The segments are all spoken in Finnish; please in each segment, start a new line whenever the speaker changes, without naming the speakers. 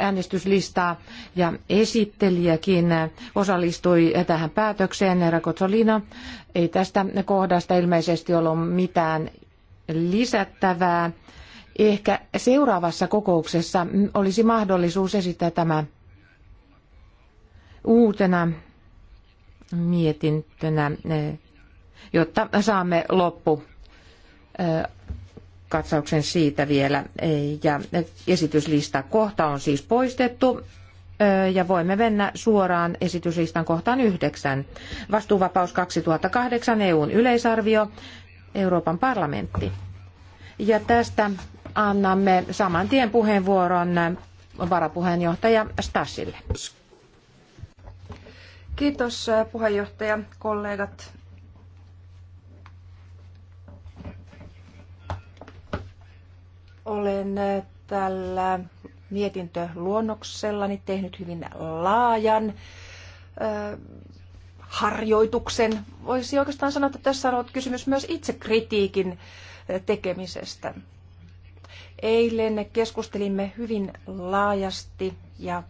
äänestyslistaa ja esittelijäkin osallistui tähän päätökseen. Herra ei tästä kohdasta ilmeisesti ollut mitään lisättävää. Ehkä seuraavassa kokouksessa olisi mahdollisuus esittää tämä uutena mietintönä, eh, jotta saamme loppu eh, katsauksen siitä vielä. Ja esityslista kohta on siis poistettu ja voimme mennä suoraan esityslistan kohtaan yhdeksän. Vastuuvapaus 2008 EUn yleisarvio, Euroopan parlamentti. Ja tästä annamme saman tien puheenvuoron varapuheenjohtaja Stasille.
Kiitos äh, puheenjohtaja, kollegat. Olen äh, tällä mietintöluonnoksellani tehnyt hyvin laajan ö, äh, harjoituksen. Voisi oikeastaan sanoa, että tässä on ollut kysymys myös itsekritiikin äh, tekemisestä. Eilen keskustelimme hyvin laajasti ja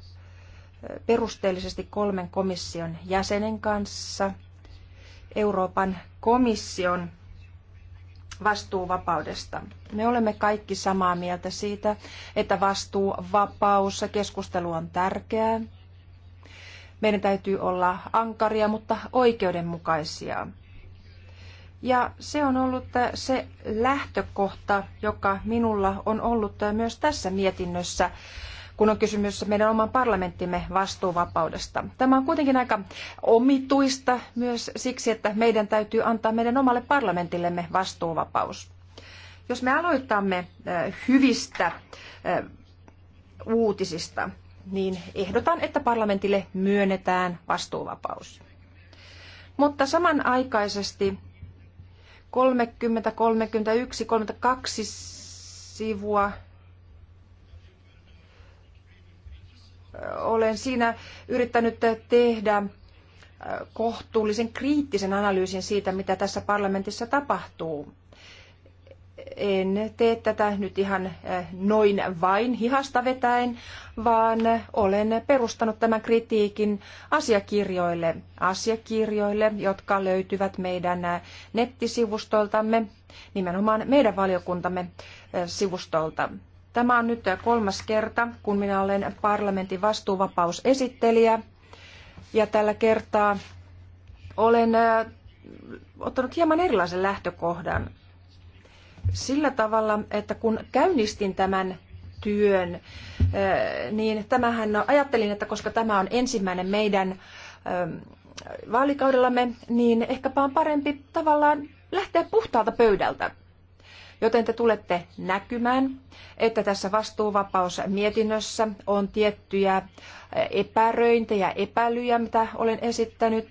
perusteellisesti kolmen komission jäsenen kanssa Euroopan komission vastuuvapaudesta. Me olemme kaikki samaa mieltä siitä, että vastuuvapaus ja keskustelu on tärkeää. Meidän täytyy olla ankaria, mutta oikeudenmukaisia. Ja se on ollut se lähtökohta, joka minulla on ollut myös tässä mietinnössä kun on kysymys meidän oman parlamenttimme vastuuvapaudesta. Tämä on kuitenkin aika omituista myös siksi, että meidän täytyy antaa meidän omalle parlamentillemme vastuuvapaus. Jos me aloitamme hyvistä uutisista, niin ehdotan, että parlamentille myönnetään vastuuvapaus. Mutta samanaikaisesti 30, 31, 32 sivua olen siinä yrittänyt tehdä äh, kohtuullisen kriittisen analyysin siitä, mitä tässä parlamentissa tapahtuu. En tee tätä nyt ihan äh, noin vain hihasta vetäen, vaan olen perustanut tämän kritiikin asiakirjoille, asiakirjoille, jotka löytyvät meidän äh, nettisivustoltamme, nimenomaan meidän valiokuntamme sivustolta. Tämä on nyt kolmas kerta, kun minä olen parlamentin vastuuvapausesittelijä. Ja tällä kertaa olen ottanut hieman erilaisen lähtökohdan sillä tavalla, että kun käynnistin tämän työn, niin tämähän ajattelin, että koska tämä on ensimmäinen meidän vaalikaudellamme, niin ehkäpä on parempi tavallaan lähteä puhtaalta pöydältä. Joten te tulette näkymään, että tässä vastuuvapausmietinnössä on tiettyjä eh, epäröintejä, epäilyjä, mitä olen esittänyt.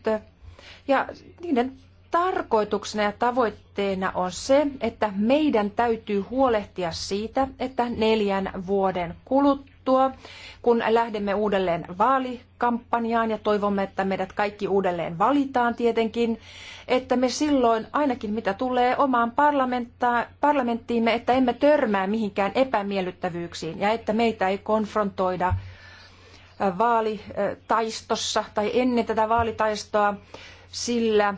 Ja niiden tarkoituksena ja tavoitteena on se, että meidän täytyy huolehtia siitä, että neljän vuoden kuluttua kuluttua, kun lähdemme uudelleen vaalikampanjaan ja toivomme, että meidät kaikki uudelleen valitaan tietenkin, että me silloin ainakin mitä tulee omaan parlamenttiimme, että emme törmää mihinkään epämiellyttävyyksiin ja että meitä ei konfrontoida äh, vaalitaistossa tai ennen tätä vaalitaistoa sillä, äh,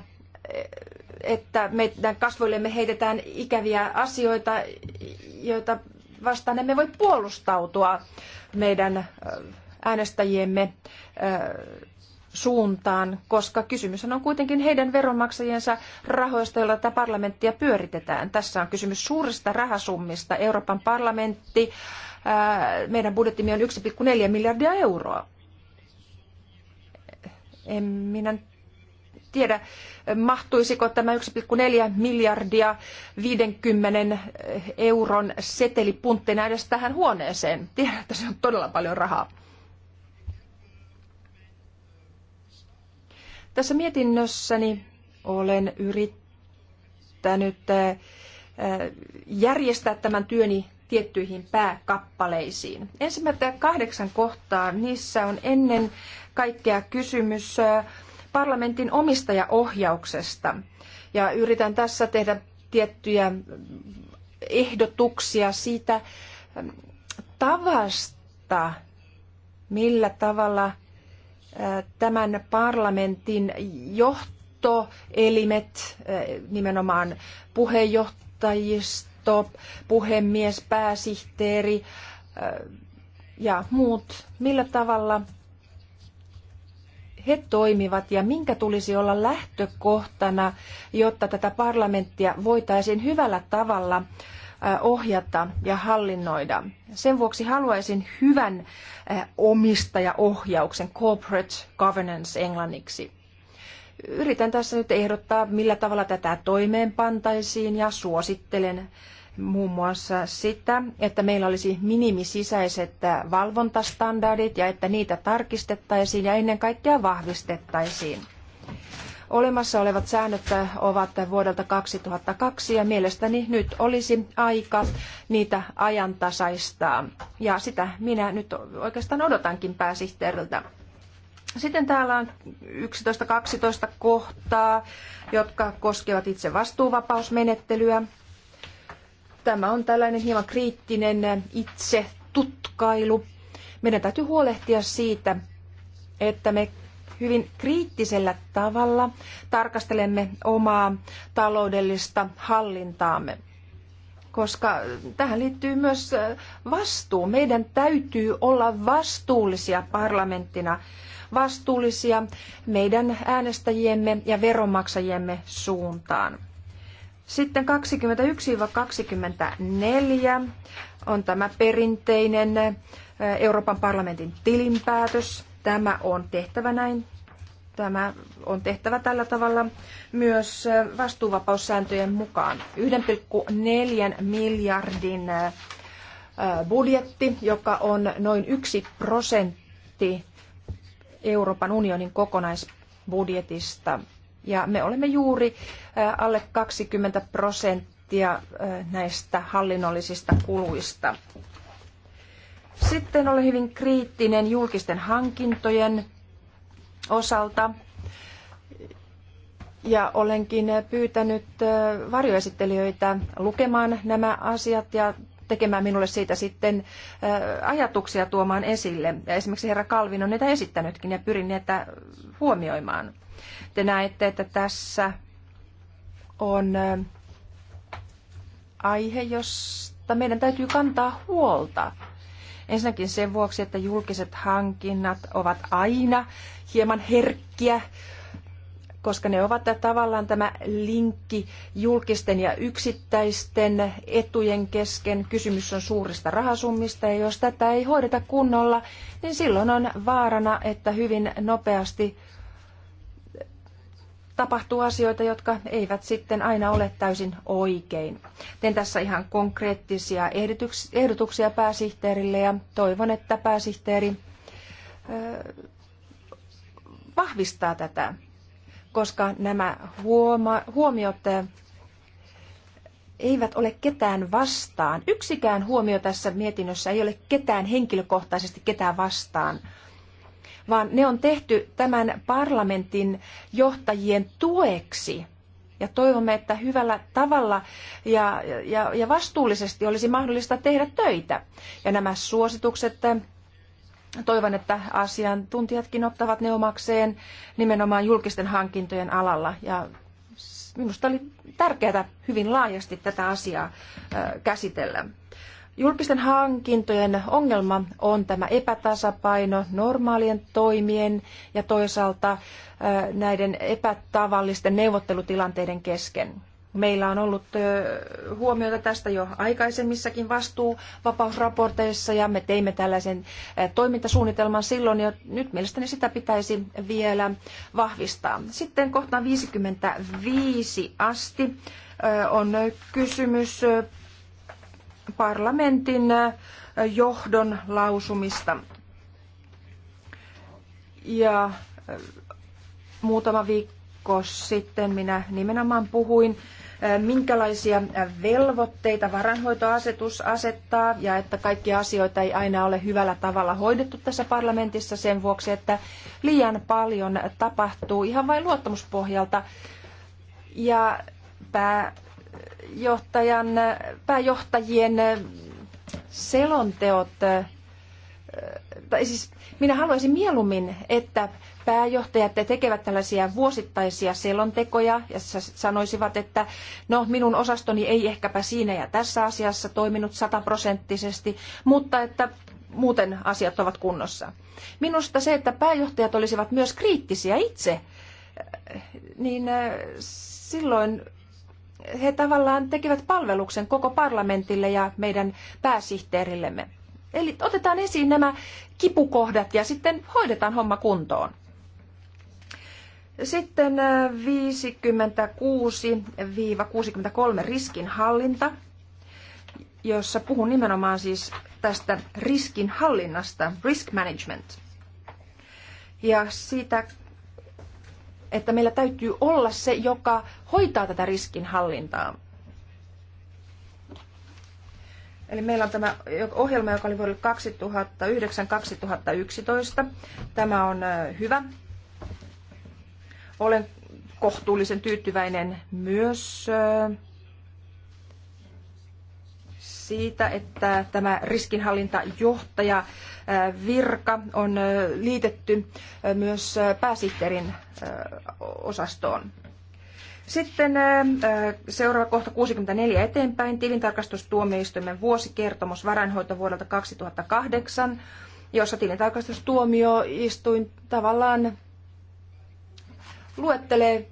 että meidän kasvoillemme heitetään ikäviä asioita, joita vastaan emme voi puolustautua meidän äänestäjiemme suuntaan, koska kysymys on kuitenkin heidän veronmaksajiensa rahoista, joilla tätä parlamenttia pyöritetään. Tässä on kysymys suurista rahasummista. Euroopan parlamentti, meidän budjettimme on 1,4 miljardia euroa. En minä tiedä, mahtuisiko tämä 1,4 miljardia 50 eh, euron setelipunttina edes tähän huoneeseen. Tiedän, että se on todella paljon rahaa. Tässä mietinnössäni olen yrittänyt eh, eh, järjestää tämän työni tiettyihin pääkappaleisiin. Ensimmäistä kahdeksan kohtaa, niissä on ennen kaikkea kysymys parlamentin omistajaohjauksesta. Ja yritän tässä tehdä tiettyjä ehdotuksia siitä ähm, tavasta, millä tavalla äh, tämän parlamentin johtoelimet, äh, nimenomaan puheenjohtajisto, puhemies, pääsihteeri äh, ja muut, millä tavalla he toimivat ja minkä tulisi olla lähtökohtana, jotta tätä parlamenttia voitaisiin hyvällä tavalla ohjata ja hallinnoida. Sen vuoksi haluaisin hyvän omistajaohjauksen, corporate governance englanniksi. Yritän tässä nyt ehdottaa, millä tavalla tätä toimeenpantaisiin ja suosittelen muun muassa sitä, että meillä olisi minimisisäiset valvontastandardit ja että niitä tarkistettaisiin ja ennen kaikkea vahvistettaisiin. Olemassa olevat säännöt ovat vuodelta 2002 ja mielestäni nyt olisi aika niitä ajantasaistaa. Ja sitä minä nyt oikeastaan odotankin pääsihteeriltä. Sitten täällä on 11-12 kohtaa, jotka koskevat itse vastuuvapausmenettelyä. Tämä on tällainen hieman kriittinen eh, itse tutkailu. Meidän täytyy huolehtia siitä, että me hyvin kriittisellä tavalla tarkastelemme omaa taloudellista hallintaamme. Koska tähän liittyy myös eh, vastuu. Meidän täytyy olla vastuullisia parlamenttina, vastuullisia meidän äänestäjiemme ja veronmaksajiemme suuntaan. Sitten 21-24 on tämä perinteinen Euroopan parlamentin tilinpäätös. Tämä on tehtävä näin. Tämä on tehtävä tällä tavalla myös vastuuvapaussääntöjen mukaan. 1,4 miljardin budjetti, joka on noin yksi prosentti Euroopan unionin kokonaisbudjetista ja me olemme juuri alle 20 prosenttia näistä hallinnollisista kuluista. Sitten olen hyvin kriittinen julkisten hankintojen osalta. Ja olenkin pyytänyt varjoesittelijöitä lukemaan nämä asiat ja tekemään minulle siitä sitten ajatuksia tuomaan esille. Ja esimerkiksi herra Kalvin on niitä esittänytkin ja pyrin niitä huomioimaan. Te näette, että tässä on aihe, josta meidän täytyy kantaa huolta. Ensinnäkin sen vuoksi, että julkiset hankinnat ovat aina hieman herkkiä, koska ne ovat tavallaan tämä linkki julkisten ja yksittäisten etujen kesken. Kysymys on suurista rahasummista ja jos tätä ei hoideta kunnolla, niin silloin on vaarana, että hyvin nopeasti tapahtuu asioita, jotka eivät sitten aina ole täysin oikein. Teen tässä ihan konkreettisia ehdotuksia pääsihteerille ja toivon, että pääsihteeri vahvistaa tätä, koska nämä huoma- huomiot eivät ole ketään vastaan. Yksikään huomio tässä mietinnössä ei ole ketään henkilökohtaisesti ketään vastaan – vaan ne on tehty tämän parlamentin johtajien tueksi. Ja toivomme, että hyvällä tavalla ja, ja, ja vastuullisesti olisi mahdollista tehdä töitä. Ja nämä suositukset, toivon, että asiantuntijatkin ottavat ne omakseen nimenomaan julkisten hankintojen alalla. Ja minusta oli tärkeää hyvin laajasti tätä asiaa käsitellä. Julkisten hankintojen ongelma on tämä epätasapaino normaalien toimien ja toisaalta näiden epätavallisten neuvottelutilanteiden kesken. Meillä on ollut huomiota tästä jo aikaisemmissakin vastuuvapausraporteissa ja me teimme tällaisen toimintasuunnitelman silloin ja nyt mielestäni sitä pitäisi vielä vahvistaa. Sitten kohtaan 55 asti on kysymys parlamentin äh, johdon lausumista. Ja äh, muutama viikko sitten minä nimenomaan puhuin, äh, minkälaisia velvoitteita varanhoitoasetus asettaa ja että kaikki asioita ei aina ole hyvällä tavalla hoidettu tässä parlamentissa sen vuoksi, että liian paljon tapahtuu ihan vain luottamuspohjalta. Ja pää, johtajan pääjohtajien selonteot, tai siis minä haluaisin mieluummin, että pääjohtajat tekevät tällaisia vuosittaisia selontekoja ja sanoisivat, että no minun osastoni ei ehkäpä siinä ja tässä asiassa toiminut sataprosenttisesti, mutta että muuten asiat ovat kunnossa. Minusta se, että pääjohtajat olisivat myös kriittisiä itse, niin silloin he tavallaan tekivät palveluksen koko parlamentille ja meidän pääsihteerillemme. Eli otetaan esiin nämä kipukohdat ja sitten hoidetaan homma kuntoon. Sitten 56-63 äh, riskinhallinta, jossa puhun nimenomaan siis tästä riskinhallinnasta, risk management. Ja siitä että meillä täytyy olla se, joka hoitaa tätä riskinhallintaa. Eli meillä on tämä ohjelma, joka oli vuodelle 2009-2011. Tämä on hyvä. Olen kohtuullisen tyytyväinen myös siitä, että tämä riskinhallintajohtaja äh, virka on äh, liitetty äh, myös pääsihteerin osastoon. Sitten seuraava kohta 64 eteenpäin, tilintarkastustuomioistuimen vuosikertomus varainhoito vuodelta 2008, jossa tilintarkastustuomioistuin tavallaan luettelee,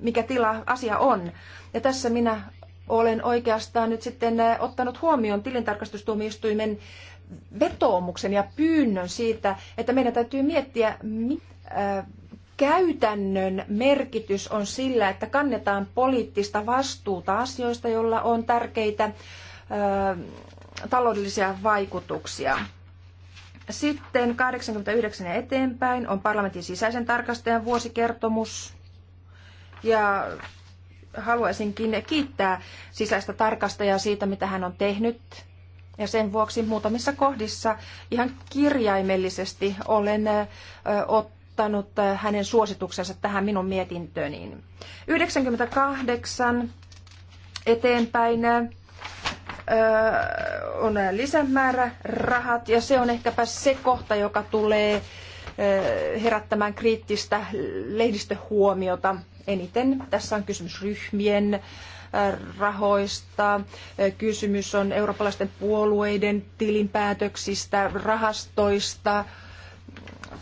mikä tila asia on. Ja tässä minä olen oikeastaan nyt sitten eh, ottanut huomioon tilintarkastustuomioistuimen vetoomuksen ja pyynnön siitä, että meidän täytyy miettiä, mitä eh, käytännön merkitys on sillä, että kannetaan poliittista vastuuta asioista, joilla on tärkeitä eh, taloudellisia vaikutuksia. Sitten 89 ja eteenpäin on parlamentin sisäisen tarkastajan vuosikertomus. Ja haluaisinkin kiittää sisäistä tarkastajaa siitä, mitä hän on tehnyt. Ja sen vuoksi muutamissa kohdissa ihan kirjaimellisesti olen ottanut hänen suosituksensa tähän minun mietintööni. 98 eteenpäin on lisämäärä rahat ja se on ehkäpä se kohta, joka tulee herättämään kriittistä lehdistöhuomiota eniten. Tässä on kysymys ryhmien äh, rahoista, äh, kysymys on eurooppalaisten puolueiden tilinpäätöksistä, rahastoista.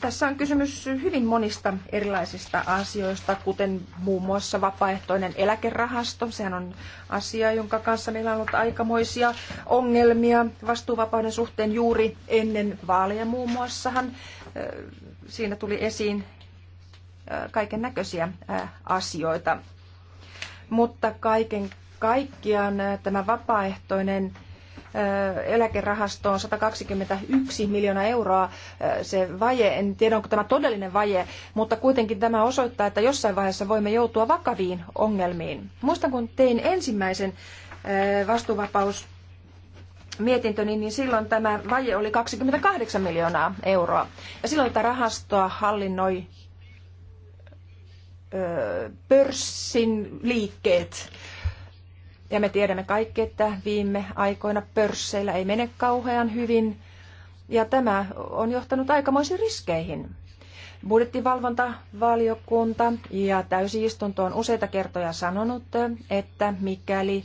Tässä on kysymys hyvin monista erilaisista asioista, kuten muun muassa vapaaehtoinen eläkerahasto. Sehän on asia, jonka kanssa meillä on ollut aikamoisia ongelmia vastuuvapauden suhteen juuri ennen vaaleja muun muassahan. Äh, siinä tuli esiin kaiken näköisiä asioita. Mutta kaiken kaikkiaan tämä vapaaehtoinen eläkerahasto on 121 miljoonaa euroa se vaje. En tiedä, onko tämä todellinen vaje, mutta kuitenkin tämä osoittaa, että jossain vaiheessa voimme joutua vakaviin ongelmiin. Muistan, kun tein ensimmäisen vastuuvapaus mietintöni, niin silloin tämä vaje oli 28 miljoonaa euroa. Ja silloin tätä rahastoa hallinnoi pörssin liikkeet. Ja me tiedämme kaikki, että viime aikoina pörsseillä ei mene kauhean hyvin. Ja tämä on johtanut aikamoisiin riskeihin. Budjettivalvontavaliokunta ja täysistunto on useita kertoja sanonut, että mikäli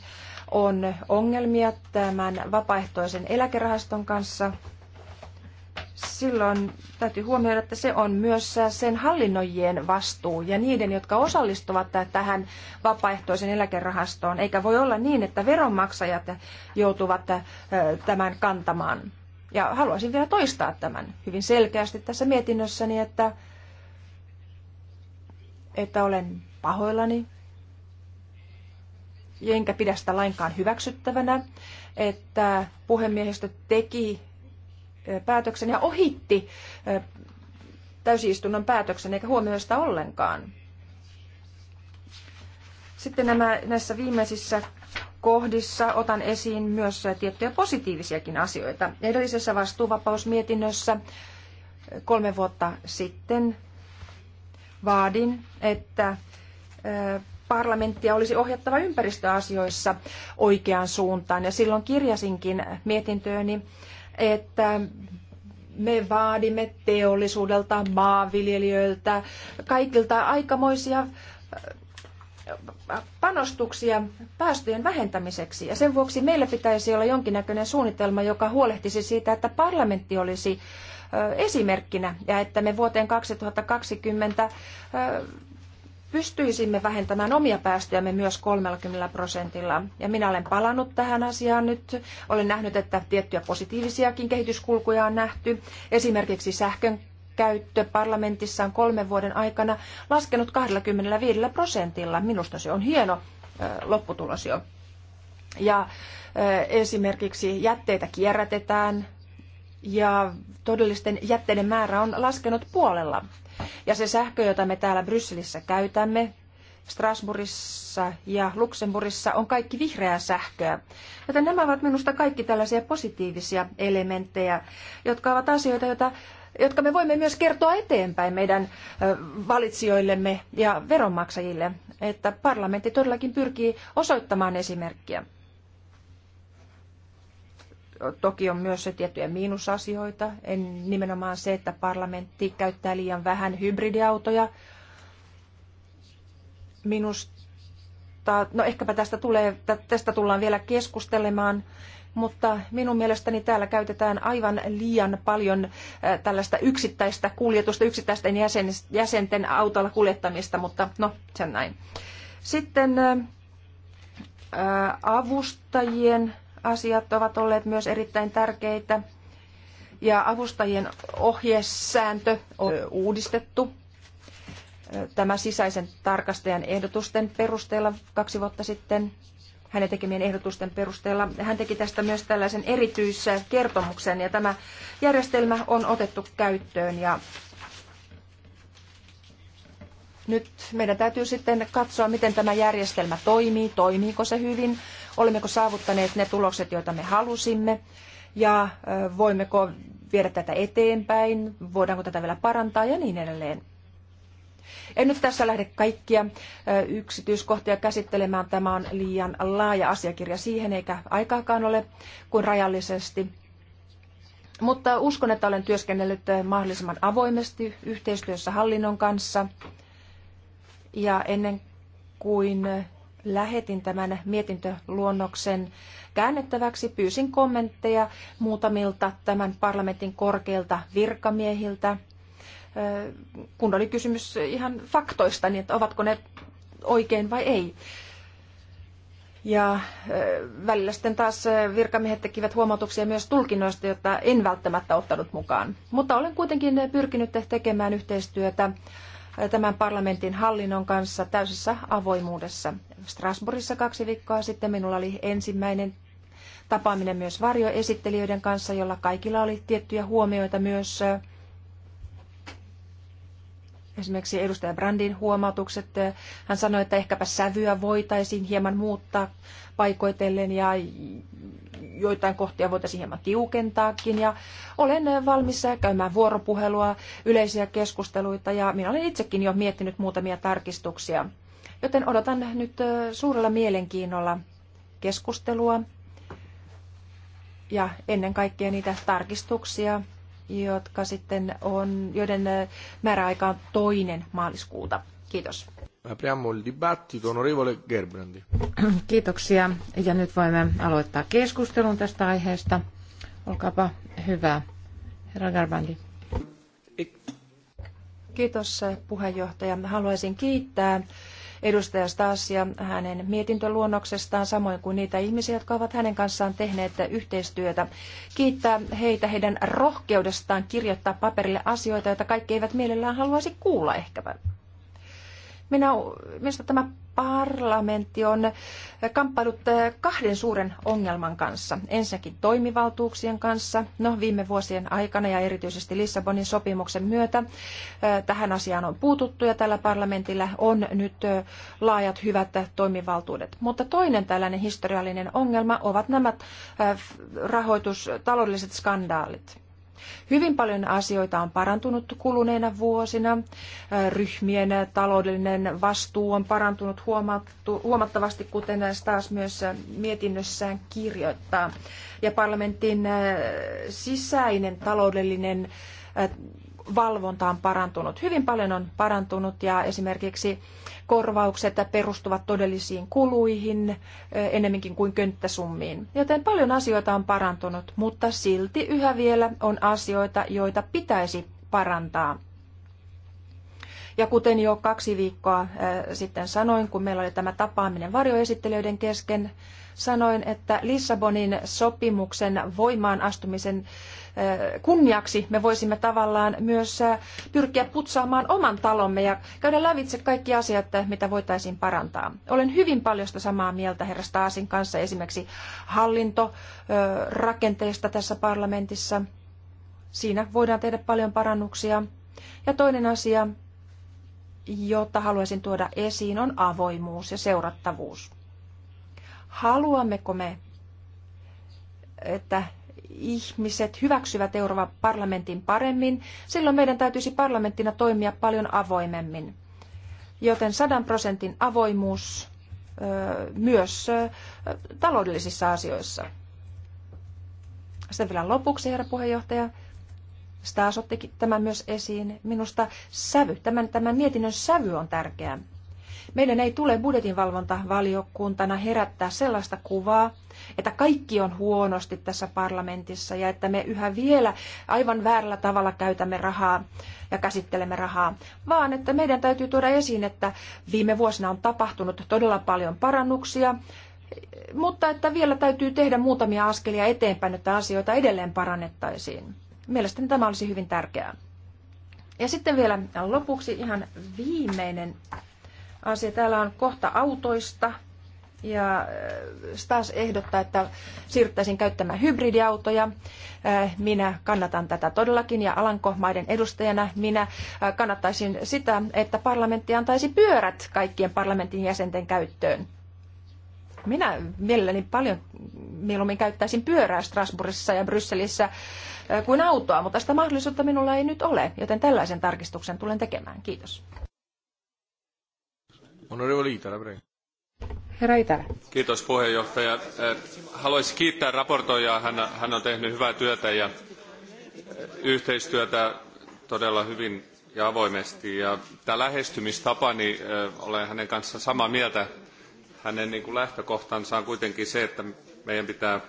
on ongelmia tämän vapaaehtoisen eläkerahaston kanssa, silloin täytyy huomioida, että se on myös sen hallinnoijien vastuu ja niiden, jotka osallistuvat tähän vapaaehtoisen eläkerahastoon. Eikä voi olla niin, että veronmaksajat joutuvat tämän kantamaan. Ja haluaisin vielä toistaa tämän hyvin selkeästi tässä mietinnössäni, että, että olen pahoillani enkä pidä sitä lainkaan hyväksyttävänä, että puhemiehistö teki päätöksen ja ohitti täysistunnon päätöksen eikä huomioi sitä ollenkaan. Sitten nämä, näissä viimeisissä kohdissa otan esiin myös tiettyjä positiivisiakin asioita. Edellisessä vastuuvapausmietinnössä kolme vuotta sitten vaadin, että parlamenttia olisi ohjattava ympäristöasioissa oikeaan suuntaan. Ja silloin kirjasinkin mietintööni, että me vaadimme teollisuudelta, maanviljelijöiltä, kaikilta aikamoisia äh, panostuksia päästöjen vähentämiseksi. Ja sen vuoksi meillä pitäisi olla jonkinnäköinen suunnitelma, joka huolehtisi siitä, että parlamentti olisi äh, esimerkkinä ja että me vuoteen 2020 pystyisimme vähentämään omia päästöjämme myös 30 prosentilla. Ja minä olen palannut tähän asiaan nyt. Olen nähnyt, että tiettyjä positiivisiakin kehityskulkuja on nähty. Esimerkiksi sähkön käyttö parlamentissa on kolmen vuoden aikana laskenut 25 prosentilla. Minusta se on hieno lopputulos jo. Ja esimerkiksi jätteitä kierrätetään ja todellisten jätteiden määrä on laskenut puolella ja se sähkö, jota me täällä Brysselissä käytämme, Strasbourgissa ja Luxemburgissa on kaikki vihreää sähköä. Joten nämä ovat minusta kaikki tällaisia positiivisia elementtejä, jotka ovat asioita, joita, jotka me voimme myös kertoa eteenpäin meidän valitsijoillemme ja veronmaksajille, että parlamentti todellakin pyrkii osoittamaan esimerkkiä. Toki on myös se tiettyjä miinusasioita, en, nimenomaan se, että parlamentti käyttää liian vähän hybridiautoja. Minusta, no ehkäpä tästä, tulee, tästä tullaan vielä keskustelemaan, mutta minun mielestäni täällä käytetään aivan liian paljon tällaista yksittäistä kuljetusta, yksittäisten jäsen, jäsenten autolla kuljettamista, mutta no, sen näin. Sitten avustajien asiat ovat olleet myös erittäin tärkeitä ja avustajien ohjesääntö on uudistettu. Tämä sisäisen tarkastajan ehdotusten perusteella kaksi vuotta sitten, hänen tekemien ehdotusten perusteella, hän teki tästä myös tällaisen erityiskertomuksen ja tämä järjestelmä on otettu käyttöön ja nyt meidän täytyy sitten katsoa, miten tämä järjestelmä toimii, toimiiko se hyvin, olemmeko saavuttaneet ne tulokset, joita me halusimme ja voimmeko viedä tätä eteenpäin, voidaanko tätä vielä parantaa ja niin edelleen. En nyt tässä lähde kaikkia yksityiskohtia käsittelemään. Tämä on liian laaja asiakirja siihen, eikä aikaakaan ole kuin rajallisesti. Mutta uskon, että olen työskennellyt mahdollisimman avoimesti yhteistyössä hallinnon kanssa ja ennen kuin lähetin tämän mietintöluonnoksen käännettäväksi, pyysin kommentteja muutamilta tämän parlamentin korkeilta virkamiehiltä, kun oli kysymys ihan faktoista, niin että ovatko ne oikein vai ei. Ja välillä sitten taas virkamiehet tekivät huomautuksia myös tulkinnoista, joita en välttämättä ottanut mukaan. Mutta olen kuitenkin pyrkinyt tekemään yhteistyötä tämän parlamentin hallinnon kanssa täysissä avoimuudessa. Strasbourgissa kaksi viikkoa sitten minulla oli ensimmäinen tapaaminen myös varjoesittelijöiden kanssa, jolla kaikilla oli tiettyjä huomioita myös esimerkiksi edustaja Brandin huomautukset. Hän sanoi, että ehkäpä sävyä voitaisiin hieman muuttaa paikoitellen ja joitain kohtia voitaisiin hieman tiukentaakin ja olen valmis käymään vuoropuhelua, yleisiä keskusteluita ja minä olen itsekin jo miettinyt muutamia tarkistuksia. Joten odotan nyt suurella mielenkiinnolla keskustelua ja ennen kaikkea niitä tarkistuksia, jotka sitten on, joiden
määräaika on toinen maaliskuuta. Kiitos.
Apriamo il dibattito, onorevole Gerbrandi.
Kiitoksia ja nyt voimme aloittaa keskustelun tästä aiheesta. Olkaapa hyvä, herra Gerbrandi.
Kiitos puheenjohtaja. Haluaisin kiittää edustaja Stasia hänen mietintöluonnoksestaan, samoin kuin niitä ihmisiä, jotka ovat hänen kanssaan tehneet yhteistyötä. Kiittää heitä heidän rohkeudestaan kirjoittaa paperille asioita, joita kaikki eivät mielellään haluaisi kuulla ehkäpä. Minä, minusta tämä parlamentti on kamppailut eh, kahden suuren ongelman kanssa. Ensinnäkin toimivaltuuksien kanssa. No, viime vuosien aikana ja erityisesti Lissabonin sopimuksen myötä eh, tähän asiaan on puututtu ja tällä parlamentilla on nyt eh, laajat hyvät toimivaltuudet. Mutta toinen tällainen historiallinen ongelma ovat nämä rahoitus, taloudelliset skandaalit. Hyvin paljon asioita on parantunut kuluneina vuosina. Ryhmien taloudellinen vastuu on parantunut huomattavasti, kuten taas myös mietinnössään kirjoittaa. Ja parlamentin äh, sisäinen taloudellinen äh, valvonta on parantunut. Hyvin paljon on parantunut ja esimerkiksi korvaukset perustuvat todellisiin kuluihin enemminkin kuin könttäsummiin. Joten paljon asioita on parantunut, mutta silti yhä vielä on asioita, joita pitäisi parantaa. Ja kuten jo kaksi viikkoa sitten sanoin, kun meillä oli tämä tapaaminen varjoesittelijöiden kesken, sanoin, että Lissabonin sopimuksen voimaan astumisen kunniaksi me voisimme tavallaan myös pyrkiä putsaamaan oman talomme ja käydä lävitse kaikki asiat, mitä voitaisiin parantaa. Olen hyvin paljon sitä samaa mieltä herra Staasin kanssa esimerkiksi hallintorakenteesta tässä parlamentissa. Siinä voidaan tehdä paljon parannuksia. Ja toinen asia, jota haluaisin tuoda esiin, on avoimuus ja seurattavuus. Haluammeko me, että ihmiset hyväksyvät Euroopan parlamentin paremmin, silloin meidän täytyisi parlamenttina toimia paljon avoimemmin. Joten sadan prosentin avoimuus myös taloudellisissa asioissa. Sitten vielä lopuksi, herra puheenjohtaja, Stas otti tämän myös esiin. Minusta sävy, tämän, tämän mietinnön sävy on tärkeä. Meidän ei tule budjetinvalvontavaliokuntana herättää sellaista kuvaa, että kaikki on huonosti tässä parlamentissa ja että me yhä vielä aivan väärällä tavalla käytämme rahaa ja käsittelemme rahaa, vaan että meidän täytyy tuoda esiin, että viime vuosina on tapahtunut todella paljon parannuksia, mutta että vielä täytyy tehdä muutamia askelia eteenpäin, että asioita edelleen parannettaisiin. Mielestäni tämä olisi hyvin tärkeää. Ja sitten vielä lopuksi ihan viimeinen asia. Täällä on kohta autoista ja äh, Stas ehdottaa, että siirryttäisiin käyttämään hybridiautoja. Äh, minä kannatan tätä todellakin ja Alankomaiden edustajana minä äh, kannattaisin sitä, että parlamentti antaisi pyörät kaikkien parlamentin jäsenten käyttöön. Minä mielelläni paljon mieluummin käyttäisin pyörää Strasbourgissa ja Brysselissä kuin autoa, mutta sitä mahdollisuutta minulla ei nyt ole, joten tällaisen tarkistuksen tulen tekemään. Kiitos.
Herra Itala.
Kiitos puheenjohtaja. Eh, haluaisin kiittää raportoijaa. Hän, hän on tehnyt hyvää työtä ja eh, yhteistyötä todella hyvin ja avoimesti. Ja tämä lähestymistapa, niin eh, olen hänen kanssaan samaa mieltä. Hänen niin kuin lähtökohtansa on kuitenkin se, että meidän pitää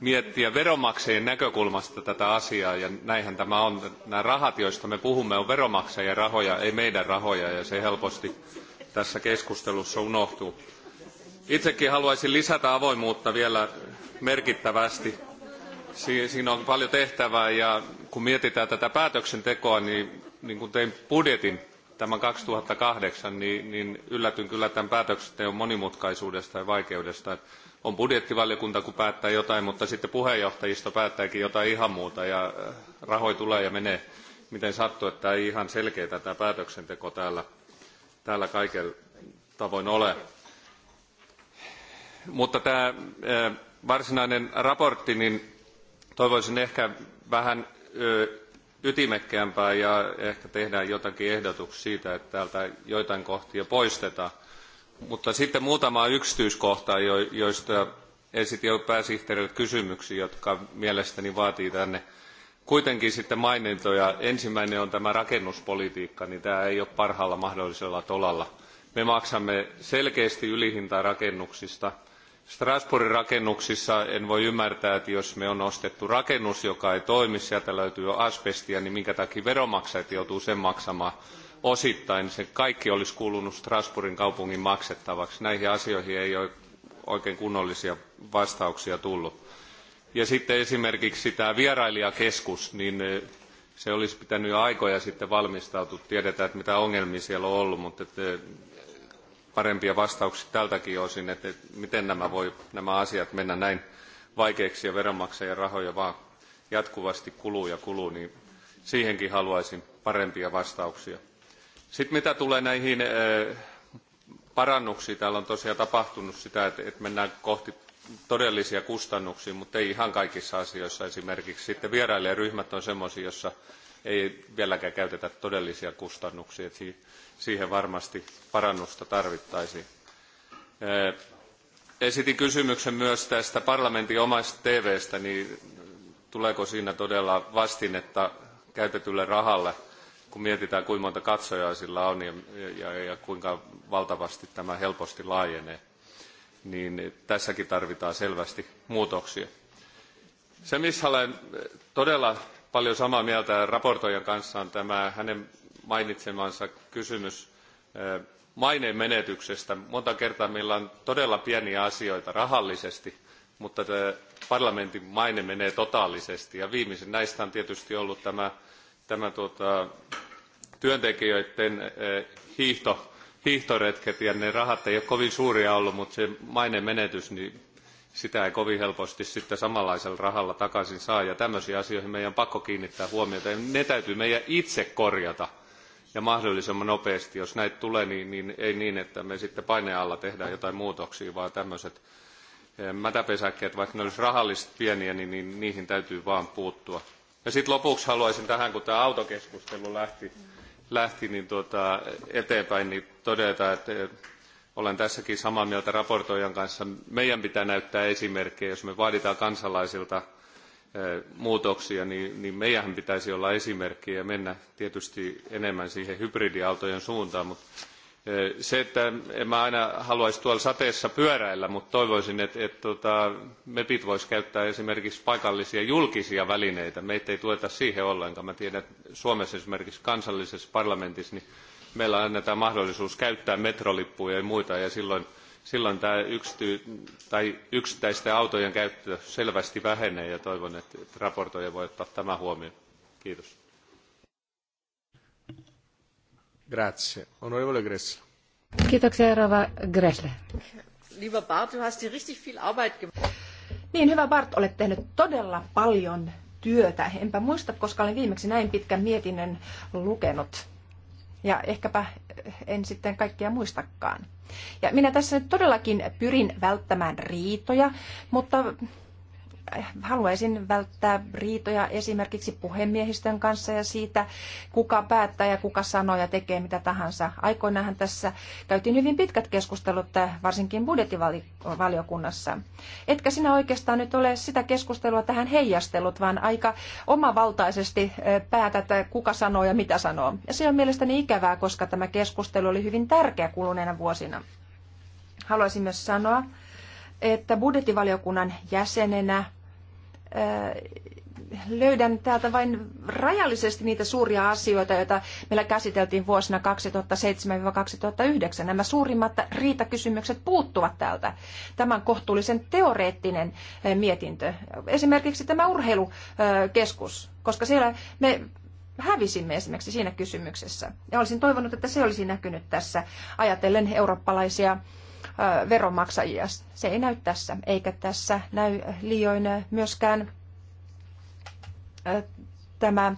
miettiä veronmaksajien näkökulmasta tätä asiaa ja näinhän tämä on. Nämä rahat, joista me puhumme, on veronmaksajien rahoja, ei meidän rahoja ja se helposti tässä keskustelussa unohtuu. Itsekin haluaisin lisätä avoimuutta vielä merkittävästi. Siinä on paljon tehtävää ja kun mietitään tätä päätöksentekoa, niin, niin kun tein budjetin tämän 2008, niin, niin yllätyn kyllä tämän päätöksenteon monimutkaisuudesta ja vaikeudesta. on budjettivaliokunta, kun päättää jotain, mutta sitten puheenjohtajisto päättääkin jotain ihan muuta ja äh, rahoja tulee ja menee miten sattuu, että ei ihan selkeää tämä päätöksenteko täällä täällä kaikella tavoin ole. Mutta tämä varsinainen raportti, niin toivoisin ehkä vähän ytimekkäämpää ja ehkä tehdään jotakin ehdotuksia siitä, että täältä joitain kohtia poistetaan. Mutta sitten muutama yksityiskohtaa, joista esitin jo pääsihteerille kysymyksiä, jotka mielestäni vaatii tänne kuitenkin sitten mainintoja. Ensimmäinen on tämä rakennuspolitiikka, niin tämä ei ole parhaalla mahdollisella tolalla. Me maksamme selkeästi ylihintaa rakennuksista. Strasbourgin rakennuksissa en voi ymmärtää, että jos me on ostettu rakennus, joka ei toimi, sieltä löytyy jo asbestia, niin minkä takia veronmaksajat joutuu sen maksamaan osittain. Se kaikki olisi kuulunut Strasbourgin kaupungin maksettavaksi. Näihin asioihin ei ole oikein kunnollisia vastauksia tullut ja sitten esimerkiksi tämä vierailijakeskus, niin eh, se olisi pitänyt jo aikoja sitten valmistautua. Tiedetään, että mitä ongelmia siellä on ollut, mutta että eh, parempia vastauksia tältäkin osin, että miten nämä, voi, nämä asiat mennä näin vaikeiksi ja veronmaksajien rahoja vaan jatkuvasti kuluu ja kuluu, niin siihenkin haluaisin parempia vastauksia. Sitten mitä tulee näihin eh, parannuksiin, täällä on tosiaan tapahtunut sitä, että mennään kohti todellisia kustannuksia, mutta ei ihan kaikissa asioissa. Esimerkiksi sitten vierailijaryhmät on sellaisia, joissa ei vieläkään käytetä todellisia kustannuksia. Että siihen varmasti parannusta tarvittaisiin. Esitin kysymyksen myös tästä parlamentin omasta TVstä, niin tuleeko siinä todella vastinetta käytetylle rahalle, kun mietitään kuinka monta katsojaa sillä on ja, ja, ja kuinka valtavasti tämä helposti laajenee niin tässäkin tarvitaan selvästi muutoksia. Se, missä olen todella paljon samaa mieltä raportoijan kanssa, on tämä hänen mainitsemansa kysymys eh, maineen menetyksestä. Monta kertaa meillä on todella pieniä asioita rahallisesti, mutta parlamentin maine menee totaalisesti. Ja viimeisen näistä on tietysti ollut tämä, tämä tuota, työntekijöiden eh, hiihto hiihtoretket ja ne rahat ei ole kovin suuria ollut, mutta se maineen menetys, niin sitä ei kovin helposti sitten samanlaisella rahalla takaisin saa. Ja tämmöisiin asioihin meidän on pakko kiinnittää huomiota. Ja ne täytyy meidän itse korjata ja mahdollisimman nopeasti. Jos näitä tulee, niin, niin ei niin, että me sitten paineen alla tehdään jotain muutoksia, vaan tämmöiset eh, mätäpesäkkeet, vaikka ne olisi rahallisesti pieniä, niin, niin niihin täytyy vaan puuttua. Ja sitten lopuksi haluaisin tähän, kun tämä autokeskustelu lähti, lähti niin tuota, eteenpäin, niin todeta, että olen tässäkin samaa mieltä raportoijan kanssa. Meidän pitää näyttää esimerkkejä, jos me vaaditaan kansalaisilta eh, muutoksia, niin, niin meidän pitäisi olla esimerkkejä, ja mennä tietysti enemmän siihen hybridiautojen suuntaan, mutta se, että en mä aina haluaisi tuolla sateessa pyöräillä, mutta toivoisin, että, että tota, MEPit voisi käyttää esimerkiksi paikallisia julkisia välineitä. Meitä ei tueta siihen ollenkaan. Mä tiedän, että Suomessa esimerkiksi kansallisessa parlamentissa niin meillä annetaan mahdollisuus käyttää metrolippuja ja muita, ja silloin, silloin tämä yksity, tai yksittäisten autojen käyttö selvästi vähenee, ja toivon, että raportoija voi ottaa tämä huomioon. Kiitos.
Grazie. Onorevole Gressle.
Kiitoksia, Rova Gressle.
Lieber Bart, du hast dir richtig viel Arbeit gemacht.
Niin, hyvä Bart, olet tehnyt todella paljon työtä. Enpä muista, koska olen viimeksi näin pitkän mietinnön lukenut. Ja ehkäpä eh, en sitten kaikkia muistakaan. Ja minä tässä nyt todellakin pyrin välttämään riitoja, mutta haluaisin välttää riitoja esimerkiksi puhemiehistön kanssa ja siitä, kuka päättää ja kuka sanoo ja tekee mitä tahansa. Aikoinaanhan tässä käytiin hyvin pitkät keskustelut, eh, varsinkin budjettivaliokunnassa. Etkä sinä oikeastaan nyt ole sitä keskustelua tähän heijastellut, vaan aika omavaltaisesti eh, päätät, eh, kuka sanoo ja mitä sanoo. Ja se on mielestäni ikävää, koska tämä keskustelu oli hyvin tärkeä kuluneena vuosina. Haluaisin myös sanoa, että budjettivaliokunnan jäsenenä äh, löydän täältä vain rajallisesti niitä suuria asioita, joita meillä käsiteltiin vuosina 2007-2009. Nämä suurimmat riitakysymykset puuttuvat täältä. Tämä on kohtuullisen teoreettinen äh, mietintö. Esimerkiksi tämä urheilukeskus, äh, koska siellä me hävisimme esimerkiksi siinä kysymyksessä. Ja olisin toivonut, että se olisi näkynyt tässä ajatellen eurooppalaisia veronmaksajia. Se ei näy tässä, eikä tässä näy liioin myöskään tämä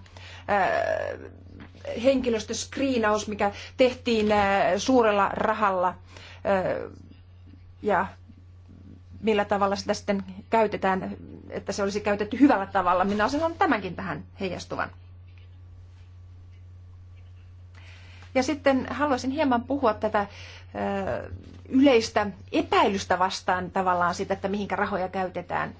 henkilöstöskriinaus, mikä tehtiin suurella rahalla ja millä tavalla sitä sitten käytetään, että se olisi käytetty hyvällä tavalla. Minä sanon tämänkin tähän heijastuvan. Ja sitten haluaisin hieman puhua tätä yleistä epäilystä vastaan tavallaan sitä, että mihinkä rahoja käytetään.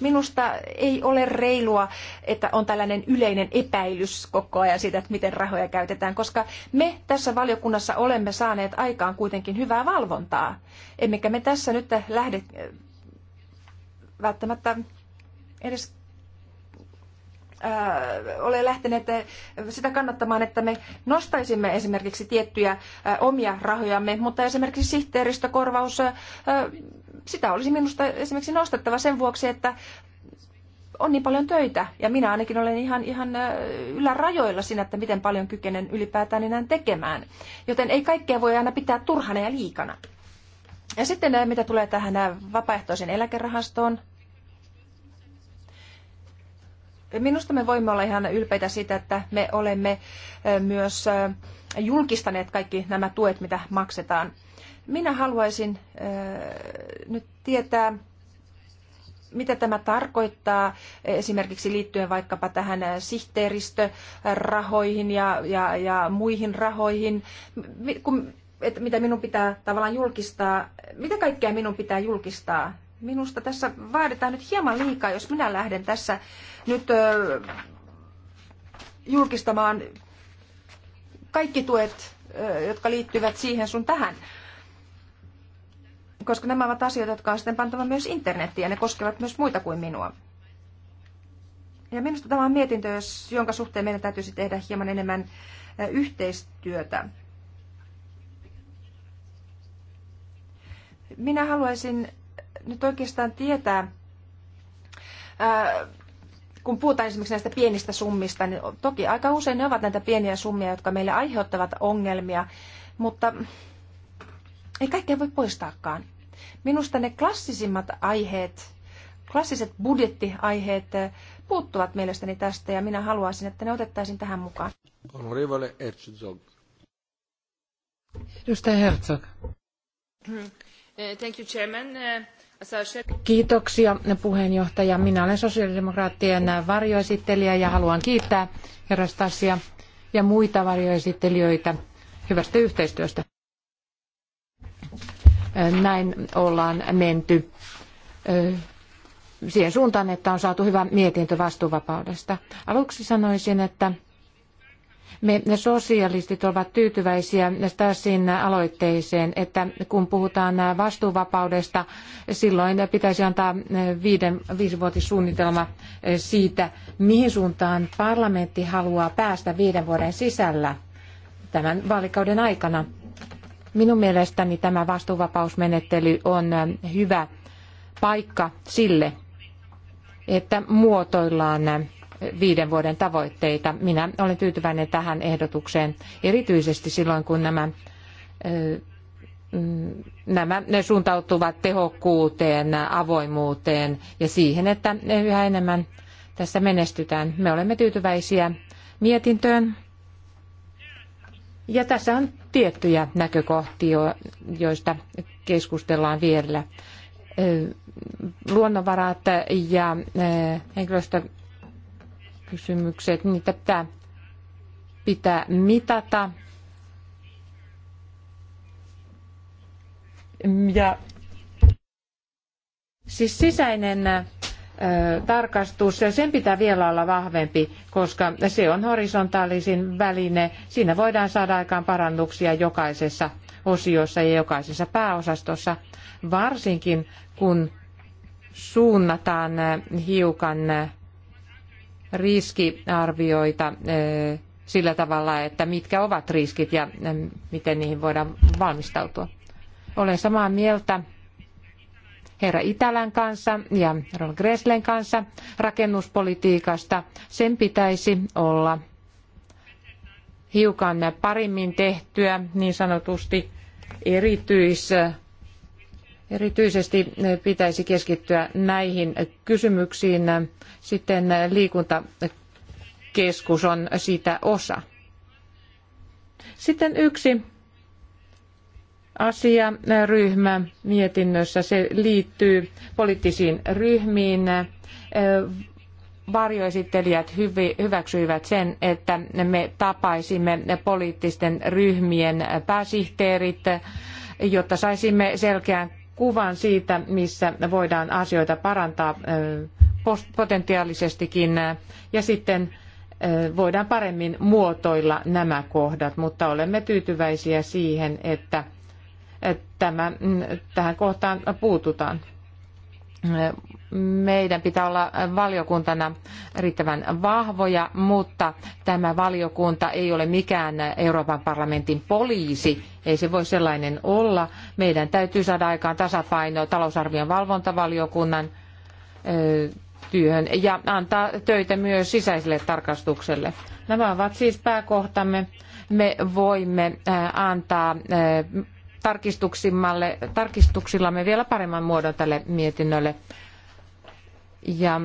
Minusta ei ole reilua, että on tällainen yleinen epäilys koko ajan siitä, että miten rahoja käytetään, koska me tässä valiokunnassa olemme saaneet aikaan kuitenkin hyvää valvontaa. Emmekä me tässä nyt lähde välttämättä edes Äh, ole lähteneet äh, sitä kannattamaan, että me nostaisimme esimerkiksi tiettyjä äh, omia rahojamme, mutta esimerkiksi sihteeristökorvaus, sitä olisi minusta esimerkiksi nostettava sen vuoksi, että on niin paljon töitä ja minä ainakin olen ihan, ihan ylärajoilla siinä, että miten paljon kykenen ylipäätään enää tekemään. Joten ei kaikkea voi aina pitää turhana ja liikana. Ja sitten mitä tulee tähän vapaaehtoisen eläkerahastoon, Minusta me voimme olla ihan ylpeitä siitä, että me olemme myös julkistaneet kaikki nämä tuet, mitä maksetaan. Minä haluaisin nyt tietää, mitä tämä tarkoittaa esimerkiksi liittyen vaikkapa tähän sihteeristörahoihin ja, ja, ja muihin rahoihin, kun, että mitä minun pitää tavallaan julkistaa, mitä kaikkea minun pitää julkistaa Minusta tässä vaaditaan nyt hieman liikaa, jos minä lähden tässä nyt ö, julkistamaan kaikki tuet, ö, jotka liittyvät siihen sun tähän. Koska nämä ovat asioita, jotka on sitten pantava myös internettiin ja ne koskevat myös muita kuin minua. Ja minusta tämä on mietintö, jos, jonka suhteen meidän täytyisi tehdä hieman enemmän yhteistyötä. Minä haluaisin nyt oikeastaan tietää, kun puhutaan esimerkiksi näistä pienistä summista, niin toki aika usein ne ovat näitä pieniä summia, jotka meille aiheuttavat ongelmia, mutta ei kaikkea voi poistaakaan. Minusta ne klassisimmat aiheet, klassiset budjettiaiheet puuttuvat mielestäni tästä ja minä haluaisin, että ne otettaisiin tähän mukaan.
Herzog. Edustaja Herzog.
Hmm. Eh, thank you, Chairman. Eh, Kiitoksia puhemies Minä olen sosiaalidemokraattien varjoesittelijä ja haluan kiittää herra Stasia ja muita varjoesittelijöitä hyvästä yhteistyöstä. Näin ollaan menty siihen suuntaan, että on saatu hyvä mietintö vastuuvapaudesta. Aluksi sanoisin, että me ne sosialistit ovat tyytyväisiä Stasin aloitteeseen, että kun puhutaan vastuuvapaudesta, silloin pitäisi antaa eh, viiden, viisivuotissuunnitelma eh, siitä, mihin suuntaan parlamentti haluaa päästä viiden vuoden sisällä tämän vaalikauden aikana. Minun mielestäni tämä vastuuvapausmenettely on eh, hyvä paikka sille, että muotoillaan viiden vuoden tavoitteita. Minä olen tyytyväinen tähän ehdotukseen, erityisesti silloin kun nämä, mm, nämä ne suuntautuvat tehokkuuteen, avoimuuteen ja siihen, että yhä enemmän tässä menestytään. Me olemme tyytyväisiä mietintöön. Ja tässä on tiettyjä näkökohtia, joista keskustellaan vielä. Luonnonvarat ja henkilöstö kysymykset, niitä pitää, pitää mitata. Ja siis sisäinen ö, tarkastus, sen pitää vielä olla vahvempi, koska se on horisontaalisin väline. Siinä voidaan saada aikaan parannuksia jokaisessa osiossa ja jokaisessa pääosastossa, varsinkin kun suunnataan hiukan riskiarvioita eh, sillä tavalla, että mitkä ovat riskit ja eh, miten niihin voidaan valmistautua. Olen samaa mieltä herra Itälän kanssa ja Ron Greslen kanssa rakennuspolitiikasta. Sen pitäisi olla hiukan paremmin tehtyä niin sanotusti erityis Erityisesti eh, pitäisi keskittyä näihin kysymyksiin. Sitten eh, liikuntakeskus on sitä osa. Sitten yksi asiaryhmä mietinnössä. Se liittyy poliittisiin ryhmiin. Eh, varjoesittelijät hyväksyivät sen, että me tapaisimme poliittisten ryhmien pääsihteerit, jotta saisimme selkeän kuvan siitä, missä voidaan asioita parantaa potentiaalisestikin ja sitten voidaan paremmin muotoilla nämä kohdat, mutta olemme tyytyväisiä siihen, että tämä, mm, tähän kohtaan puututaan meidän pitää olla valiokuntana riittävän vahvoja, mutta tämä valiokunta ei ole mikään Euroopan parlamentin poliisi. Ei se voi sellainen olla. Meidän täytyy saada aikaan tasapaino talousarvion valvontavaliokunnan työhön ja antaa töitä myös sisäiselle tarkastukselle. Nämä ovat siis pääkohtamme. Me voimme antaa tarkistuksillamme vielä paremman muodon tälle mietinnölle. Ja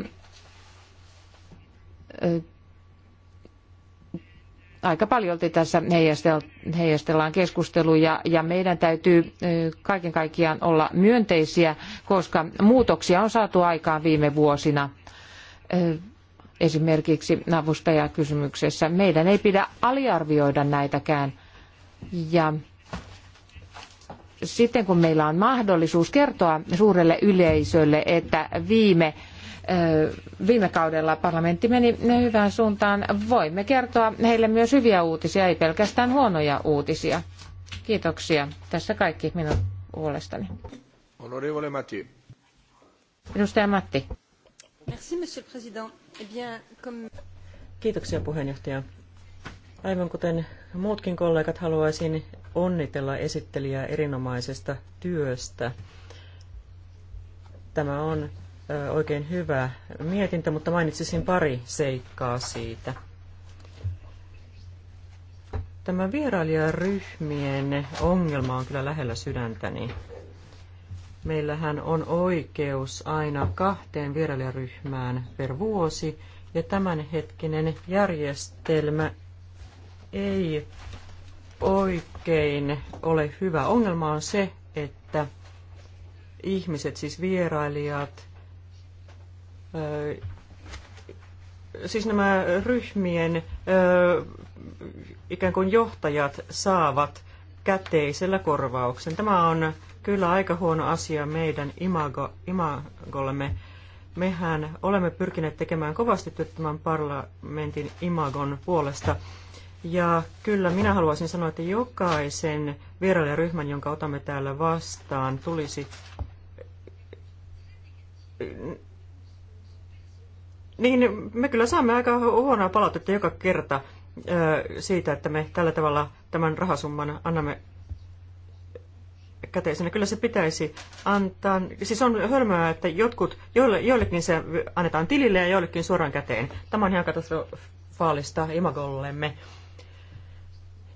aika paljolti tässä heijastellaan keskusteluja ja meidän täytyy kaiken kaikkiaan olla myönteisiä, koska muutoksia on saatu aikaan viime vuosina esimerkiksi avustajakysymyksessä. Meidän ei pidä aliarvioida näitäkään. Ja sitten kun meillä on mahdollisuus kertoa suurelle yleisölle, että viime viime kaudella parlamentti meni hyvään suuntaan. Voimme kertoa heille myös hyviä uutisia, ei pelkästään huonoja uutisia. Kiitoksia. Tässä kaikki minun puolestani.
Honorevole Matti.
Edustaja Matti.
Merci, monsieur le président. Eh bien,
comme...
Kiitoksia puheenjohtaja. Aivan kuten muutkin kollegat, haluaisin onnitella esittelijää erinomaisesta työstä. Tämä on oikein hyvä mietintö, mutta mainitsisin pari seikkaa siitä. Tämä vierailijaryhmien ongelma on kyllä lähellä sydäntäni. Meillähän on oikeus aina kahteen vierailijaryhmään per vuosi, ja tämänhetkinen järjestelmä ei oikein ole hyvä. Ongelma on se, että ihmiset, siis vierailijat, siis nämä ryhmien ikään kuin johtajat saavat käteisellä korvauksen. Tämä on kyllä aika huono asia meidän imago, imagollemme. Mehän olemme pyrkineet tekemään kovasti työttömän parlamentin imagon puolesta ja kyllä minä haluaisin sanoa, että jokaisen vierailijaryhmän, jonka otamme täällä vastaan, tulisi niin me kyllä saamme aika huonoa palautetta joka kerta siitä, että me tällä tavalla tämän rahasumman annamme käteisenä. Kyllä se pitäisi antaa, siis on hölmöä, että jotkut, joillekin se annetaan tilille ja joillekin suoraan käteen. Tämä on ihan katastrofaalista imagollemme.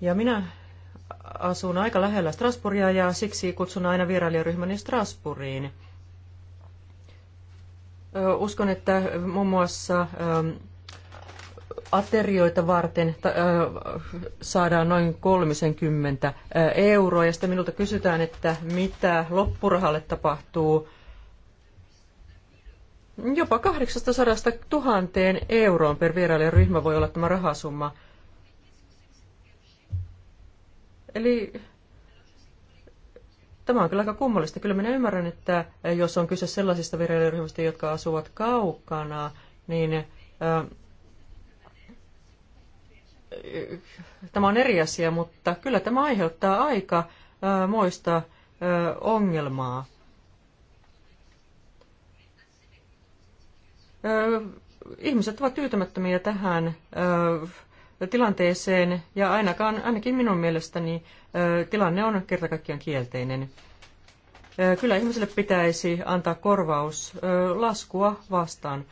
Ja minä asun aika lähellä Strasburgia ja siksi kutsun aina vierailijaryhmäni Strasburiin. Uskon, että muun muassa aterioita varten saadaan noin 30 euroa ja sitten minulta kysytään, että mitä loppurahalle tapahtuu jopa 800 000 euroon per vierailijaryhmä voi olla tämä rahasumma. Eli Tämä on kyllä aika kummallista. Kyllä minä ymmärrän, että jos on kyse sellaisista viljelijöistä, jotka asuvat kaukana, niin ää, äh, tämä on eri asia, mutta kyllä tämä aiheuttaa aika ää, äh, moista ää, äh, ongelmaa. Ää, ihmiset ovat tyytymättömiä tähän ää, tilanteeseen, ja ainakaan, ainakin minun mielestäni tilanne on kertakaikkiaan kielteinen. Kyllä ihmiselle pitäisi antaa korvaus laskua vastaan.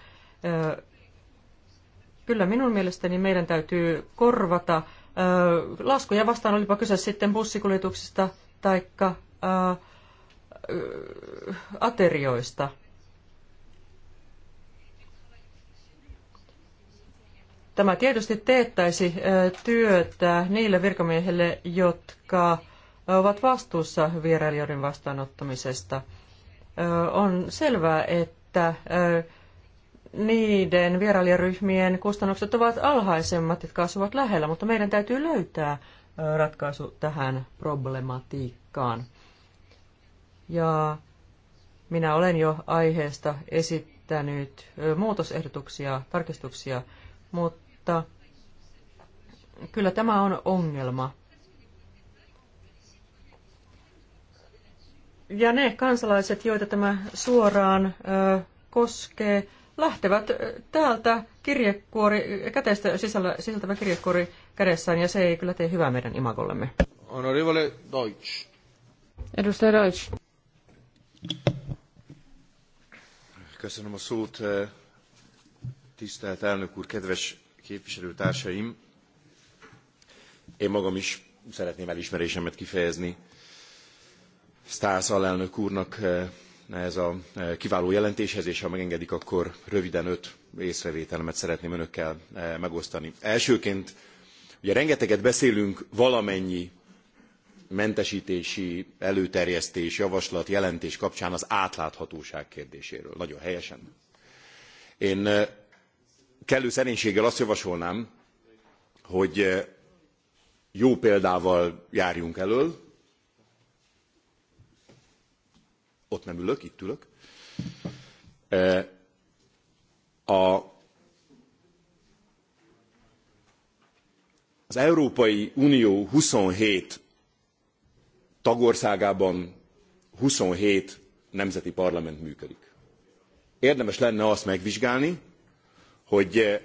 Kyllä minun mielestäni meidän täytyy korvata laskuja vastaan, olipa kyse sitten bussikuljetuksista tai aterioista – Tämä tietysti teettäisi työtä niille virkamiehille, jotka ovat vastuussa vierailijoiden vastaanottamisesta. On selvää, että niiden vierailijaryhmien kustannukset ovat alhaisemmat, jotka asuvat lähellä, mutta meidän täytyy löytää ratkaisu tähän problematiikkaan. Ja minä olen jo aiheesta esittänyt muutosehdotuksia, tarkistuksia, mutta mutta kyllä tämä on ongelma. Ja ne kansalaiset, joita tämä suoraan ö, koskee, lähtevät täältä kirjekuori, käteistä sisällä, sisältävä kirjekuori kädessään, ja se ei kyllä tee hyvää meidän imagollemme.
Honorable Deutsch.
Edustaja Deutsch.
Köszönöm a szót, tisztelt elnök úr, kedves képviselőtársaim! Én magam is szeretném elismerésemet kifejezni Stász alelnök úrnak eh, ez a eh, kiváló jelentéshez, és ha megengedik, akkor röviden öt észrevételemet szeretném önökkel eh, megosztani. Elsőként, ugye rengeteget beszélünk valamennyi mentesítési előterjesztés, javaslat, jelentés kapcsán az átláthatóság kérdéséről. Nagyon helyesen. Én kellő szerénységgel azt javasolnám, hogy eh, jó példával járjunk elől. Ott nem ülök, itt ülök. Eh, a, az Európai Unió 27 tagországában 27 nemzeti parlament működik. Érdemes lenne azt megvizsgálni, hogy eh,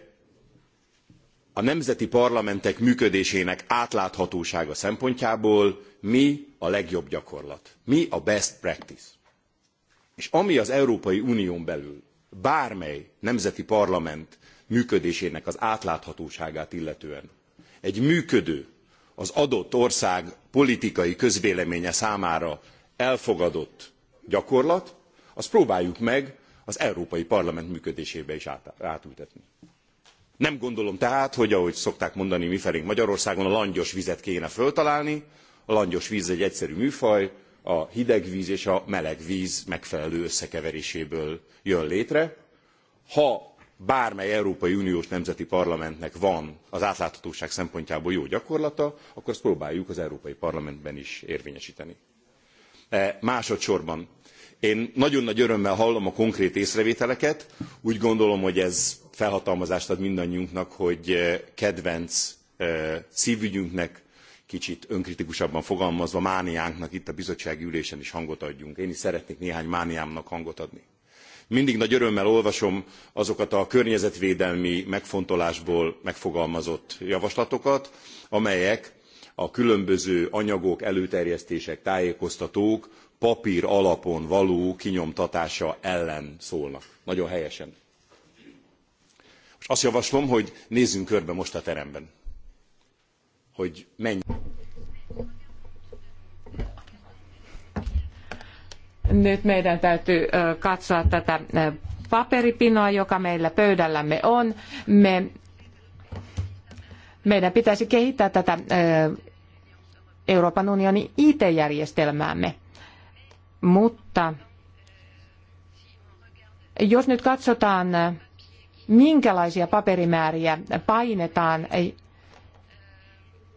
a nemzeti parlamentek működésének átláthatósága szempontjából mi a legjobb gyakorlat, mi a best practice. És ami az Európai Unión belül bármely nemzeti parlament működésének az átláthatóságát illetően egy működő, az adott ország politikai közvéleménye számára elfogadott gyakorlat, azt próbáljuk meg az Európai Parlament működésébe is át, átültetni. Nem gondolom tehát, hogy ahogy szokták mondani mifelénk Magyarországon, a langyos vizet kéne föltalálni. A langyos víz egy egyszerű műfaj, a hideg víz és a meleg víz megfelelő összekeveréséből jön létre. Ha bármely Európai Uniós nemzeti parlamentnek van az átláthatóság szempontjából jó gyakorlata, akkor azt próbáljuk az Európai Parlamentben is érvényesíteni. E, másodszorban Én nagyon nagy örömmel hallom a konkrét észrevételeket. Úgy gondolom, hogy ez felhatalmazást ad mindannyiunknak, hogy kedvenc szívügyünknek, kicsit önkritikusabban fogalmazva mániánknak itt a bizottsági ülésen is hangot adjunk. Én is szeretnék néhány mániámnak hangot adni. Mindig nagy örömmel olvasom azokat a környezetvédelmi megfontolásból megfogalmazott javaslatokat, amelyek a különböző anyagok, előterjesztések, tájékoztatók papír alapon való kinyomtatása ellen szólnak. Nagyon helyesen. És azt javaslom, hogy nézzünk körbe most a teremben. Hogy mennyi...
Nyt meidän täytyy katsoa tätä paperipinoa, joka meillä pöydällämme on. Me, meidän pitäisi kehittää tätä Euroopan unionin IT-järjestelmäämme mutta jos nyt katsotaan, minkälaisia paperimääriä painetaan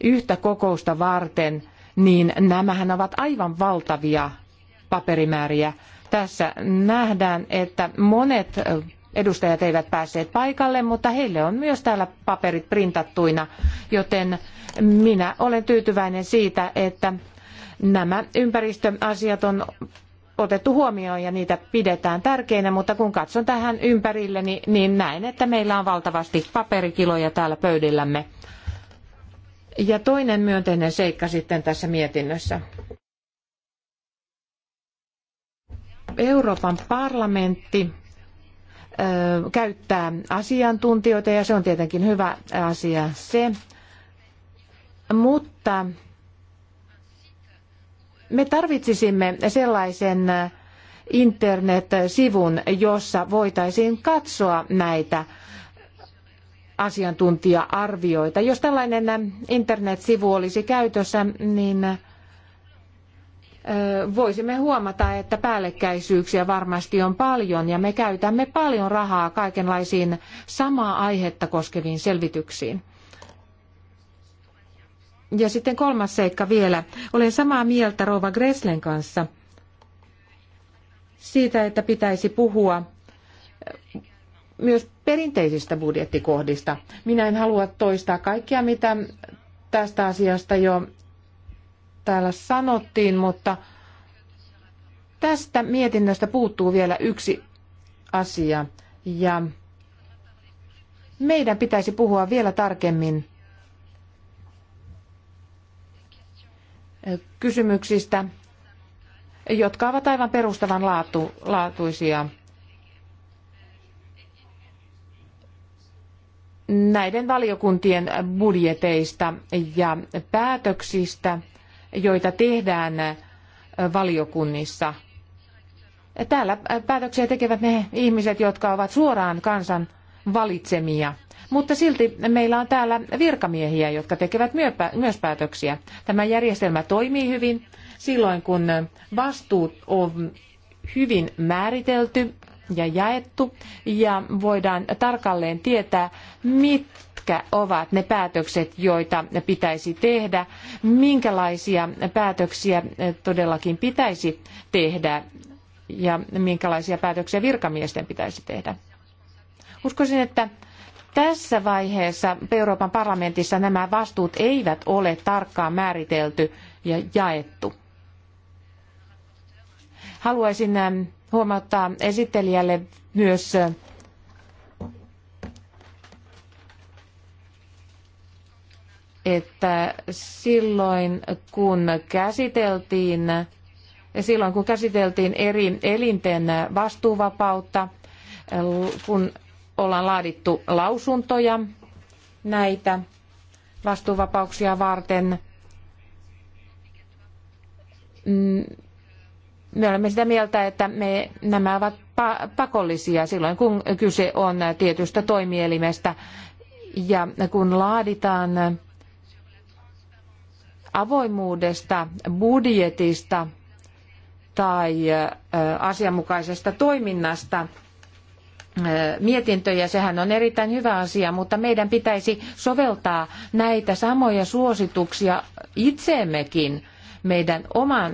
yhtä kokousta varten, niin nämähän ovat aivan valtavia paperimääriä. Tässä nähdään, että monet edustajat eivät päässeet paikalle, mutta heille on myös täällä paperit printattuina, joten minä olen tyytyväinen siitä, että nämä ympäristöasiat on otettu huomioon ja niitä pidetään tärkeinä, mutta kun katson tähän ympärilleni, niin näen, että meillä on valtavasti paperikiloja täällä pöydillämme. Ja toinen myönteinen seikka sitten tässä mietinnössä. Euroopan parlamentti käyttää asiantuntijoita ja se on tietenkin hyvä asia se, mutta me tarvitsisimme sellaisen äh, internet-sivun, jossa voitaisiin katsoa näitä asiantuntija-arvioita. Jos tällainen äh, internet-sivu olisi käytössä, niin äh, voisimme huomata, että päällekkäisyyksiä varmasti on paljon ja me käytämme paljon rahaa kaikenlaisiin samaa aihetta koskeviin selvityksiin. Ja sitten kolmas seikka vielä. Olen samaa mieltä Rova Greslen kanssa siitä, että pitäisi puhua eh, myös perinteisistä budjettikohdista. Minä en halua toistaa kaikkea, mitä tästä asiasta jo täällä sanottiin, mutta tästä mietinnöstä puuttuu vielä yksi asia. Ja meidän pitäisi puhua vielä tarkemmin kysymyksistä, jotka ovat aivan perustavanlaatuisia. näiden valiokuntien budjeteista ja päätöksistä, joita tehdään valiokunnissa. Täällä päätöksiä tekevät ne ihmiset, jotka ovat suoraan kansan valitsemia mutta silti meillä on täällä virkamiehiä, jotka tekevät myös päätöksiä. Tämä järjestelmä toimii hyvin silloin, kun vastuut on hyvin määritelty ja jaettu ja voidaan tarkalleen tietää, mitkä ovat ne päätökset, joita pitäisi tehdä, minkälaisia päätöksiä todellakin pitäisi tehdä ja minkälaisia päätöksiä virkamiesten pitäisi tehdä. Uskoisin, että tässä vaiheessa Euroopan parlamentissa nämä vastuut eivät ole tarkkaan määritelty ja jaettu. Haluaisin ähm, huomauttaa esittelijälle myös äh, että silloin kun käsiteltiin, silloin kun käsiteltiin eri elinten vastuuvapautta, äh, kun ollaan laadittu lausuntoja näitä vastuuvapauksia varten. Mm, me olemme sitä mieltä, että me, nämä ovat pakollisia silloin, kun kyse on tietystä toimielimestä. Ja kun laaditaan avoimuudesta, budjetista tai asianmukaisesta toiminnasta, mietintö ja sehän on erittäin hyvä asia, mutta meidän pitäisi soveltaa näitä samoja suosituksia itseemmekin meidän oman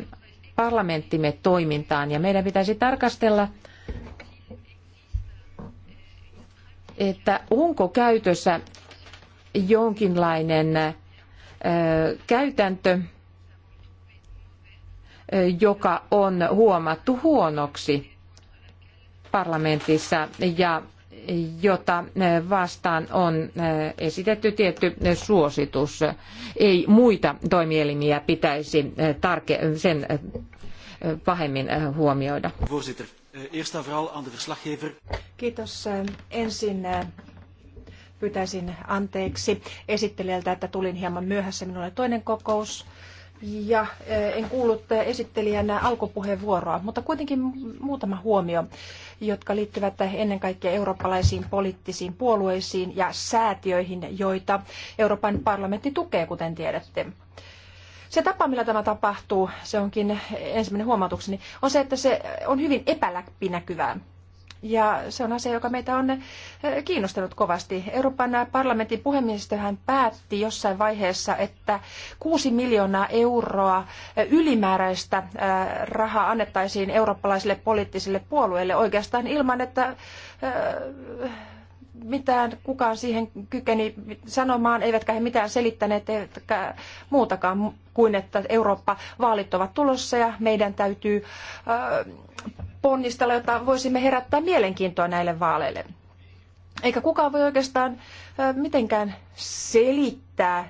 parlamenttimme toimintaan ja meidän pitäisi tarkastella, että onko käytössä jonkinlainen käytäntö, joka on huomattu huonoksi parlamentissa ja jota eh, vastaan on eh, esitetty tietty eh, suositus. Ei muita toimielimiä pitäisi tarke- sen pahemmin huomioida.
Kiitos. Ensin pyytäisin anteeksi esittelijältä, että tulin hieman myöhässä. Minulla oli toinen kokous ja e, en kuullut esittelijän alkupuheenvuoroa, mutta kuitenkin muutama huomio, jotka liittyvät ennen kaikkea eurooppalaisiin poliittisiin puolueisiin ja säätiöihin, joita Euroopan parlamentti tukee, kuten tiedätte. Se tapa, millä tämä tapahtuu, se onkin ensimmäinen huomautukseni, on se, että se on hyvin epäläpinäkyvää. Ja se on asia, joka meitä on eh, kiinnostanut kovasti. Euroopan parlamentin puhemiehistöhän päätti jossain vaiheessa, että 6 miljoonaa euroa eh, ylimääräistä eh, rahaa annettaisiin eurooppalaisille poliittisille puolueille oikeastaan ilman, että mitään kukaan siihen kykeni sanomaan, eivätkä he mitään selittäneet, eivätkä muutakaan kuin, että Eurooppa-vaalit ovat tulossa ja meidän täytyy äh, ponnistella, jotta voisimme herättää mielenkiintoa näille vaaleille. Eikä kukaan voi oikeastaan äh, mitenkään selittää äh,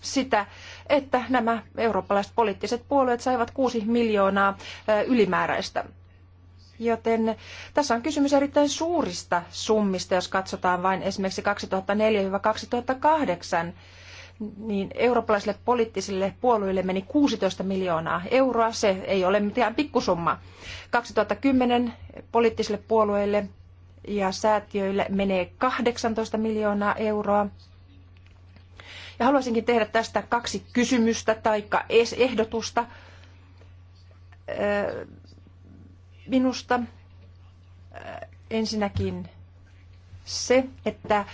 sitä, että nämä eurooppalaiset poliittiset puolueet saivat kuusi miljoonaa ylimääräistä Joten tässä on kysymys erittäin suurista summista, jos katsotaan vain esimerkiksi 2004-2008, niin eurooppalaisille poliittisille puolueille meni 16 miljoonaa euroa. Se ei ole mitään pikkusumma. 2010 poliittisille puolueille ja säätiöille menee 18 miljoonaa euroa. Ja haluaisinkin tehdä tästä kaksi kysymystä tai ehdotusta minusta äh, ensinnäkin se, että äh,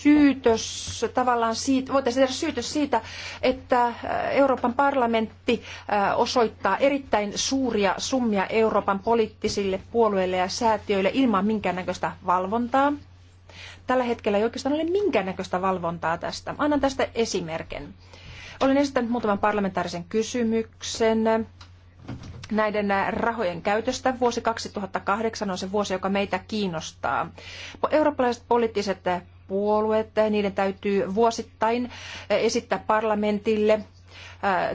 syytös tavallaan siitä, voitaisiin tehdä syytös siitä, että äh, Euroopan parlamentti osoittaa erittäin suuria summia Euroopan poliittisille puolueille ja säätiöille ilman minkäännäköistä valvontaa. Tällä hetkellä ei oikeastaan ole minkäännäköistä valvontaa tästä. Annan tästä esimerkin. Olen esittänyt muutaman parlamentaarisen kysymyksen näiden äh, rahojen käytöstä. Vuosi 2008 on se vuosi, joka meitä kiinnostaa. Eurooppalaiset poliittiset äh, puolueet, äh, niiden täytyy vuosittain esittää parlamentille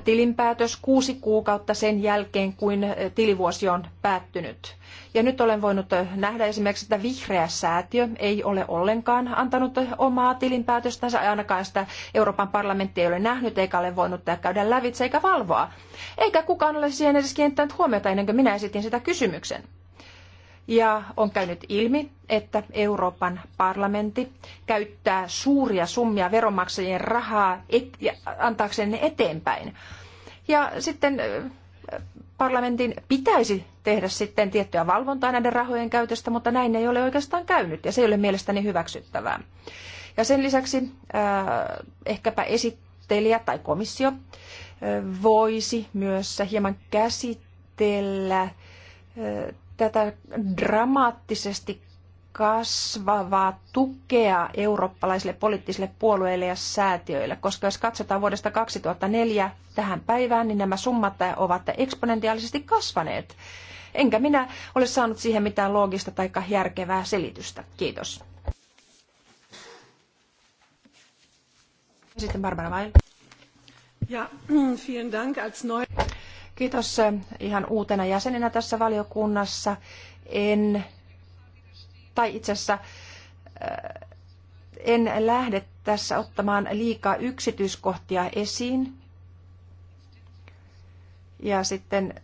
tilinpäätös kuusi kuukautta sen jälkeen, kuin tilivuosi on päättynyt. Ja nyt olen voinut nähdä esimerkiksi, että vihreä säätiö ei ole ollenkaan antanut omaa tilinpäätöstänsä, ainakaan sitä Euroopan parlamentti ei ole nähnyt, eikä ole voinut käydä lävitse eikä valvoa. Eikä kukaan ole siihen edes kiinnittänyt huomiota ennen kuin minä esitin sitä kysymyksen ja on käynyt ilmi, että Euroopan parlamentti käyttää suuria summia veronmaksajien rahaa antaakseen ne eteenpäin. Ja sitten parlamentin pitäisi tehdä sitten tiettyä valvontaa näiden rahojen käytöstä, mutta näin ei ole oikeastaan käynyt ja se ei ole mielestäni hyväksyttävää. Ja sen lisäksi äh, ehkäpä esittelijä tai komissio äh, voisi myös hieman käsitellä äh, tätä dramaattisesti kasvavaa tukea eurooppalaisille poliittisille puolueille ja säätiöille, koska jos katsotaan vuodesta 2004 tähän päivään, niin nämä summat ovat eksponentiaalisesti kasvaneet. Enkä minä ole saanut siihen mitään loogista tai järkevää selitystä. Kiitos. sitten Barbara Weil. Ja, vielen Dank als neu... Kiitos eh, ihan uutena jäsenenä tässä valiokunnassa. En, tai itse asiassa eh, en lähde tässä ottamaan liikaa yksityiskohtia esiin. Ja sitten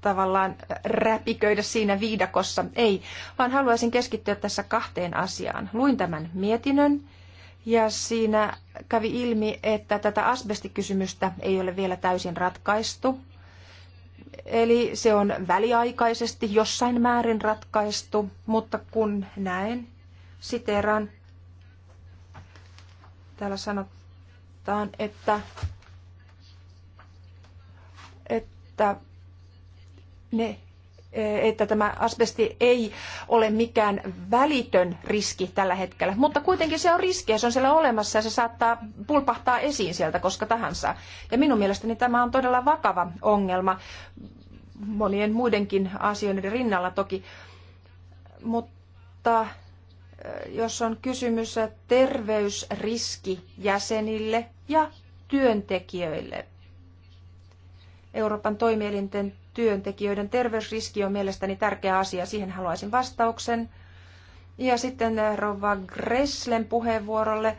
tavallaan eh, räpiköidä siinä viidakossa. Ei, vaan haluaisin keskittyä tässä kahteen asiaan. Luin tämän mietinnön ja siinä kävi ilmi, että tätä asbestikysymystä ei ole vielä täysin ratkaistu. Eli se on väliaikaisesti jossain määrin ratkaistu, mutta kun näen, siteran, täällä sanotaan, että, että ne että tämä asbesti ei ole mikään välitön riski tällä hetkellä. Mutta kuitenkin se on riski ja se on siellä olemassa ja se saattaa pulpahtaa esiin sieltä koska tahansa. Ja minun mielestäni tämä on todella vakava ongelma monien muidenkin asioiden rinnalla toki. Mutta jos on kysymys terveysriski jäsenille ja työntekijöille, Euroopan toimielinten työntekijöiden terveysriski on mielestäni tärkeä asia. Siihen haluaisin vastauksen. Ja sitten eh, Rova Gresslen puheenvuorolle.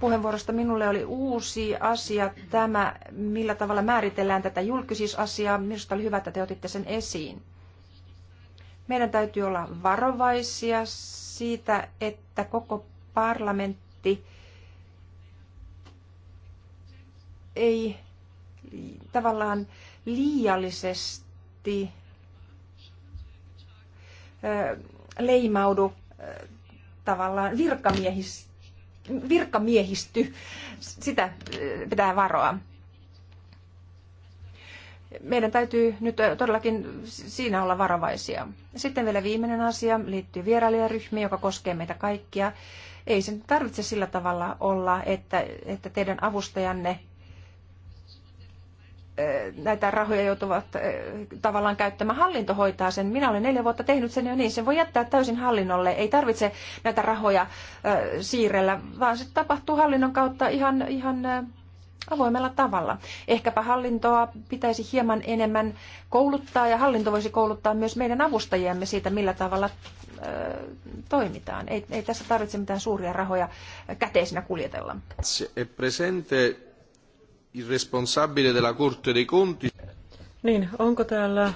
Puheenvuorosta minulle oli uusi asia tämä, millä tavalla määritellään tätä julkisuusasiaa. Minusta oli hyvä, että te otitte sen esiin. Meidän täytyy olla varovaisia siitä, että koko parlamentti ei tavallaan liiallisesti leimaudu tavallaan virkamiehis, virkamiehisty. Sitä pitää varoa. Meidän täytyy nyt todellakin siinä olla varovaisia. Sitten vielä viimeinen asia liittyy vierailijaryhmiin, joka koskee meitä kaikkia. Ei sen tarvitse sillä tavalla olla, että, että teidän avustajanne Eh, näitä rahoja joutuvat eh, tavallaan käyttämään. Hallinto hoitaa sen. Minä olen neljä vuotta tehnyt sen jo niin. Sen voi jättää täysin hallinnolle. Ei tarvitse näitä rahoja eh, siirrellä, vaan se tapahtuu hallinnon kautta ihan, ihan avoimella tavalla. Ehkäpä hallintoa pitäisi hieman enemmän kouluttaa ja hallinto voisi kouluttaa myös meidän avustajiamme siitä, millä tavalla toimitaan. Ei, ei tässä tarvitse mitään suuria rahoja käteisinä kuljetella.
Presente irresponsabile della Corte dei Conti.
Niin, onko täällä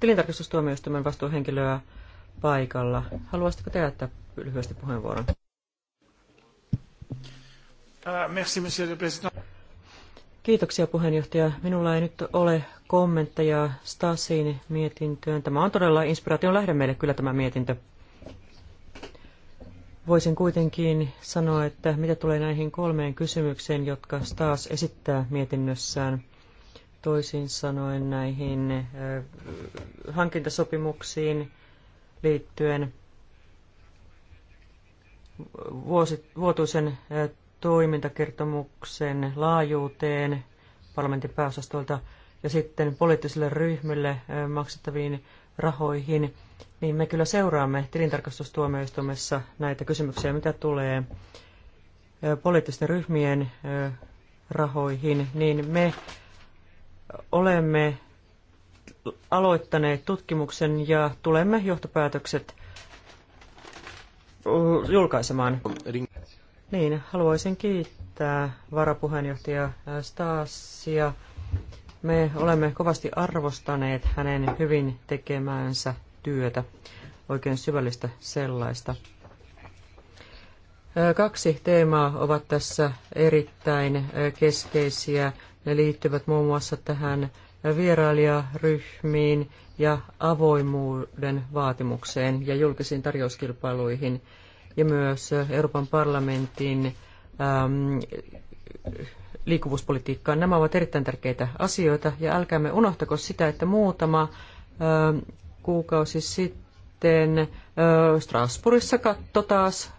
tilintarkastustuomioistuimen vastuuhenkilöä paikalla? Haluaisitko te jättää lyhyesti puheenvuoron?
Ah, merci, monsieur le président.
Kiitoksia puheenjohtaja. Minulla ei nyt ole kommentteja Stasin mietintöön. Tämä on todella inspiraation lähde meille kyllä tämä mietintö. Voisin kuitenkin sanoa, että mitä tulee näihin kolmeen kysymykseen, jotka taas esittää mietinnössään, toisin sanoen näihin hankintasopimuksiin liittyen vuotuisen toimintakertomuksen laajuuteen parlamentin pääosastolta ja sitten poliittisille ryhmille maksettaviin rahoihin – niin me kyllä seuraamme tilintarkastustuomioistuimessa näitä kysymyksiä, mitä tulee poliittisten ryhmien rahoihin, niin me olemme aloittaneet tutkimuksen ja tulemme johtopäätökset julkaisemaan. Niin, haluaisin kiittää varapuheenjohtaja Stasia. Me olemme kovasti arvostaneet hänen hyvin tekemäänsä työtä, oikein syvällistä sellaista. Kaksi teemaa ovat tässä erittäin keskeisiä. Ne liittyvät muun muassa tähän vierailijaryhmiin ja avoimuuden vaatimukseen ja julkisiin tarjouskilpailuihin ja myös Euroopan parlamentin äm, liikkuvuuspolitiikkaan. Nämä ovat erittäin tärkeitä asioita ja älkäämme unohtako sitä, että muutama kuukausi sitten Strasbourgissa katto taas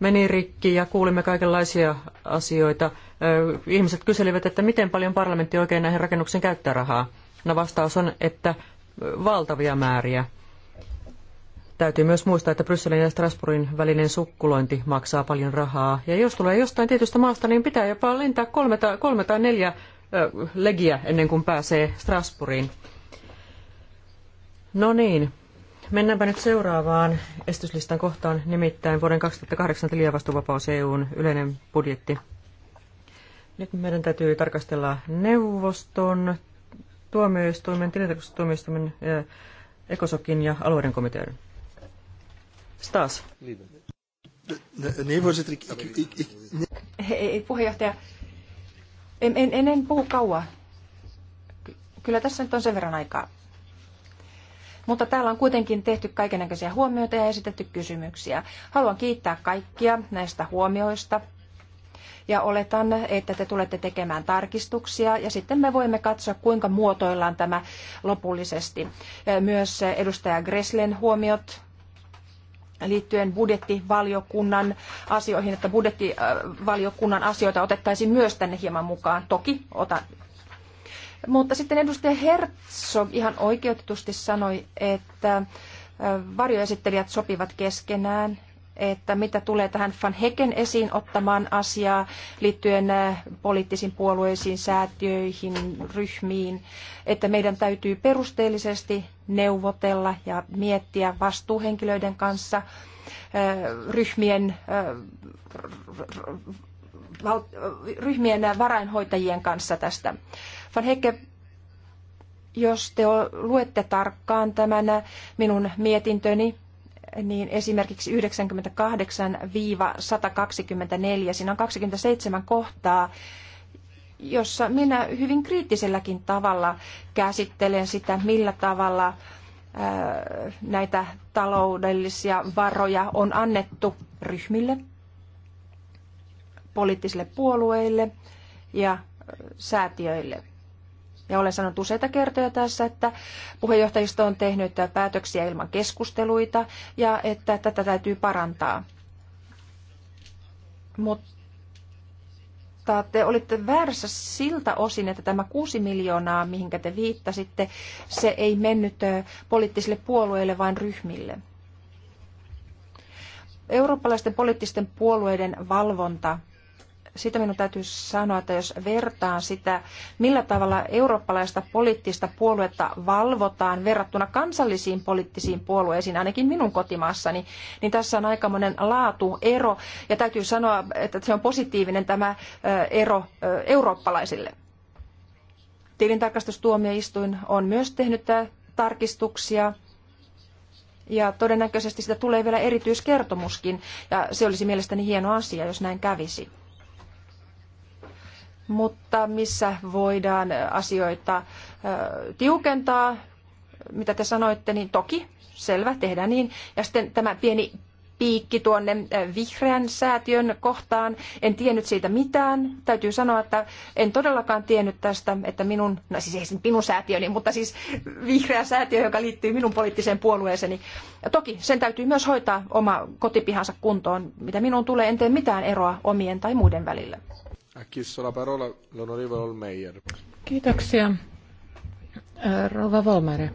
meni rikki ja kuulimme kaikenlaisia asioita. Ihmiset kyselivät, että miten paljon parlamentti oikein näihin rakennuksiin käyttää rahaa. No vastaus on, että valtavia määriä. Täytyy myös muistaa, että Brysselin ja Strasbourgin välinen sukkulointi maksaa paljon rahaa. Ja jos tulee jostain tietystä maasta, niin pitää jopa lentää kolme tai, kolme tai neljä legiä ennen kuin pääsee Strasbourgiin. No niin, mennäänpä nyt seuraavaan estyslistan kohtaan, nimittäin vuoden 2008 tilijavastuvapaus EUn yleinen budjetti. Nyt meidän täytyy tarkastella neuvoston, tuomioistuimen, tilintarkastustuomioistuimen, ekosokin ja alueiden komitean. Stas.
Neuvoset,
Hei, puheenjohtaja. En, en, en, en puhu kauan. Kyllä tässä nyt on sen verran aikaa. Mutta täällä on kuitenkin tehty kaikenlaisia huomioita ja esitetty kysymyksiä. Haluan kiittää kaikkia näistä huomioista. Ja oletan, että te tulette tekemään tarkistuksia ja sitten me voimme katsoa, kuinka muotoillaan tämä lopullisesti. Myös edustaja Greslen huomiot liittyen budjettivaliokunnan asioihin, että budjettivaliokunnan asioita otettaisiin myös tänne hieman mukaan. Toki otan mutta sitten edustaja Herzog ihan oikeutetusti sanoi, että äh, varjoesittelijät sopivat keskenään, että mitä tulee tähän Van Heken esiin ottamaan asiaa liittyen äh, poliittisiin puolueisiin, säätiöihin, ryhmiin, että meidän täytyy perusteellisesti neuvotella ja miettiä vastuuhenkilöiden kanssa äh, ryhmien ryhmien varainhoitajien kanssa tästä. Van Hecke, jos te luette tarkkaan tämän minun mietintöni, niin esimerkiksi 98-124, siinä on 27 kohtaa, jossa minä hyvin kriittiselläkin tavalla käsittelen sitä, millä tavalla näitä taloudellisia varoja on annettu ryhmille – poliittisille puolueille ja säätiöille. Ja olen sanonut useita kertoja tässä, että puheenjohtajisto on tehnyt päätöksiä ilman keskusteluita ja että tätä täytyy parantaa. Mutta te olitte väärässä siltä osin, että tämä kuusi miljoonaa, mihinkä te viittasitte, se ei mennyt poliittisille puolueille, vaan ryhmille. Eurooppalaisten poliittisten puolueiden valvonta sitä minun täytyy sanoa, että jos vertaan sitä, millä tavalla eurooppalaista poliittista puoluetta valvotaan verrattuna kansallisiin poliittisiin puolueisiin, ainakin minun kotimaassani, niin tässä on aikamoinen laatuero. Ja täytyy sanoa, että se on positiivinen tämä ero eurooppalaisille. Tilintarkastustuomioistuin on myös tehnyt tarkistuksia ja todennäköisesti sitä tulee vielä erityiskertomuskin, ja se olisi mielestäni hieno asia, jos näin kävisi mutta missä voidaan asioita tiukentaa, mitä te sanoitte, niin toki, selvä, tehdään niin. Ja sitten tämä pieni piikki tuonne vihreän säätiön kohtaan. En tiennyt siitä mitään. Täytyy sanoa, että en todellakaan tiennyt tästä, että minun, no siis ei minun säätiöni, mutta siis vihreä säätiö, joka liittyy minun poliittiseen puolueeseeni. Ja toki sen täytyy myös hoitaa oma kotipihansa kuntoon. Mitä minun tulee, en tee mitään eroa omien tai muiden välillä.
Kiitoksia. Äh, Rova Volmere.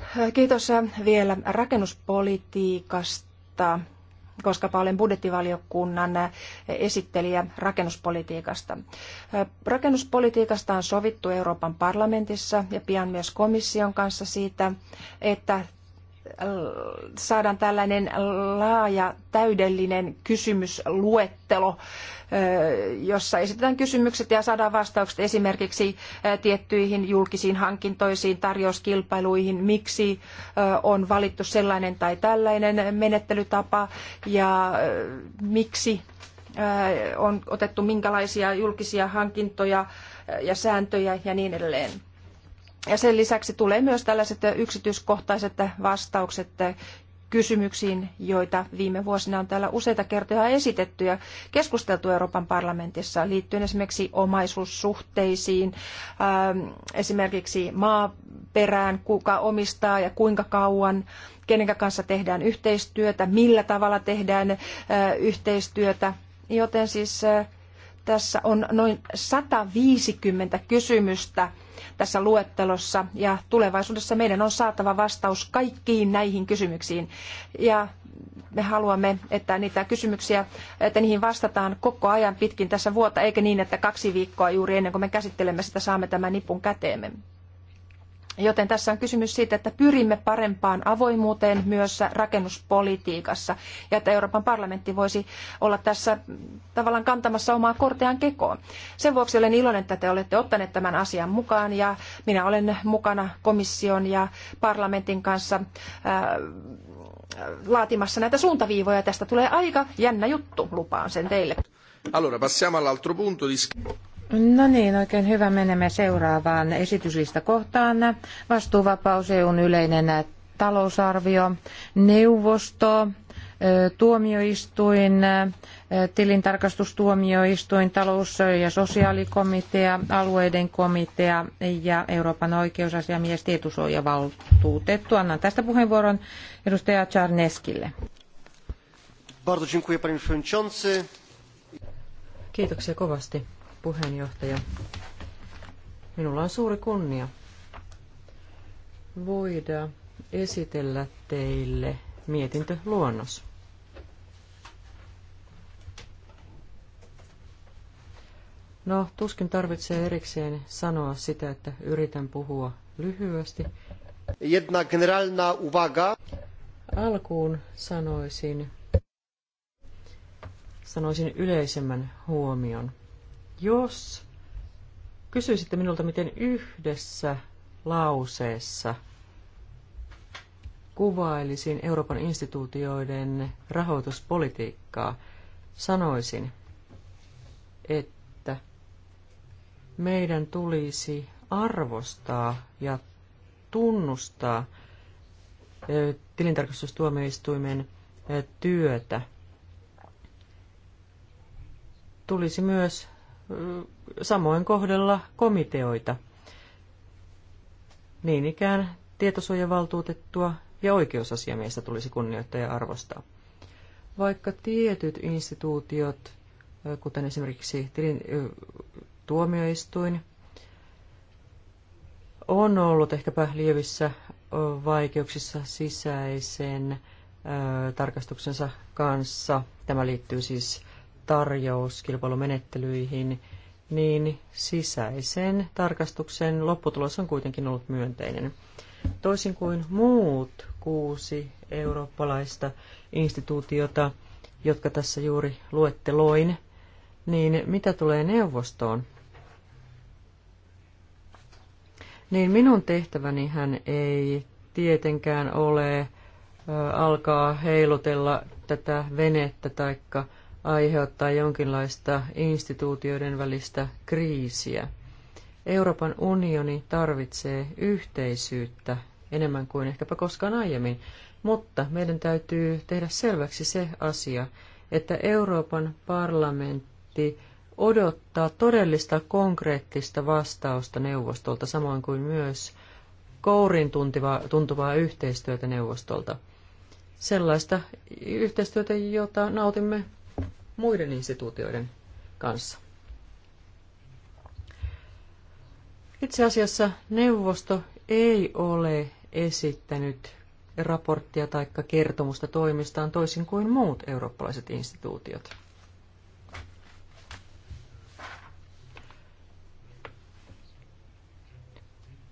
Äh, kiitos äh, vielä rakennuspolitiikasta, koska olen budjettivaliokunnan esittelijä rakennuspolitiikasta. Rakennuspolitiikasta on sovittu Euroopan parlamentissa ja pian myös komission kanssa siitä, että saadaan tällainen laaja, täydellinen kysymysluettelo, jossa esitetään kysymykset ja saadaan vastaukset esimerkiksi tiettyihin julkisiin hankintoisiin, tarjouskilpailuihin, miksi on valittu sellainen tai tällainen menettelytapa ja miksi on otettu minkälaisia julkisia hankintoja ja sääntöjä ja niin edelleen. Ja sen lisäksi tulee myös tällaiset yksityiskohtaiset vastaukset kysymyksiin, joita viime vuosina on täällä useita kertoja esitetty ja keskusteltu Euroopan parlamentissa liittyen esimerkiksi omaisuussuhteisiin, ähm, esimerkiksi maaperään, kuka omistaa ja kuinka kauan, kenen kanssa tehdään yhteistyötä, millä tavalla tehdään äh, yhteistyötä. Joten siis äh, tässä on noin 150 kysymystä tässä luettelossa ja tulevaisuudessa meidän on saatava vastaus kaikkiin näihin kysymyksiin. Ja me haluamme, että niitä kysymyksiä, että niihin vastataan koko ajan pitkin tässä vuotta, eikä niin, että kaksi viikkoa juuri ennen kuin me käsittelemme sitä saamme tämän nipun käteemme. Joten tässä on kysymys siitä, että pyrimme parempaan avoimuuteen myös rakennuspolitiikassa ja että Euroopan parlamentti voisi olla tässä tavallaan kantamassa omaa korteaan kekoon. Sen vuoksi olen iloinen, että te olette ottaneet tämän asian mukaan ja minä olen mukana komission ja parlamentin kanssa ää, äh, laatimassa näitä suuntaviivoja. Tästä tulee aika jännä juttu, lupaan sen teille.
Allora, passiamo all'altro punto di...
No niin, oikein hyvä. Menemme seuraavaan kohtaan. Vastuuvapaus EUn yleinen talousarvio, neuvosto, tuomioistuin, tilintarkastustuomioistuin, talous- ja sosiaalikomitea, alueiden komitea ja Euroopan oikeusasiamies tietosuojavaltuutettu. Annan tästä puheenvuoron edustaja Czarneskille.
Kiitoksia kovasti puheenjohtaja. Minulla on suuri kunnia voida esitellä teille mietintöluonnos. No, tuskin tarvitsee erikseen sanoa sitä, että yritän puhua lyhyesti.
Jedna generalna uvaga
Alkuun sanoisin, sanoisin yleisemmän huomion. Jos kysyisitte minulta, miten yhdessä lauseessa kuvailisin Euroopan instituutioiden rahoituspolitiikkaa, sanoisin, että meidän tulisi arvostaa ja tunnustaa tilintarkastustuomioistuimen työtä. Tulisi myös samoin kohdella komiteoita. Niin ikään tietosuojavaltuutettua ja oikeusasiamiestä tulisi kunnioittaa ja arvostaa. Vaikka tietyt instituutiot, kuten esimerkiksi tilin, tuomioistuin, on ollut ehkäpä lievissä vaikeuksissa sisäisen tarkastuksensa kanssa. Tämä liittyy siis tarjouskilpailumenettelyihin, niin sisäisen tarkastuksen lopputulos on kuitenkin ollut myönteinen. Toisin kuin muut kuusi eurooppalaista instituutiota, jotka tässä juuri luetteloin, niin mitä tulee neuvostoon? Niin minun tehtäväni hän ei tietenkään ole alkaa heilutella tätä venettä taikka aiheuttaa jonkinlaista instituutioiden välistä kriisiä. Euroopan unioni tarvitsee yhteisyyttä enemmän kuin ehkäpä koskaan aiemmin, mutta meidän täytyy tehdä selväksi se asia, että Euroopan parlamentti odottaa todellista konkreettista vastausta neuvostolta, samoin kuin myös kourin tuntivaa, tuntuvaa yhteistyötä neuvostolta. Sellaista yhteistyötä, jota nautimme muiden instituutioiden kanssa. Itse asiassa neuvosto ei ole esittänyt raporttia tai kertomusta toimistaan toisin kuin muut eurooppalaiset instituutiot.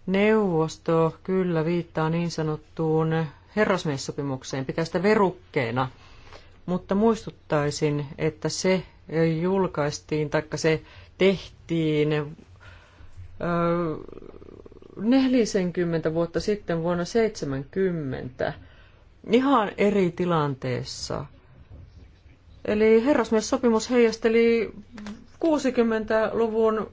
Neuvosto kyllä viittaa niin sanottuun herrasmiessopimukseen, pitää sitä verukkeena – mutta muistuttaisin, että se julkaistiin, taikka se tehtiin 40 vuotta sitten vuonna 70 ihan eri tilanteessa. Eli herrasmies-sopimus heijasteli 60-luvun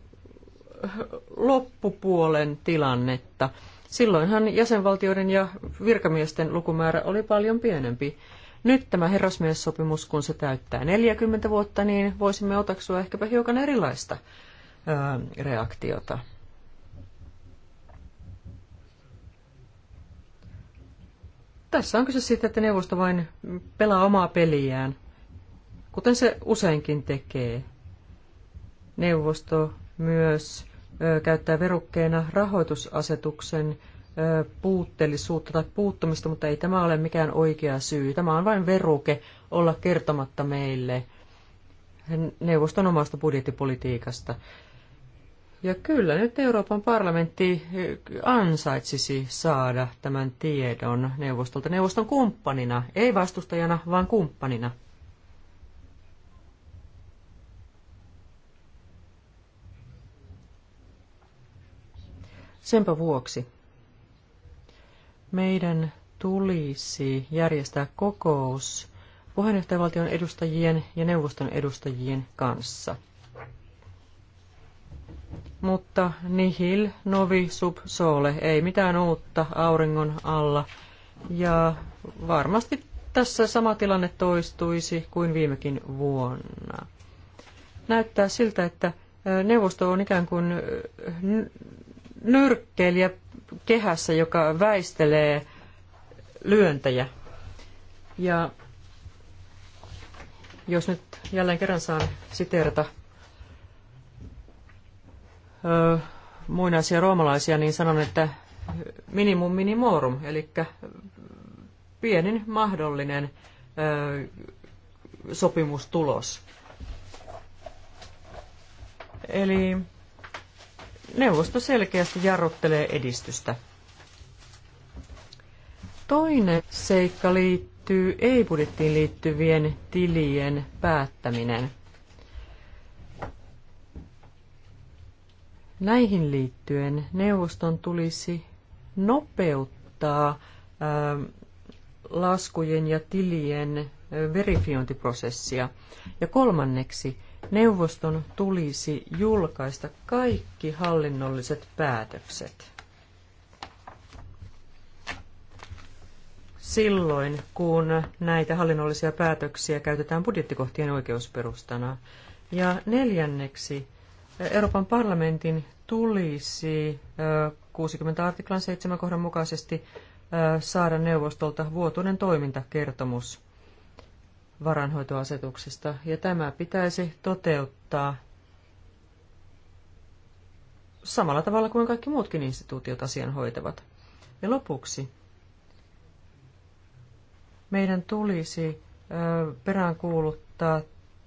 loppupuolen tilannetta. Silloinhan jäsenvaltioiden ja virkamiesten lukumäärä oli paljon pienempi. Nyt tämä herrasmiessopimus, kun se täyttää 40 vuotta, niin voisimme otaksua ehkäpä hiukan erilaista ö, reaktiota. Tässä on kyse siitä, että neuvosto vain pelaa omaa peliään, kuten se useinkin tekee. Neuvosto myös käyttää verukkeena rahoitusasetuksen puutteellisuutta tai puuttumista, mutta ei tämä ole mikään oikea syy. Tämä on vain veruke olla kertomatta meille neuvoston omasta budjettipolitiikasta. Ja kyllä nyt Euroopan parlamentti ansaitsisi saada tämän tiedon neuvostolta neuvoston kumppanina, ei vastustajana, vaan kumppanina. Senpä vuoksi meidän tulisi järjestää kokous puheenjohtajavaltion edustajien ja neuvoston edustajien kanssa. Mutta nihil novi sub sole, ei mitään uutta auringon alla. Ja varmasti tässä sama tilanne toistuisi kuin viimekin vuonna. Näyttää siltä, että neuvosto on ikään kuin nyrkkeilijä kehässä, joka väistelee lyöntejä. Ja jos nyt jälleen kerran saan siteerata ö, muinaisia roomalaisia, niin sanon, että minimum minimorum, eli pienin mahdollinen ö, sopimustulos. Eli neuvosto selkeästi jarruttelee edistystä. Toinen seikka liittyy ei-budjettiin liittyvien tilien päättäminen. Näihin liittyen neuvoston tulisi nopeuttaa ähm, laskujen ja tilien äh, verifiointiprosessia. Ja kolmanneksi Neuvoston tulisi julkaista kaikki hallinnolliset päätökset. Silloin, kun näitä hallinnollisia päätöksiä käytetään budjettikohtien oikeusperustana. Ja neljänneksi, Euroopan parlamentin tulisi 60 artiklan 7 kohdan mukaisesti saada neuvostolta vuotuinen toimintakertomus – varanhoitoasetuksesta, ja tämä pitäisi toteuttaa samalla tavalla kuin kaikki muutkin instituutiot asian hoitavat. Ja lopuksi meidän tulisi peräänkuuluttaa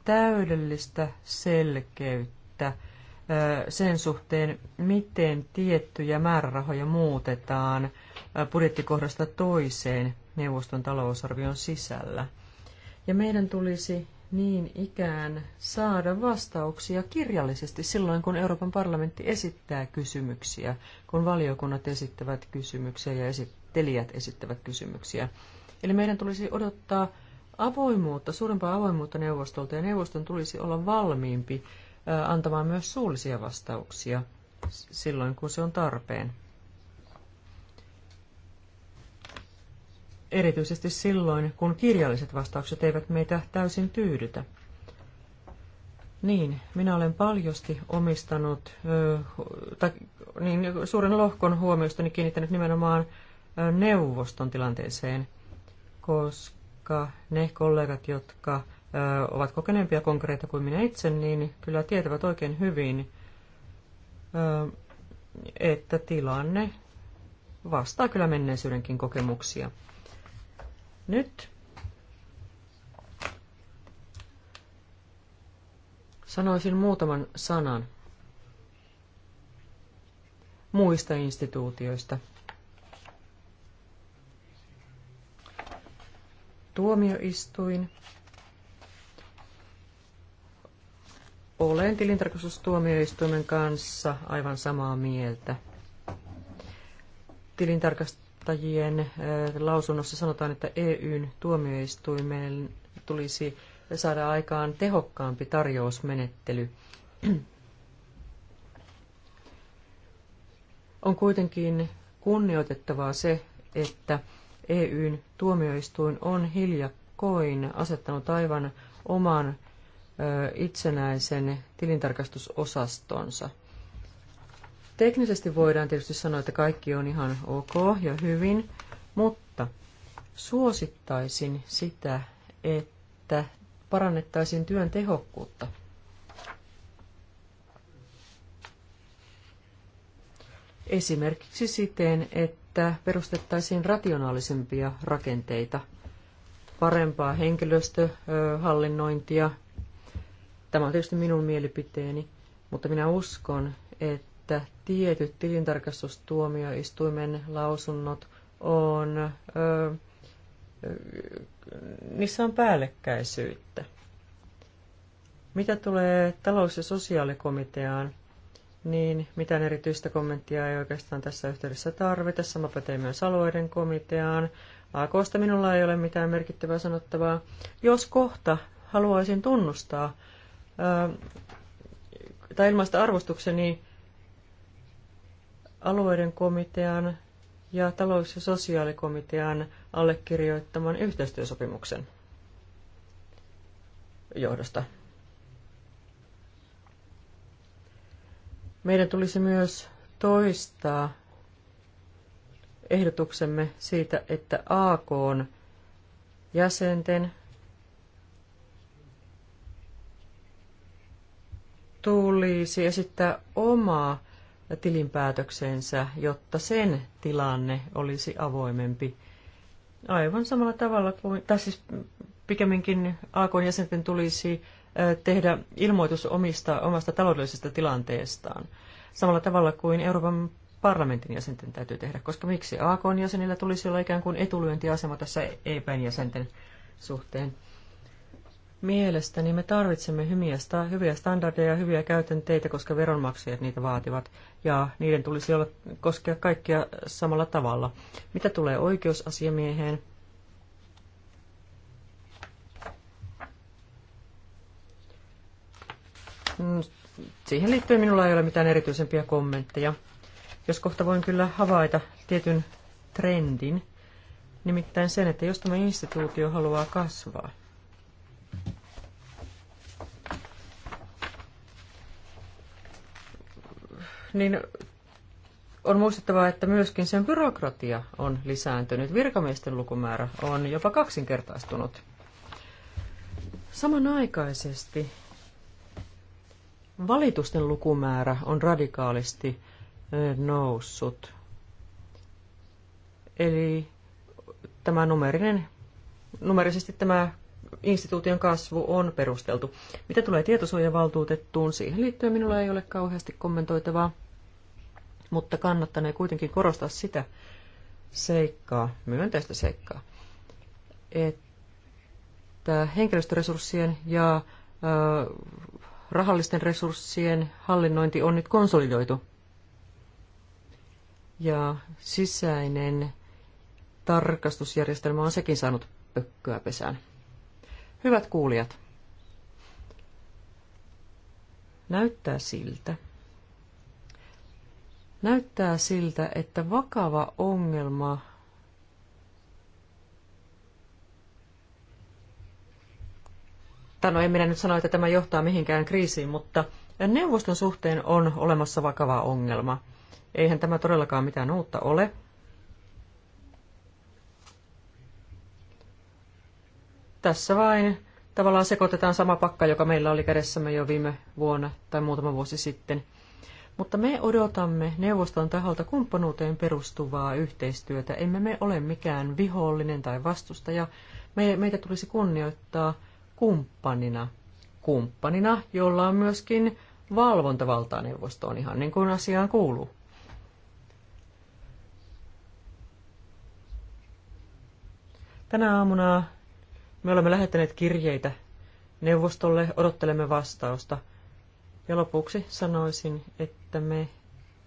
täydellistä selkeyttä sen suhteen, miten tiettyjä määrärahoja muutetaan budjettikohdasta toiseen neuvoston talousarvion sisällä. Ja meidän tulisi niin ikään saada vastauksia kirjallisesti silloin, kun Euroopan parlamentti esittää kysymyksiä, kun valiokunnat esittävät kysymyksiä ja esittelijät esittävät kysymyksiä. Eli meidän tulisi odottaa avoimuutta, suurempaa avoimuutta neuvostolta, ja neuvoston tulisi olla valmiimpi antamaan myös suullisia vastauksia silloin, kun se on tarpeen. erityisesti silloin, kun kirjalliset vastaukset eivät meitä täysin tyydytä. Niin, minä olen paljosti omistanut, tai niin, suuren lohkon huomiostani kiinnittänyt nimenomaan neuvoston tilanteeseen, koska ne kollegat, jotka ovat kokeneempia konkreita kuin minä itse, niin kyllä tietävät oikein hyvin, että tilanne vastaa kyllä menneisyydenkin kokemuksia. Nyt sanoisin muutaman sanan muista instituutioista. Tuomioistuin. Olen tilintarkastustuomioistuimen kanssa aivan samaa mieltä. Tilintarkast- kuluttajien lausunnossa sanotaan, että EUn tuomioistuimeen tulisi saada aikaan tehokkaampi tarjousmenettely. On kuitenkin kunnioitettavaa se, että EUn tuomioistuin on hiljakkoin asettanut aivan oman itsenäisen tilintarkastusosastonsa – Teknisesti voidaan tietysti sanoa, että kaikki on ihan ok ja hyvin, mutta suosittaisin sitä, että parannettaisiin työn tehokkuutta. Esimerkiksi siten, että perustettaisiin rationaalisempia rakenteita, parempaa henkilöstöhallinnointia. Tämä on tietysti minun mielipiteeni, mutta minä uskon, että että tietyt tilintarkastustuomioistuimen lausunnot on, ö, niissä on päällekkäisyyttä. Mitä tulee talous- ja sosiaalikomiteaan, niin mitään erityistä kommenttia ei oikeastaan tässä yhteydessä tarvita. Sama pätee myös alueiden komiteaan. AKsta minulla ei ole mitään merkittävää sanottavaa. Jos kohta haluaisin tunnustaa ää, tai ilmaista arvostukseni alueiden komitean ja talous- ja sosiaalikomitean allekirjoittaman yhteistyösopimuksen johdosta. Meidän tulisi myös toistaa ehdotuksemme siitä, että AK on jäsenten tulisi esittää omaa tilinpäätöksensä, jotta sen tilanne olisi avoimempi. Aivan samalla tavalla kuin, tai siis pikemminkin AK-jäsenten tulisi tehdä ilmoitus omista, omasta taloudellisesta tilanteestaan. Samalla tavalla kuin Euroopan parlamentin jäsenten täytyy tehdä, koska miksi AKn jäsenillä tulisi olla ikään kuin etulyöntiasema tässä EPn jäsenten suhteen. Mielestäni me tarvitsemme hyviä, hyviä standardeja ja hyviä käytänteitä, koska veronmaksajat niitä vaativat, ja niiden tulisi olla, koskea kaikkia samalla tavalla. Mitä tulee oikeusasiamieheen? Mm, siihen liittyen minulla ei ole mitään erityisempiä kommentteja. Jos kohta voin kyllä havaita tietyn trendin, nimittäin sen, että jos tämä instituutio haluaa kasvaa, niin on muistettava, että myöskin sen byrokratia on lisääntynyt. Virkamiesten lukumäärä on jopa kaksinkertaistunut. Samanaikaisesti valitusten lukumäärä on radikaalisti noussut. Eli tämä numerinen, numerisesti tämä instituution kasvu on perusteltu. Mitä tulee tietosuojavaltuutettuun, siihen liittyen minulla ei ole kauheasti kommentoitavaa mutta kannattanee kuitenkin korostaa sitä seikkaa, myönteistä seikkaa, että henkilöstöresurssien ja rahallisten resurssien hallinnointi on nyt konsolidoitu. Ja sisäinen tarkastusjärjestelmä on sekin saanut pökköä pesään. Hyvät kuulijat, näyttää siltä, Näyttää siltä, että vakava ongelma no en minä nyt sano, että tämä johtaa mihinkään kriisiin, mutta neuvoston suhteen on olemassa vakava ongelma. Eihän tämä todellakaan mitään uutta ole. Tässä vain tavallaan sekoitetaan sama pakka, joka meillä oli kädessämme jo viime vuonna tai muutama vuosi sitten – mutta me odotamme neuvoston taholta kumppanuuteen perustuvaa yhteistyötä. Emme me ole mikään vihollinen tai vastustaja. Me, meitä tulisi kunnioittaa kumppanina. Kumppanina, jolla on myöskin valvontavaltaa neuvostoon, ihan niin kuin asiaan kuuluu. Tänä aamuna me olemme lähettäneet kirjeitä neuvostolle, odottelemme vastausta – ja lopuksi sanoisin, että me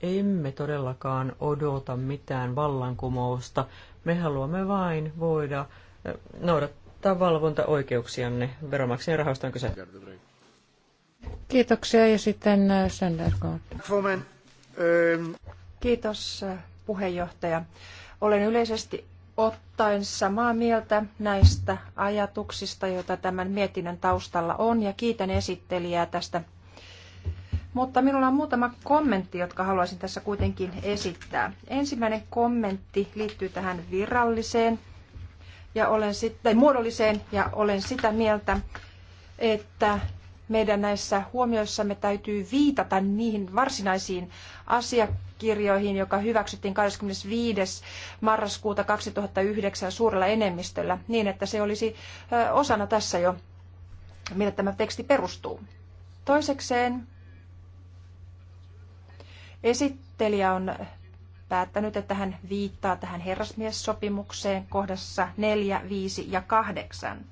emme todellakaan odota mitään vallankumousta. Me haluamme vain voida eh, noudattaa valvontaoikeuksianne. Veromaksien rahoista on kyse.
Kiitoksia ja sitten eh, Sandergaard.
Ähm. Kiitos eh, puheenjohtaja. Olen yleisesti ottaen samaa mieltä näistä ajatuksista, joita tämän mietinnön taustalla on, ja kiitän esittelijää tästä mutta minulla on muutama kommentti, jotka haluaisin tässä kuitenkin esittää. Ensimmäinen kommentti liittyy tähän viralliseen ja olen sit, tai muodolliseen ja olen sitä mieltä, että meidän näissä huomioissamme täytyy viitata niihin varsinaisiin asiakirjoihin, joka hyväksyttiin 25. marraskuuta 2009 suurella enemmistöllä, niin että se olisi osana tässä jo, millä tämä teksti perustuu. Toisekseen Esittelijä on päättänyt, että hän viittaa tähän herrasmiessopimukseen kohdassa 4, 5 ja 8.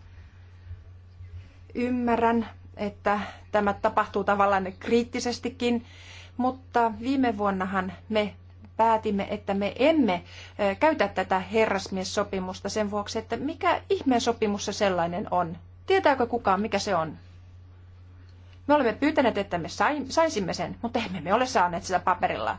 Ymmärrän, että tämä tapahtuu tavallaan kriittisestikin, mutta viime vuonnahan me päätimme, että me emme käytä tätä herrasmiessopimusta sen vuoksi, että mikä ihmeen sopimus se sellainen on. Tietääkö kukaan, mikä se on? Me olemme pyytäneet, että me saisimme sen, mutta emme me ole saaneet sitä paperilla.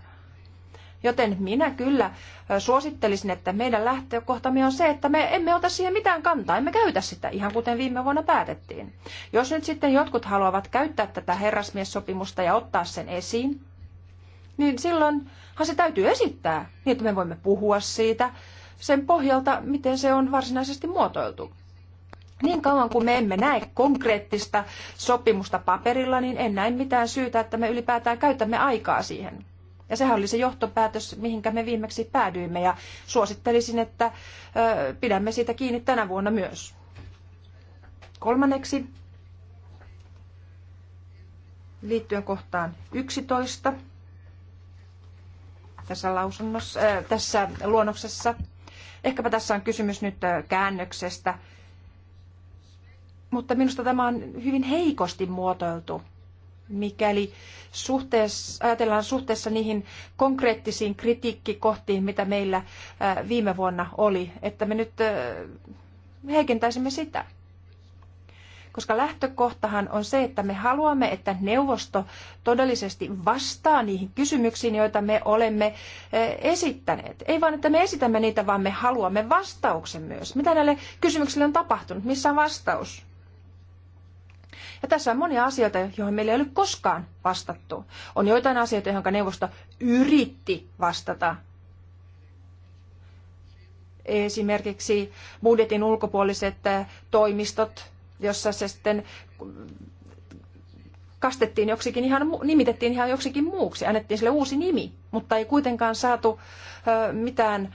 Joten minä kyllä suosittelisin, että meidän lähtökohtamme on se, että me emme ota siihen mitään kantaa, emme käytä sitä, ihan kuten viime vuonna päätettiin. Jos nyt sitten jotkut haluavat käyttää tätä herrasmiessopimusta ja ottaa sen esiin, niin silloinhan se täytyy esittää, niin että me voimme puhua siitä sen pohjalta, miten se on varsinaisesti muotoiltu. Niin kauan kuin me emme näe konkreettista sopimusta paperilla, niin en näe mitään syytä, että me ylipäätään käytämme aikaa siihen. Ja sehän oli se johtopäätös, mihinkä me viimeksi päädyimme ja suosittelisin, että pidämme siitä kiinni tänä vuonna myös. Kolmanneksi, liittyen kohtaan 11 tässä, lausunnossa, tässä luonnoksessa. Ehkäpä tässä on kysymys nyt käännöksestä mutta minusta tämä on hyvin heikosti muotoiltu, mikäli suhteessa, ajatellaan suhteessa niihin konkreettisiin kritiikkikohtiin, mitä meillä viime vuonna oli, että me nyt heikentäisimme sitä koska lähtökohtahan on se, että me haluamme, että neuvosto todellisesti vastaa niihin kysymyksiin, joita me olemme esittäneet. Ei vain, että me esitämme niitä, vaan me haluamme vastauksen myös. Mitä näille kysymyksille on tapahtunut? Missä on vastaus? Ja tässä on monia asioita, joihin meillä ei ole koskaan vastattu. On joitain asioita, joihin neuvosto yritti vastata. Esimerkiksi budjetin ulkopuoliset eh, toimistot, jossa se sitten kastettiin joksikin ihan, nimitettiin ihan joksikin muuksi, annettiin sille uusi nimi, mutta ei kuitenkaan saatu eh, mitään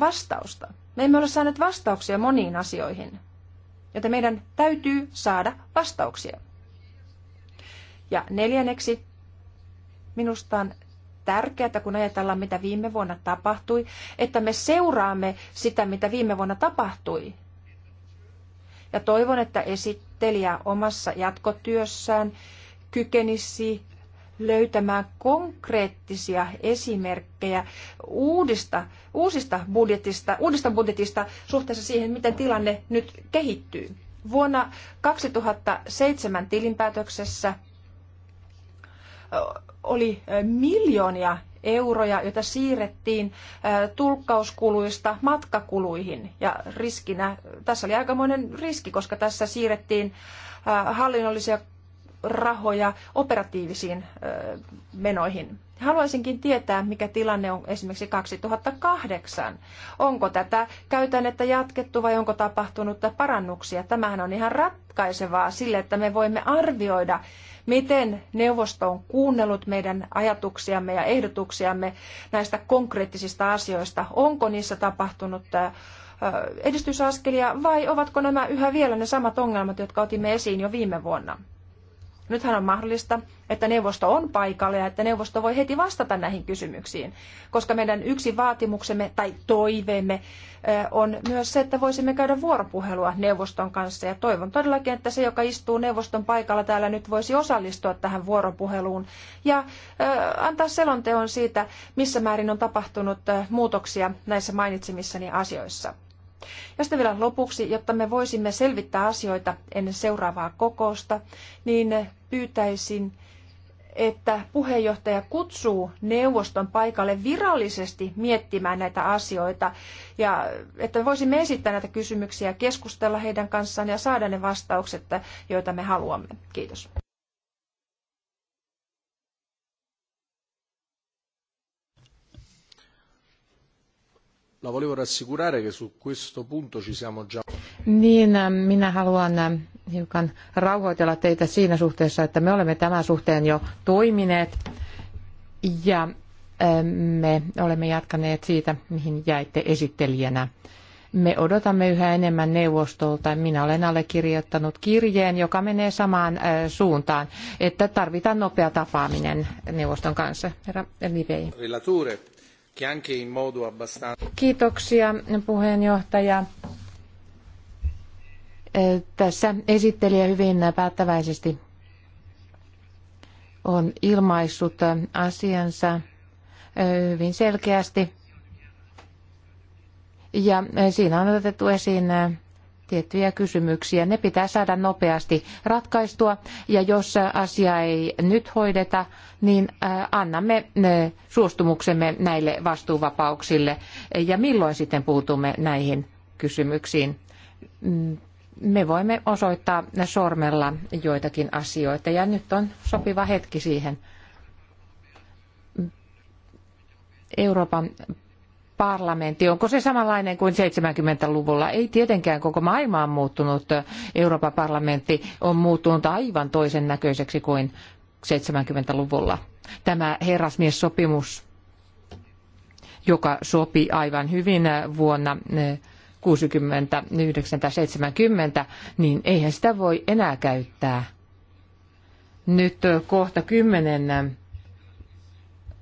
vastausta. Me emme ole saaneet vastauksia moniin asioihin. Joten meidän täytyy saada vastauksia. Ja neljänneksi, minusta on tärkeää, kun ajatellaan, mitä viime vuonna tapahtui, että me seuraamme sitä, mitä viime vuonna tapahtui. Ja toivon, että esittelijä omassa jatkotyössään kykenisi löytämään konkreettisia esimerkkejä uudista, uusista budjetista, uudesta budjetista suhteessa siihen, miten tilanne nyt kehittyy. Vuonna 2007 tilinpäätöksessä oli miljoonia euroja, joita siirrettiin tulkkauskuluista matkakuluihin. Ja riskinä, tässä oli aikamoinen riski, koska tässä siirrettiin hallinnollisia rahoja operatiivisiin menoihin. Haluaisinkin tietää, mikä tilanne on esimerkiksi 2008. Onko tätä käytännettä jatkettu vai onko tapahtunut parannuksia? Tämähän on ihan ratkaisevaa sille, että me voimme arvioida, miten neuvosto on kuunnellut meidän ajatuksiamme ja ehdotuksiamme näistä konkreettisista asioista. Onko niissä tapahtunut edistysaskelia vai ovatko nämä yhä vielä ne samat ongelmat, jotka otimme esiin jo viime vuonna? Nythän on mahdollista, että neuvosto on paikalla ja että neuvosto voi heti vastata näihin kysymyksiin, koska meidän yksi vaatimuksemme tai toiveemme on myös se, että voisimme käydä vuoropuhelua neuvoston kanssa. Ja toivon todellakin, että se, joka istuu neuvoston paikalla täällä nyt, voisi osallistua tähän vuoropuheluun ja antaa selonteon siitä, missä määrin on tapahtunut muutoksia näissä mainitsemissani asioissa. Ja sitten vielä lopuksi, jotta me voisimme selvittää asioita ennen seuraavaa kokousta, niin pyytäisin, että puheenjohtaja kutsuu neuvoston paikalle virallisesti miettimään näitä asioita ja että voisimme esittää näitä kysymyksiä, keskustella heidän kanssaan ja saada ne vastaukset, joita me haluamme. Kiitos.
La volevo rassicurare che su questo punto ci siamo già...
Niin, ähm, minä haluan ähm, hiukan rauhoitella teitä siinä suhteessa, että me olemme tämän suhteen jo toimineet ja ähm, me olemme jatkaneet siitä, mihin jäitte esittelijänä. Me odotamme yhä enemmän neuvostolta. Minä olen allekirjoittanut kirjeen, joka menee samaan äh, suuntaan, että tarvitaan nopea tapaaminen neuvoston kanssa. Herra Livei. Kiitoksia puheenjohtaja. Tässä esittelijä hyvin päättäväisesti on ilmaissut asiansa hyvin selkeästi. Ja siinä on otettu esiin tiettyjä kysymyksiä. Ne pitää saada nopeasti ratkaistua ja jos asia ei nyt hoideta, niin äh, annamme äh, suostumuksemme näille vastuuvapauksille ja milloin sitten puutumme näihin kysymyksiin. Mm, me voimme osoittaa sormella joitakin asioita ja nyt on sopiva hetki siihen. Euroopan parlamentti, onko se samanlainen kuin 70-luvulla? Ei tietenkään, koko maailma on muuttunut. Euroopan parlamentti on muuttunut aivan toisen näköiseksi kuin 70-luvulla. Tämä herrasmiessopimus, sopimus joka sopi aivan hyvin vuonna 69-70, eh, niin eihän sitä voi enää käyttää. Nyt kohta kymmenen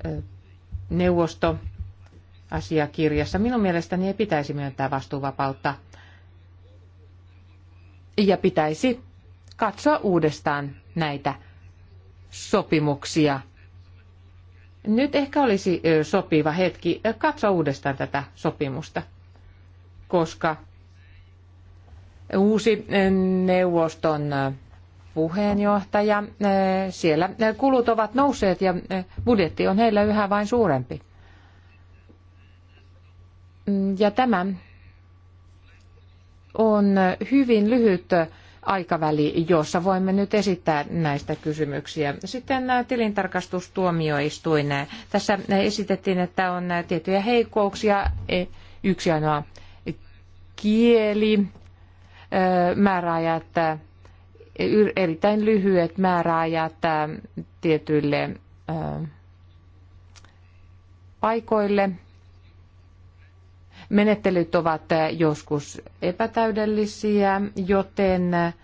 eh, neuvosto asiakirjassa. Minun mielestäni ei pitäisi myöntää vastuuvapautta ja pitäisi katsoa uudestaan näitä sopimuksia. Nyt ehkä olisi sopiva hetki katsoa uudestaan tätä sopimusta, koska uusi neuvoston puheenjohtaja, siellä kulut ovat nousseet ja budjetti on heillä yhä vain suurempi. Mm, ja tämä on hyvin lyhyt aikaväli, jossa voimme nyt esittää näistä kysymyksiä. Sitten äh, tilintarkastustuomioistuin. Tässä esitettiin, että on äh, tiettyjä heikkouksia. E, yksi ainoa kieli, äh, määräajat, erittäin lyhyet määräajat tietyille paikoille – Menettelyt ovat eh, joskus epätäydellisiä, joten eh,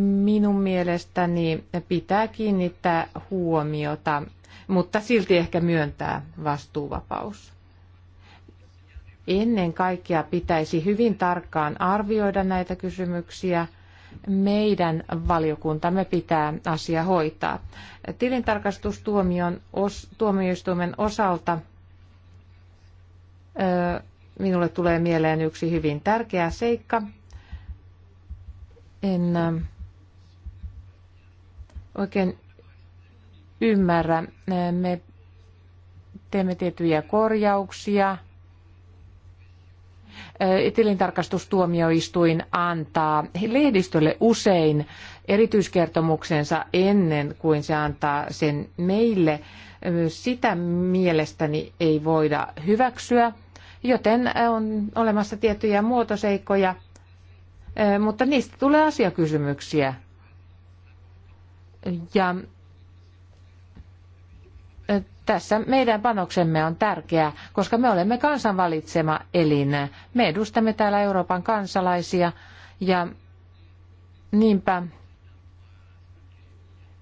minun mielestäni pitää kiinnittää huomiota, mutta silti ehkä myöntää vastuuvapaus. Ennen kaikkea pitäisi hyvin tarkkaan arvioida näitä kysymyksiä. Meidän valiokuntamme pitää asia hoitaa. Tilintarkastustuomioistuimen osalta minulle tulee mieleen yksi hyvin tärkeä seikka. En oikein ymmärrä. Me teemme tiettyjä korjauksia. Tilintarkastustuomioistuin antaa lehdistölle usein erityiskertomuksensa ennen kuin se antaa sen meille. Sitä mielestäni ei voida hyväksyä joten on olemassa tiettyjä muotoseikkoja, mutta niistä tulee asiakysymyksiä. Ja tässä meidän panoksemme on tärkeää, koska me olemme kansanvalitsema elin. Me edustamme täällä Euroopan kansalaisia ja niinpä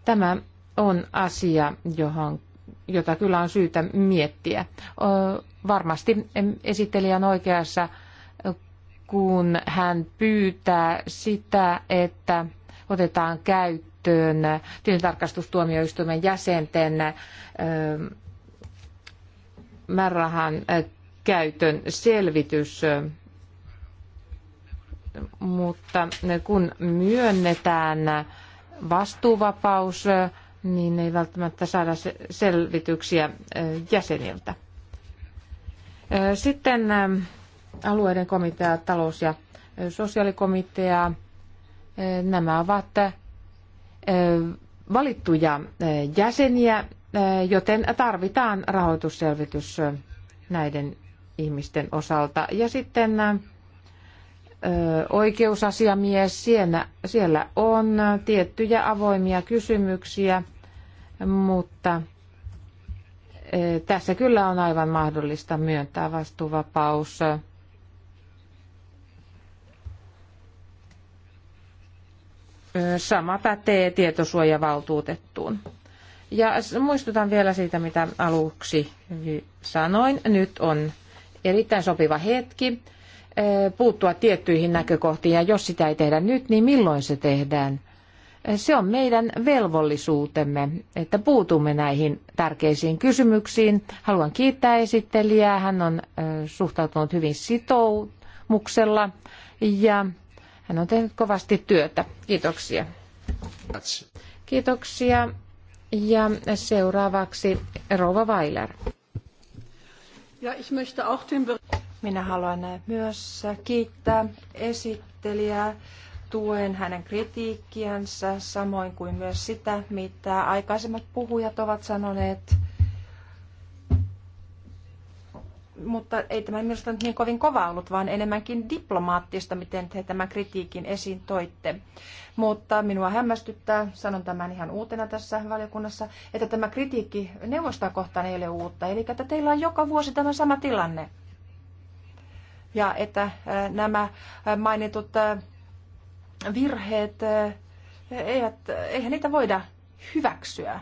tämä on asia, johon jota kyllä on syytä miettiä. Varmasti esittelijä on oikeassa, kun hän pyytää sitä, että otetaan käyttöön tilintarkastustuomioistuimen jäsenten määrärahan käytön selvitys mutta kun myönnetään vastuuvapaus niin ei välttämättä saada selvityksiä jäseniltä. Sitten alueiden komitea, talous- ja sosiaalikomitea, nämä ovat valittuja jäseniä, joten tarvitaan rahoitusselvitys näiden ihmisten osalta. Ja sitten oikeusasiamies. Siellä, siellä on tiettyjä avoimia kysymyksiä, mutta tässä kyllä on aivan mahdollista myöntää vastuuvapaus. Sama pätee tietosuojavaltuutettuun. Ja muistutan vielä siitä, mitä aluksi sanoin. Nyt on erittäin sopiva hetki puuttua tiettyihin näkökohtiin ja jos sitä ei tehdä nyt, niin milloin se tehdään? Se on meidän velvollisuutemme, että puutumme näihin tärkeisiin kysymyksiin. Haluan kiittää esittelijää. Hän on suhtautunut hyvin sitoumuksella ja hän on tehnyt kovasti työtä. Kiitoksia. Kiitoksia. Ja seuraavaksi Rova Weiler.
Ja, ich möchte auch den... Minä haluan myös kiittää esittelijää tuen hänen kritiikkiänsä, samoin kuin myös sitä, mitä aikaisemmat puhujat ovat sanoneet. Mutta ei tämä minusta nyt niin kovin kova ollut, vaan enemmänkin diplomaattista, miten te tämän kritiikin esiin toitte. Mutta minua hämmästyttää, sanon tämän ihan uutena tässä valiokunnassa, että tämä kritiikki neuvostakohtaan kohtaan ei ole uutta. Eli että teillä on joka vuosi tämä sama tilanne ja että äh, nämä äh, mainitut äh, virheet, eivät, eihän niitä voida hyväksyä.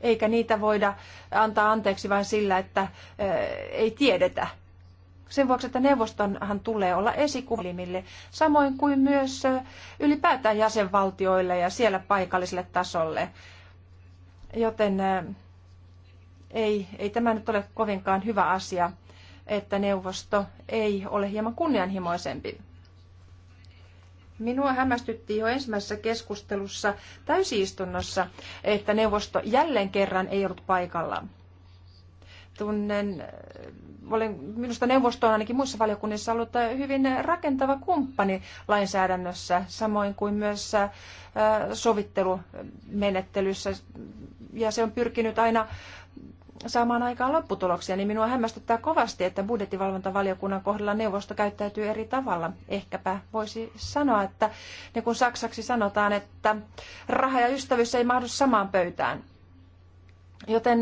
Eikä niitä voida antaa anteeksi vain sillä, että ei tiedetä. Sen vuoksi, että neuvostonhan tulee olla esikuvimille, samoin kuin myös ylipäätään jäsenvaltioille ja siellä paikalliselle tasolle. Joten ei, ei tämä nyt ole kovinkaan hyvä asia että neuvosto ei ole hieman kunnianhimoisempi. Minua hämmästytti jo ensimmäisessä keskustelussa täysistunnossa, että neuvosto jälleen kerran ei ollut paikalla. Tunnen, äh, olen, minusta neuvosto on ainakin muissa valiokunnissa ollut äh, hyvin rakentava kumppani lainsäädännössä, samoin kuin myös äh, sovittelumenettelyssä. Ja se on pyrkinyt aina saamaan aikaan lopputuloksia, niin minua hämmästyttää kovasti, että budjettivalvontavaliokunnan kohdalla neuvosto käyttäytyy eri tavalla. Ehkäpä voisi sanoa, että niin kuin saksaksi sanotaan, että raha ja ystävyys ei mahdu samaan pöytään. Joten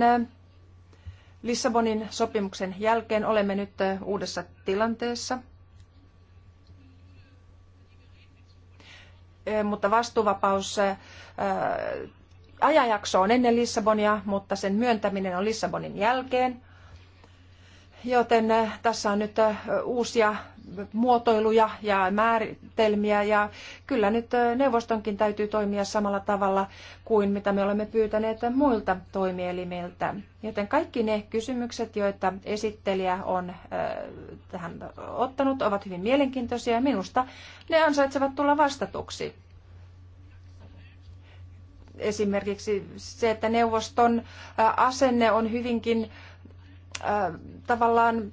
Lissabonin sopimuksen jälkeen olemme nyt uudessa tilanteessa. Mutta vastuuvapaus ajanjakso on ennen Lissabonia, mutta sen myöntäminen on Lissabonin jälkeen. Joten äh, tässä on nyt äh, uusia muotoiluja ja määritelmiä ja kyllä nyt äh, neuvostonkin täytyy toimia samalla tavalla kuin mitä me olemme pyytäneet muilta toimielimiltä. Joten kaikki ne kysymykset, joita esittelijä on tähän ottanut, ovat hyvin mielenkiintoisia ja minusta ne ansaitsevat tulla vastatuksi esimerkiksi se, että neuvoston asenne on hyvinkin tavallaan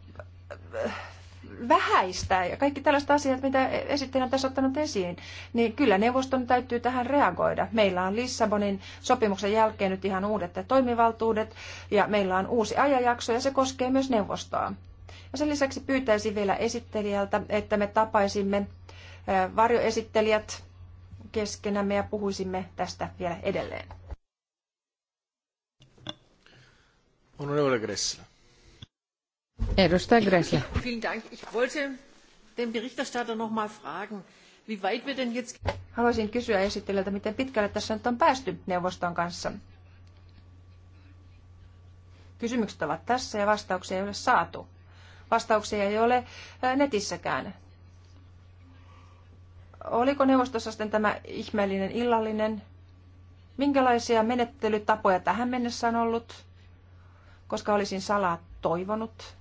vähäistä ja kaikki tällaiset asiat, mitä esittelen tässä ottanut esiin, niin kyllä neuvoston täytyy tähän reagoida. Meillä on Lissabonin sopimuksen jälkeen nyt ihan uudet toimivaltuudet ja meillä on uusi ajanjakso ja se koskee myös neuvostoa. Ja sen lisäksi pyytäisin vielä esittelijältä, että me tapaisimme varjoesittelijät keskenämme ja puhuisimme tästä vielä edelleen.
Honorable Gressler. Edustaja Gressler.
Vielen Dank. Ich
wollte den Berichterstatter noch mal fragen, wie weit wir denn jetzt...
Haluaisin kysyä esittelijältä, miten pitkälle tässä nyt on päästy neuvoston kanssa. Kysymykset ovat tässä ja vastauksia ei ole saatu. Vastauksia ei ole netissäkään. Oliko neuvostossa sitten tämä ihmeellinen illallinen? Minkälaisia menettelytapoja tähän mennessä on ollut? Koska olisin salaa toivonut,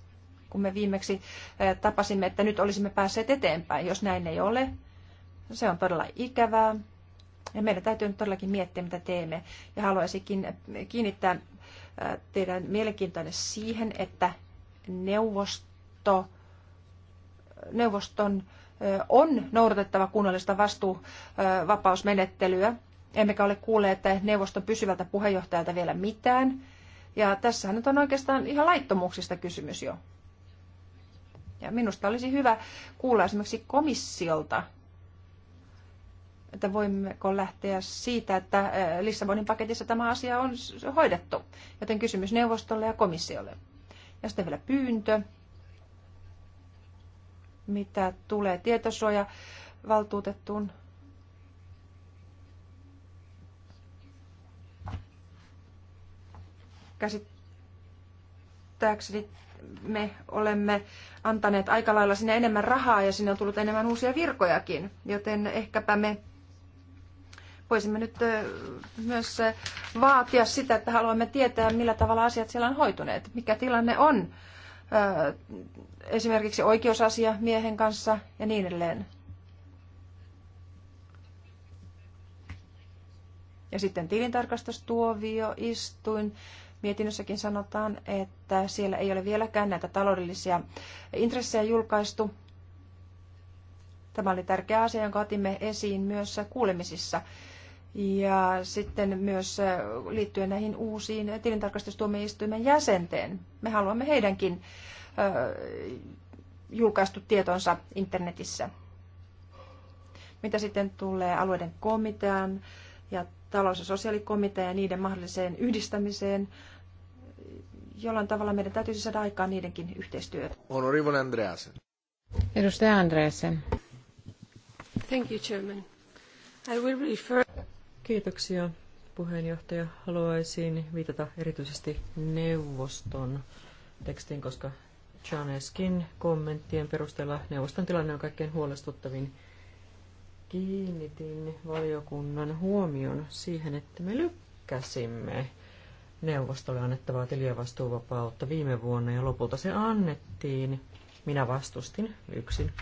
kun me viimeksi eh, tapasimme, että nyt olisimme päässeet eteenpäin. Jos näin ei ole, se on todella ikävää. Ja meidän täytyy nyt todellakin miettiä, mitä teemme. Ja haluaisinkin kiinnittää eh, teidän mielenkiintoinen siihen, että neuvosto, neuvoston on noudatettava kunnollista vastuuvapausmenettelyä. Emmekä ole kuulleet että neuvoston pysyvältä puheenjohtajalta vielä mitään. Ja tässähän nyt on oikeastaan ihan laittomuuksista kysymys jo. Ja minusta olisi hyvä kuulla esimerkiksi komissiolta, että voimmeko lähteä siitä, että Lissabonin paketissa tämä asia on hoidettu. Joten kysymys neuvostolle ja komissiolle. Ja sitten vielä pyyntö mitä tulee tietosuoja valtuutettuun. Käsittääkseni me olemme antaneet aika lailla sinne enemmän rahaa ja sinne on tullut enemmän uusia virkojakin, joten ehkäpä me voisimme nyt myös vaatia sitä, että haluamme tietää, millä tavalla asiat siellä on hoituneet, mikä tilanne on esimerkiksi oikeusasia miehen kanssa ja niin edelleen. Ja sitten tilintarkastustuovio, istuin. Mietinnössäkin sanotaan, että siellä ei ole vieläkään näitä taloudellisia intressejä julkaistu. Tämä oli tärkeä asia, jonka otimme esiin myös kuulemisissa ja sitten myös äh, liittyen näihin uusiin tilintarkastustuomioistuimen jäsenteen. Me haluamme heidänkin äh, julkaistu tietonsa internetissä. Mitä sitten tulee alueiden komitean ja talous- ja sosiaalikomitean ja niiden mahdolliseen yhdistämiseen, jollain tavalla meidän täytyisi saada aikaan niidenkin yhteistyötä.
Honorable Andreasen.
Edustaja Andreasen.
Thank you, Chairman. I will refer... Kiitoksia puheenjohtaja. Haluaisin viitata erityisesti neuvoston tekstiin, koska Chaneskin kommenttien perusteella neuvoston tilanne on kaikkein huolestuttavin. Kiinnitin valiokunnan huomion siihen, että me lykkäsimme neuvostolle annettavaa tilijavastuuvapautta viime vuonna ja lopulta se annettiin. Minä vastustin yksin.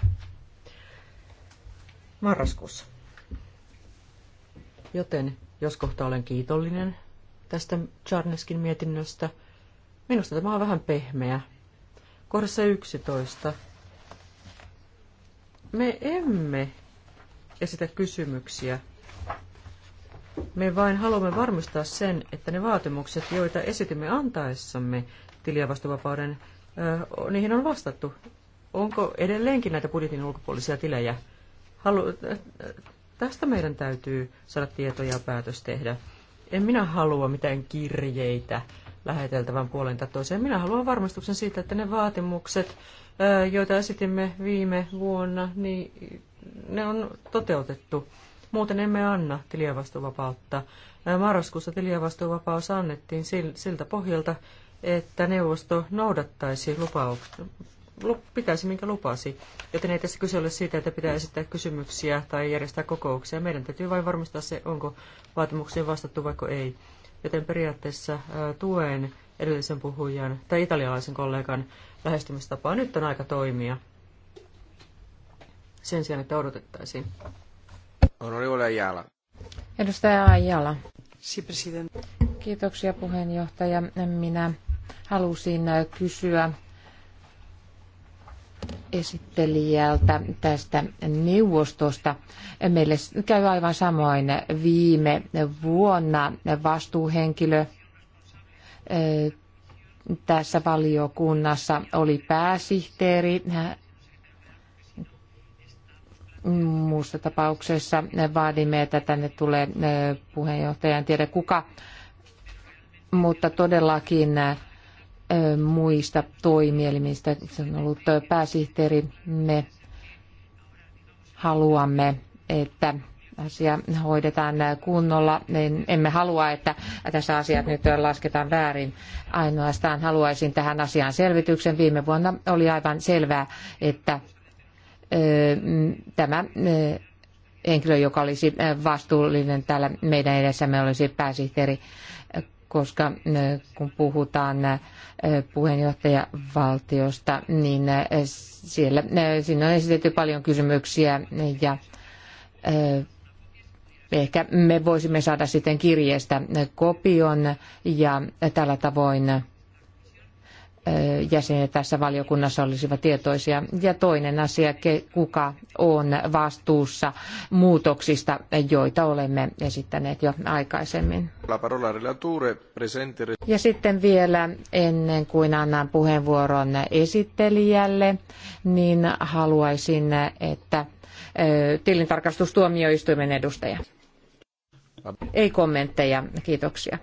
Marraskuussa. Joten jos kohta olen kiitollinen tästä Charneskin mietinnöstä, minusta tämä on vähän pehmeä. Kohdassa 11. Me emme esitä kysymyksiä. Me vain haluamme varmistaa sen, että ne vaatimukset, joita esitimme antaessamme tiliavastuvapauden, niihin on vastattu. Onko edelleenkin näitä budjetin ulkopuolisia tilejä? Halu- Tästä meidän täytyy saada tietoja ja päätös tehdä. En minä halua mitään kirjeitä läheteltävän puolen tai toiseen. Minä haluan varmistuksen siitä, että ne vaatimukset, joita esitimme viime vuonna, niin ne on toteutettu. Muuten emme anna tilijavastuvapautta. Marraskuussa tilijavastuvapaus annettiin siltä pohjalta, että neuvosto noudattaisi pitäisi, minkä lupasi. Joten ei tässä kyse ole siitä, että pitää esittää kysymyksiä tai järjestää kokouksia. Meidän täytyy vain varmistaa se, onko vaatimuksiin vastattu vaikka ei. Joten periaatteessa tuen edellisen puhujan tai italialaisen kollegan lähestymistapaa. Nyt on aika toimia sen sijaan, että odotettaisiin.
Onorevole Ajala.
Edustaja Ajala. Si, Kiitoksia puheenjohtaja. Minä halusin kysyä esittelijältä tästä neuvostosta. Meille käy aivan samoin viime vuonna vastuuhenkilö eh, tässä valiokunnassa oli pääsihteeri. Muussa tapauksessa vaadimme, että tänne tulee eh, puheenjohtajan tiedä kuka, mutta todellakin eh, muista toimielimistä. Se on ollut pääsihteeri. Me haluamme, että asia hoidetaan kunnolla. Emme halua, että tässä asiat nyt lasketaan väärin. Ainoastaan haluaisin tähän asiaan selvityksen. Viime vuonna oli aivan selvää, että tämä henkilö, joka olisi vastuullinen täällä meidän edessämme, olisi pääsihteeri koska eh, kun puhutaan eh, puheenjohtajavaltiosta, niin eh, siellä, siinä on esitetty paljon kysymyksiä ja ehkä me voisimme saada sitten kirjeestä kopion ja tällä tavoin jäsenet tässä valiokunnassa olisivat tietoisia. Ja toinen asia, kuka on vastuussa muutoksista, joita olemme esittäneet jo aikaisemmin. Ja sitten vielä ennen kuin annan puheenvuoron esittelijälle, niin haluaisin, että tilintarkastustuomioistuimen edustaja. Ei kommentteja, kiitoksia.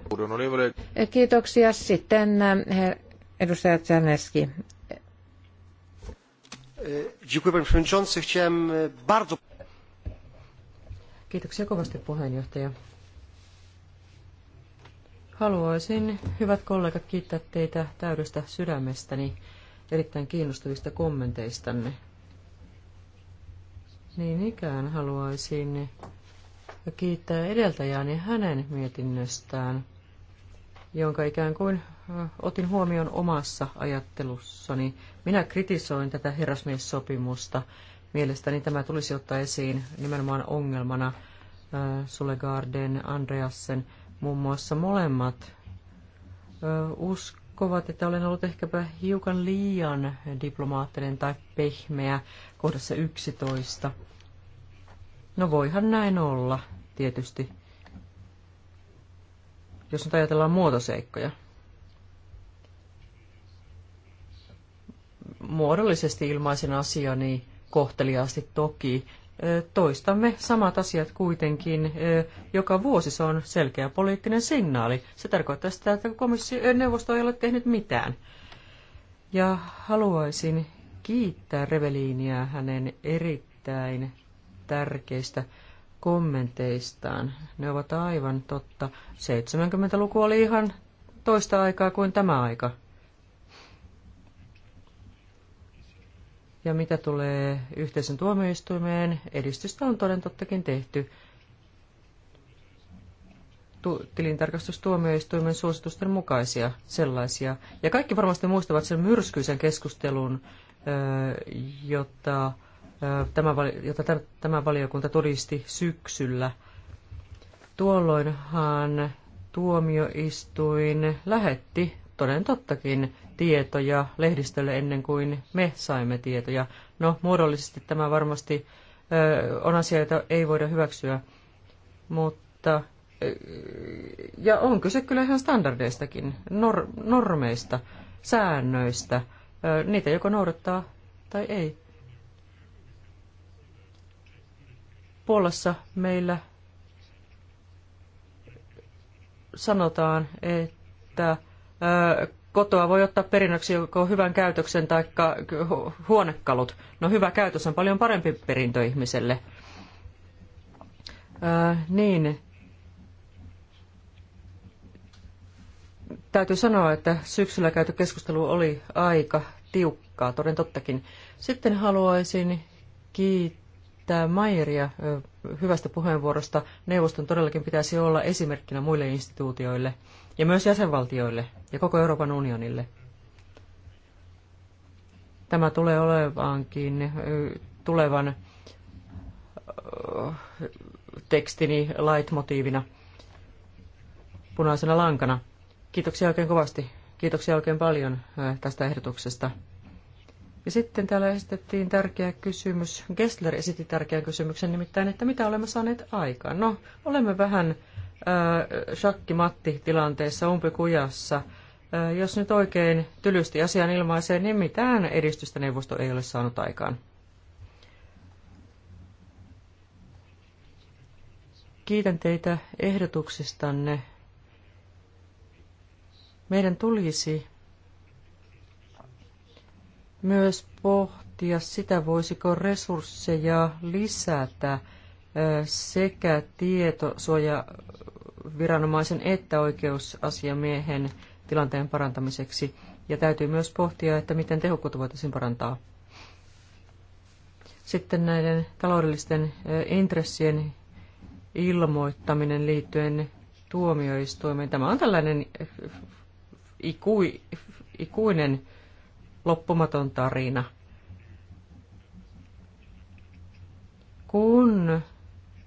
Kiitoksia sitten Edustaja Czarneski.
Chciałem e, bardzo... Kiitoksia kovasti puheenjohtaja. Haluaisin, hyvät kollegat, kiittää teitä täydestä sydämestäni erittäin kiinnostavista kommenteistanne. Niin ikään haluaisin kiittää edeltäjääni hänen mietinnöstään, jonka ikään kuin otin huomioon omassa ajattelussani. Minä kritisoin tätä herrasmiessopimusta. Mielestäni tämä tulisi ottaa esiin nimenomaan ongelmana. Sulegarden, Andreasen, muun muassa molemmat uskovat, että olen ollut ehkäpä hiukan liian diplomaattinen tai pehmeä kohdassa 11. No voihan näin olla, tietysti, jos nyt ajatellaan muotoseikkoja. muodollisesti ilmaisen asiani kohteliaasti toki. Toistamme samat asiat kuitenkin. Joka vuosi se on selkeä poliittinen signaali. Se tarkoittaa sitä, että komissio, neuvosto ei ole tehnyt mitään. Ja haluaisin kiittää Reveliiniä hänen erittäin tärkeistä kommenteistaan. Ne ovat aivan totta. 70-luku oli ihan toista aikaa kuin tämä aika. Ja mitä tulee yhteisen tuomioistuimeen, edistystä on toden tottakin tehty. Tu- tilintarkastustuomioistuimen suositusten mukaisia sellaisia. Ja kaikki varmasti muistavat sen myrskyisen keskustelun, jota tämä, jota tämä valiokunta todisti syksyllä. Tuolloinhan tuomioistuin lähetti toden tottakin tietoja lehdistölle ennen kuin me saimme tietoja. No, muodollisesti tämä varmasti on asia, jota ei voida hyväksyä, mutta ja on kyse kyllä ihan standardeistakin, nor- normeista, säännöistä. Niitä joko noudattaa tai ei. Puolassa meillä sanotaan, että kotoa voi ottaa perinnöksi joko hyvän käytöksen tai huonekalut. No hyvä käytös on paljon parempi perintö ihmiselle. Ää, niin. Täytyy sanoa, että syksyllä käyty keskustelu oli aika tiukkaa, toden tottakin. Sitten haluaisin kiittää Mairia hyvästä puheenvuorosta. Neuvoston todellakin pitäisi olla esimerkkinä muille instituutioille – ja myös jäsenvaltioille ja koko Euroopan unionille. Tämä tulee olevaankin tulevan tekstini laitmotiivina, punaisena lankana. Kiitoksia oikein kovasti. Kiitoksia oikein paljon tästä ehdotuksesta. Ja sitten täällä esitettiin tärkeä kysymys, Gessler esitti tärkeän kysymyksen nimittäin, että mitä olemme saaneet aikaan. No, olemme vähän Äh, shakkimatti-tilanteessa umpikujassa. Äh, jos nyt oikein tylysti asian ilmaisee, niin mitään edistystä neuvosto ei ole saanut aikaan. Kiitän teitä ehdotuksistanne. Meidän tulisi myös pohtia sitä, voisiko resursseja lisätä äh, sekä tietosuoja viranomaisen että oikeusasiamiehen tilanteen parantamiseksi. Ja täytyy myös pohtia, että miten tehokkuutta voitaisiin parantaa. Sitten näiden taloudellisten intressien ilmoittaminen liittyen tuomioistuimeen. Tämä on tällainen ikuinen loppumaton tarina. Kun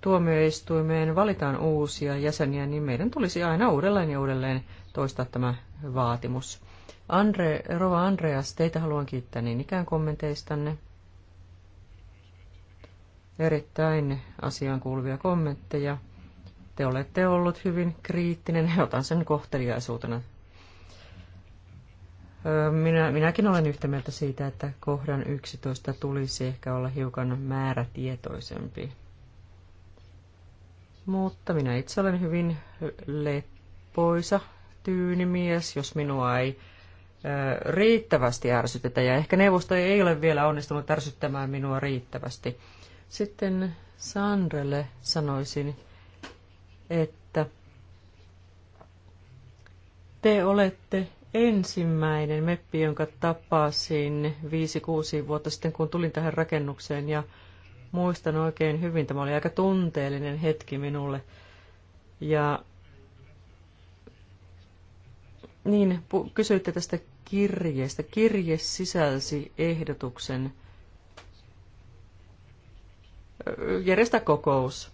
tuomioistuimeen valitaan uusia jäseniä, niin meidän tulisi aina uudelleen ja uudelleen toistaa tämä vaatimus. Andre, Rova Andreas, teitä haluan kiittää niin ikään kommenteistanne. Erittäin asiaan kuuluvia kommentteja. Te olette ollut hyvin kriittinen ja otan sen kohteliaisuutena. Minä, minäkin olen yhtä mieltä siitä, että kohdan 11 tulisi ehkä olla hiukan määrätietoisempi. Mutta minä itse olen hyvin leppoisa tyynimies, jos minua ei ö, riittävästi ärsytetä. Ja ehkä neuvosto ei ole vielä onnistunut ärsyttämään minua riittävästi. Sitten Sandrelle sanoisin, että te olette ensimmäinen meppi, jonka tapasin 5-6 vuotta sitten, kun tulin tähän rakennukseen. Ja Muistan oikein hyvin, tämä oli aika tunteellinen hetki minulle. Ja niin, kysyitte tästä kirjeestä. Kirje sisälsi ehdotuksen järjestää kokous.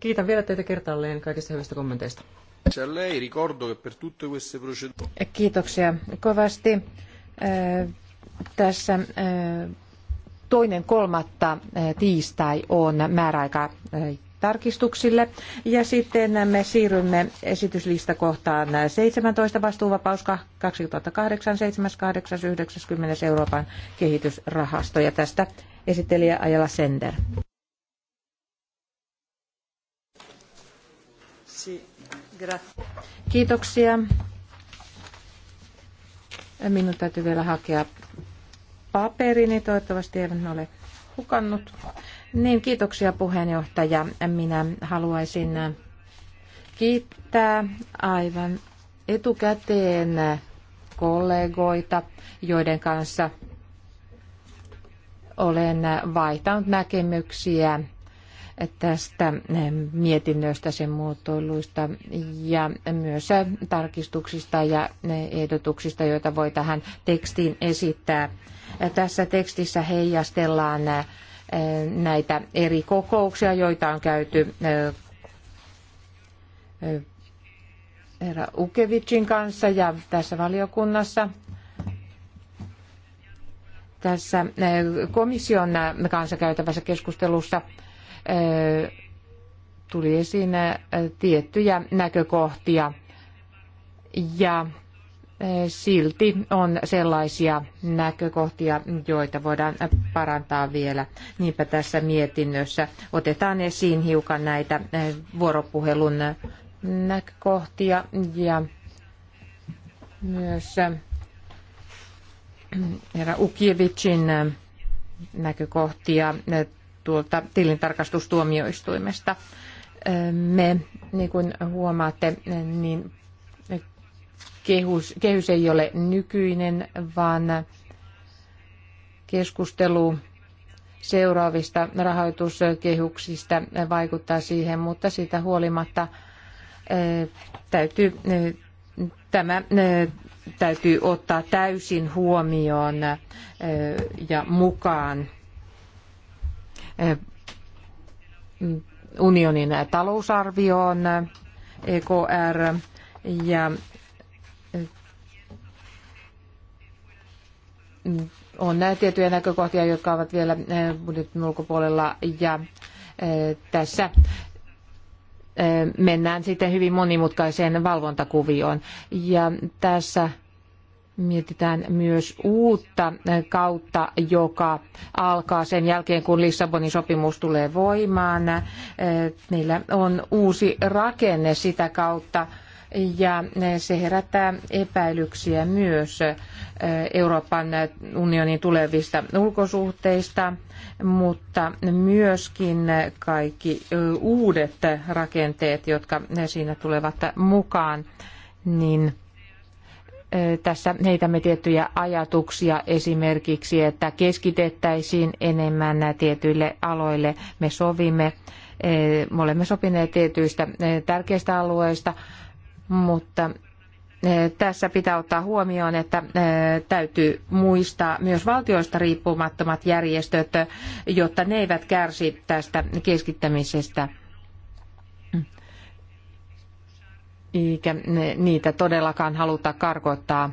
Kiitän vielä teitä kertaalleen
kaikista hyvistä kommenteista.
Kiitoksia
kovasti. Tässä Toinen kolmatta eh, tiistai on määräaika eh, tarkistuksille. Ja sitten me siirrymme esityslistakohtaan 17 vastuuvapaus 2008, 7, 8, 90 Euroopan kehitysrahasto. Ja tästä esittelijä Ajala Sender. Kiitoksia. Minun täytyy vielä hakea paperini, niin toivottavasti eivät ole hukannut. Niin, kiitoksia puheenjohtaja. Minä haluaisin kiittää aivan etukäteen kollegoita, joiden kanssa olen vaihtanut näkemyksiä tästä mietinnöstä, sen muotoiluista ja myös tarkistuksista ja ehdotuksista, joita voi tähän tekstiin esittää. Tässä tekstissä heijastellaan näitä eri kokouksia, joita on käyty herra Ukevicin kanssa ja tässä valiokunnassa. Tässä komission kanssa käytävässä keskustelussa tuli esiin tiettyjä näkökohtia ja silti on sellaisia näkökohtia, joita voidaan parantaa vielä. Niinpä tässä mietinnössä otetaan esiin hiukan näitä eh, vuoropuhelun näkökohtia ja myös eh, herra Ukievicin eh, näkökohtia tuolta tilintarkastustuomioistuimesta. Me, niin kuin huomaatte, niin kehus, kehys ei ole nykyinen, vaan keskustelu seuraavista rahoituskehuksista vaikuttaa siihen, mutta siitä huolimatta eh, täytyy, eh, tämä eh, täytyy ottaa täysin huomioon ja mukaan unionin talousarvioon, EKR, e ja on tiettyjä näkökohtia, jotka ovat vielä eh, budjetin ulkopuolella ja eh, tässä eh, mennään sitten hyvin monimutkaiseen valvontakuvioon. Ja tässä mietitään myös uutta kautta, joka alkaa sen jälkeen, kun Lissabonin sopimus tulee voimaan. Meillä on uusi rakenne sitä kautta ja se herättää epäilyksiä myös Euroopan unionin tulevista ulkosuhteista, mutta myöskin kaikki uudet rakenteet, jotka siinä tulevat mukaan, niin tässä heitämme tiettyjä ajatuksia esimerkiksi, että keskitettäisiin enemmän tietyille aloille. Me sovimme, me olemme sopineet tietyistä tärkeistä alueista, mutta eh, tässä pitää ottaa huomioon, että eh, täytyy muistaa myös valtioista riippumattomat järjestöt, jotta ne eivät kärsi tästä keskittämisestä. Eikä niitä todellakaan haluta karkottaa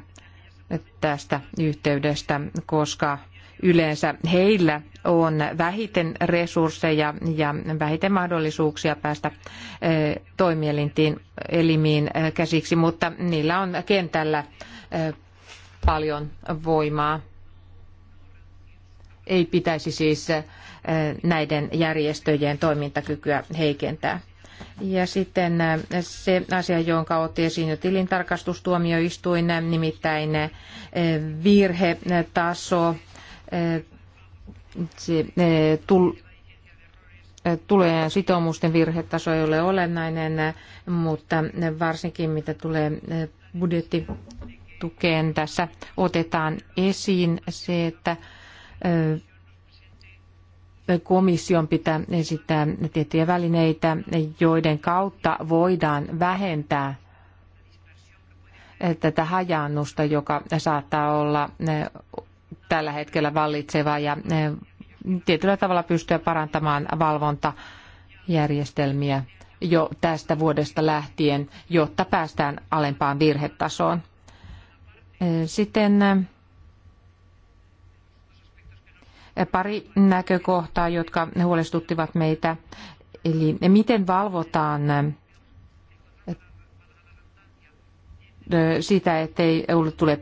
tästä yhteydestä, koska yleensä heillä on vähiten resursseja ja vähiten mahdollisuuksia päästä toimielintiin elimiin käsiksi, mutta niillä on kentällä paljon voimaa. Ei pitäisi siis näiden järjestöjen toimintakykyä heikentää. Ja sitten se asia, jonka otti esiin jo tilintarkastustuomioistuin, nimittäin virhetaso se, tul, tulojen sitoumusten virhetaso ei ole olennainen, mutta varsinkin mitä tulee budjettitukeen, tässä otetaan esiin se, että komission pitää esittää tiettyjä välineitä, joiden kautta voidaan vähentää tätä hajaannusta, joka saattaa olla tällä hetkellä vallitseva ja eh, tietyllä tavalla pystyä parantamaan valvontajärjestelmiä jo tästä vuodesta lähtien, jotta päästään alempaan virhetasoon. Eh, sitten eh, pari näkökohtaa, jotka huolestuttivat meitä. Eli miten valvotaan sitä, ettei tule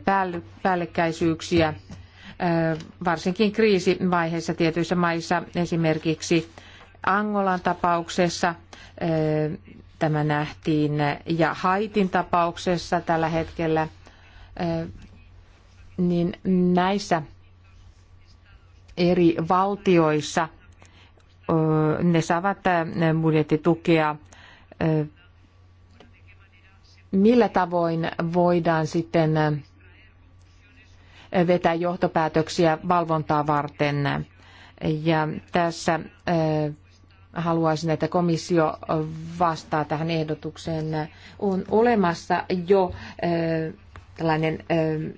päällekkäisyyksiä varsinkin kriisivaiheessa tietyissä maissa, esimerkiksi Angolan tapauksessa tämä nähtiin ja Haitin tapauksessa tällä hetkellä, niin näissä eri valtioissa ne saavat budjettitukea. Millä tavoin voidaan sitten vetää johtopäätöksiä valvontaa varten. Ja tässä äh, haluaisin, että komissio vastaa tähän ehdotukseen. On olemassa jo äh, tällainen äh,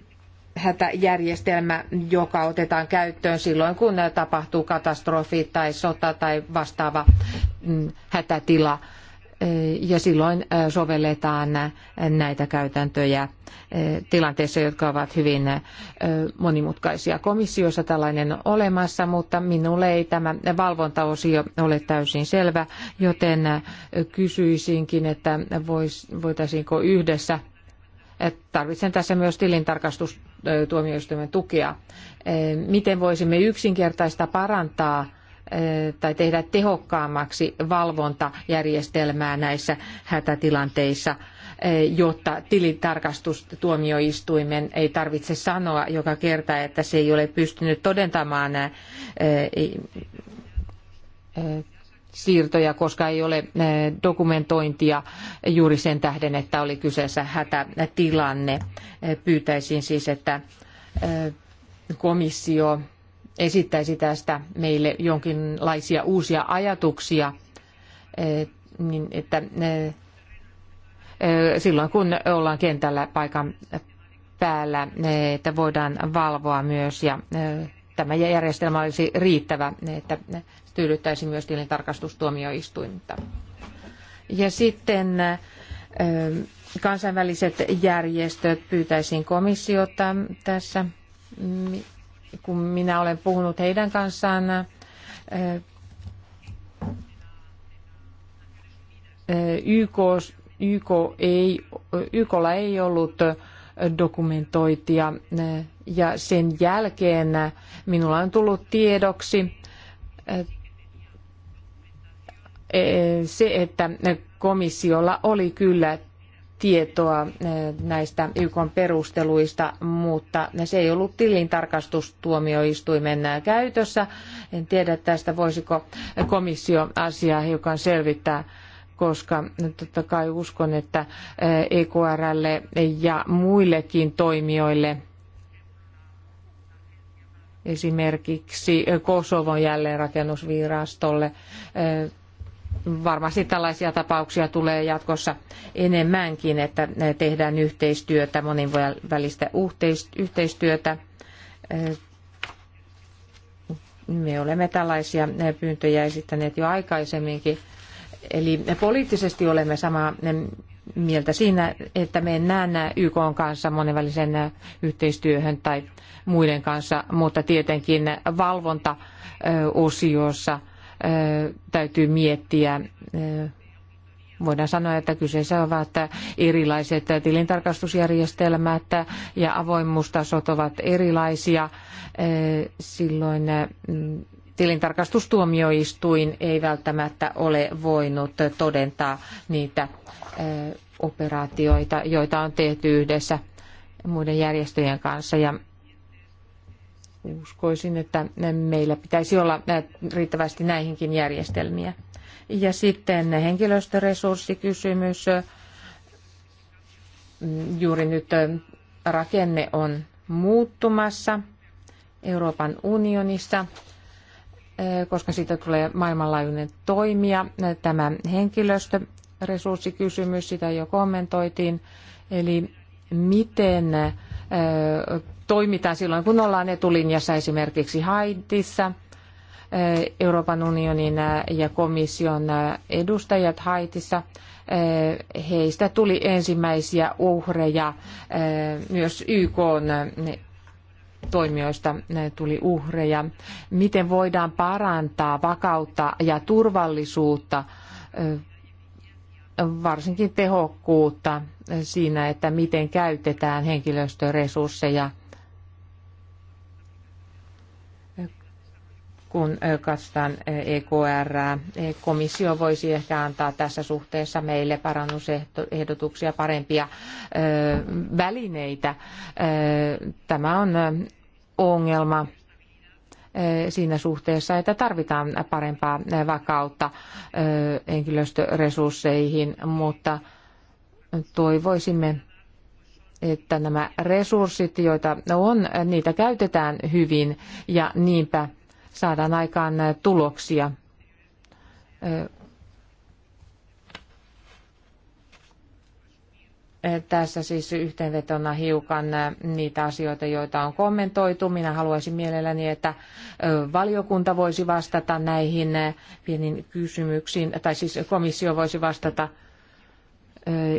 hätäjärjestelmä, joka otetaan käyttöön silloin, kun tapahtuu katastrofi tai sota tai vastaava mm, hätätila ja silloin sovelletaan näitä käytäntöjä tilanteissa, jotka ovat hyvin monimutkaisia. Komissiossa tällainen on olemassa, mutta minulle ei tämä valvontaosio ole täysin selvä, joten kysyisinkin, että vois, voitaisiinko yhdessä Tarvitsen tässä myös tilintarkastustuomioistuimen tukea. Miten voisimme yksinkertaista parantaa tai tehdä tehokkaammaksi valvontajärjestelmää näissä hätätilanteissa, jotta tilintarkastustuomioistuimen ei tarvitse sanoa joka kerta, että se ei ole pystynyt todentamaan siirtoja, koska ei ole dokumentointia juuri sen tähden, että oli kyseessä hätätilanne. Pyytäisin siis, että komissio esittäisi tästä meille jonkinlaisia uusia ajatuksia, eh, niin että eh, eh, silloin kun ollaan kentällä paikan päällä, että voidaan valvoa myös ja tämä järjestelmä olisi riittävä, että tyydyttäisi myös tilintarkastustuomioistuinta. Ja sitten kansainväliset järjestöt pyytäisiin komissiota tässä kun minä olen puhunut heidän kanssaan YK, YK ei, YKlla ei ollut dokumentointia ja sen jälkeen minulla on tullut tiedoksi e, se, että komissiolla oli kyllä tietoa eh, näistä YK perusteluista, mutta se ei ollut tilintarkastustuomioistuimen eh, käytössä. En tiedä tästä, voisiko komissio asiaa hiukan selvittää koska totta kai uskon, että EKRlle eh, e ja muillekin toimijoille, esimerkiksi Kosovon jälleenrakennusvirastolle, varmasti tällaisia tapauksia tulee jatkossa enemmänkin, että tehdään yhteistyötä, moninvälistä yhteistyötä. Me olemme tällaisia pyyntöjä esittäneet jo aikaisemminkin. Eli poliittisesti olemme samaa mieltä siinä, että me mennään YK kanssa monenvälisen yhteistyöhön tai muiden kanssa, mutta tietenkin valvontaosiossa – täytyy miettiä. Voidaan sanoa, että kyseessä ovat erilaiset tilintarkastusjärjestelmät ja avoimuustasot ovat erilaisia. Silloin tilintarkastustuomioistuin ei välttämättä ole voinut todentaa niitä operaatioita, joita on tehty yhdessä muiden järjestöjen kanssa. Ja uskoisin, että meillä pitäisi olla äh, riittävästi näihinkin järjestelmiä. Ja sitten henkilöstöresurssikysymys. Mm, juuri nyt äh, rakenne on muuttumassa Euroopan unionissa, äh, koska siitä tulee maailmanlaajuinen toimija. Tämä henkilöstöresurssikysymys, sitä jo kommentoitiin. Eli miten toimitaan silloin, kun ollaan etulinjassa esimerkiksi Haitissa. Eh, Euroopan unionin eh, ja komission eh, edustajat Haitissa, heistä tuli ensimmäisiä uhreja myös YK toimijoista tuli uhreja. Miten voidaan parantaa vakautta ja turvallisuutta, varsinkin tehokkuutta siinä, että miten käytetään henkilöstöresursseja – kun katsotaan EKR, komissio voisi ehkä antaa tässä suhteessa meille parannusehdotuksia, parempia välineitä. Tämä on ongelma siinä suhteessa, että tarvitaan parempaa vakautta henkilöstöresursseihin, mutta toivoisimme että nämä resurssit, joita on, niitä käytetään hyvin ja niinpä saadaan aikaan tuloksia. Tässä siis yhteenvetona hiukan niitä asioita, joita on kommentoitu. Minä haluaisin mielelläni, että valiokunta voisi vastata näihin pieniin kysymyksiin, tai siis komissio voisi vastata.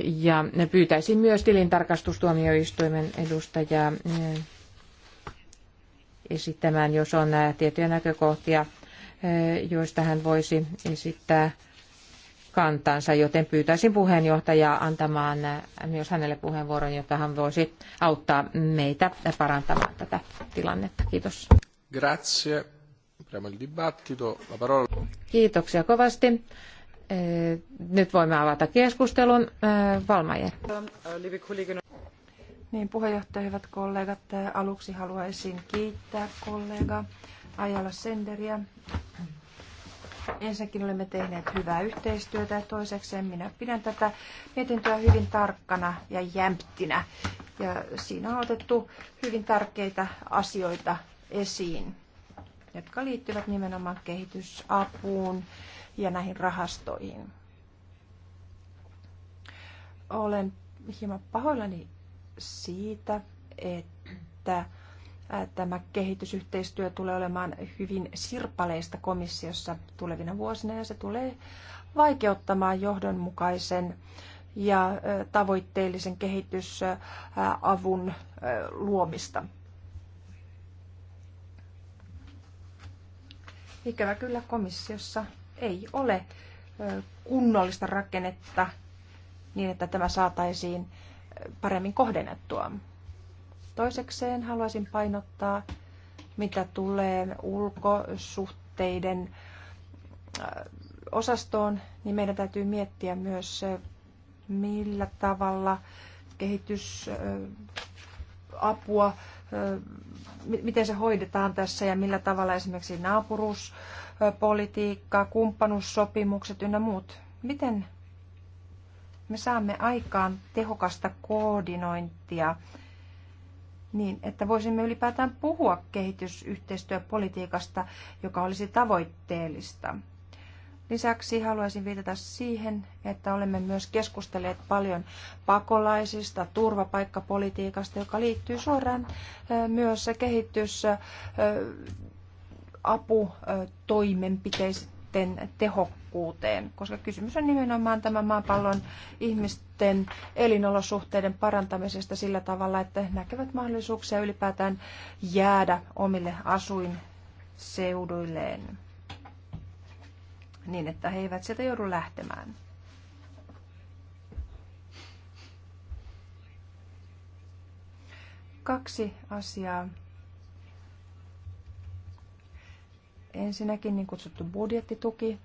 Ja pyytäisin myös tilintarkastustuomioistuimen edustajaa esittämään, jos on äh, tiettyjä näkökohtia, äh, joista hän voisi esittää kantansa, joten pyytäisin puheenjohtajaa antamaan äh, myös hänelle puheenvuoron, jotta hän voisi auttaa meitä parantamaan tätä tilannetta. Kiitos.
Grazie.
Kiitoksia kovasti. Nyt voimme avata keskustelun. Valmajer. Ähm, niin, puheenjohtaja, hyvät kollegat,
aluksi haluaisin kiittää kollega Ajala Senderiä. Ensinnäkin olemme tehneet hyvää yhteistyötä ja toisekseen minä pidän tätä mietintöä hyvin tarkkana ja jämptinä. Ja siinä on otettu hyvin tärkeitä asioita esiin, jotka liittyvät nimenomaan kehitysapuun ja näihin rahastoihin. Olen hieman pahoillani siitä, että äh, tämä kehitysyhteistyö tulee olemaan hyvin sirpaleista komissiossa tulevina vuosina ja se tulee vaikeuttamaan johdonmukaisen ja äh, tavoitteellisen kehitysavun äh, luomista. Ikävä kyllä komissiossa ei ole kunnollista rakennetta niin, että tämä saataisiin paremmin kohdennettua. Toisekseen haluaisin painottaa, mitä tulee ulkosuhteiden äh, osastoon, niin meidän täytyy miettiä myös, äh, millä tavalla kehitysapua, äh, miten se hoidetaan tässä ja millä tavalla esimerkiksi naapuruuspolitiikka, kumppanuussopimukset ynnä muut. Miten me saamme aikaan tehokasta koordinointia niin, että voisimme ylipäätään puhua kehitysyhteistyöpolitiikasta, joka olisi tavoitteellista. Lisäksi haluaisin viitata siihen, että olemme myös keskustelleet paljon pakolaisista, turvapaikkapolitiikasta, joka liittyy suoraan myös kehitysapu toimenpiteisiin sitten tehokkuuteen, koska kysymys on nimenomaan tämän maapallon ihmisten elinolosuhteiden parantamisesta sillä tavalla, että näkevät mahdollisuuksia ylipäätään jäädä omille asuinseuduilleen niin, että he eivät sieltä joudu lähtemään. Kaksi asiaa Ensinnäkin niin kutsuttu budjettituki.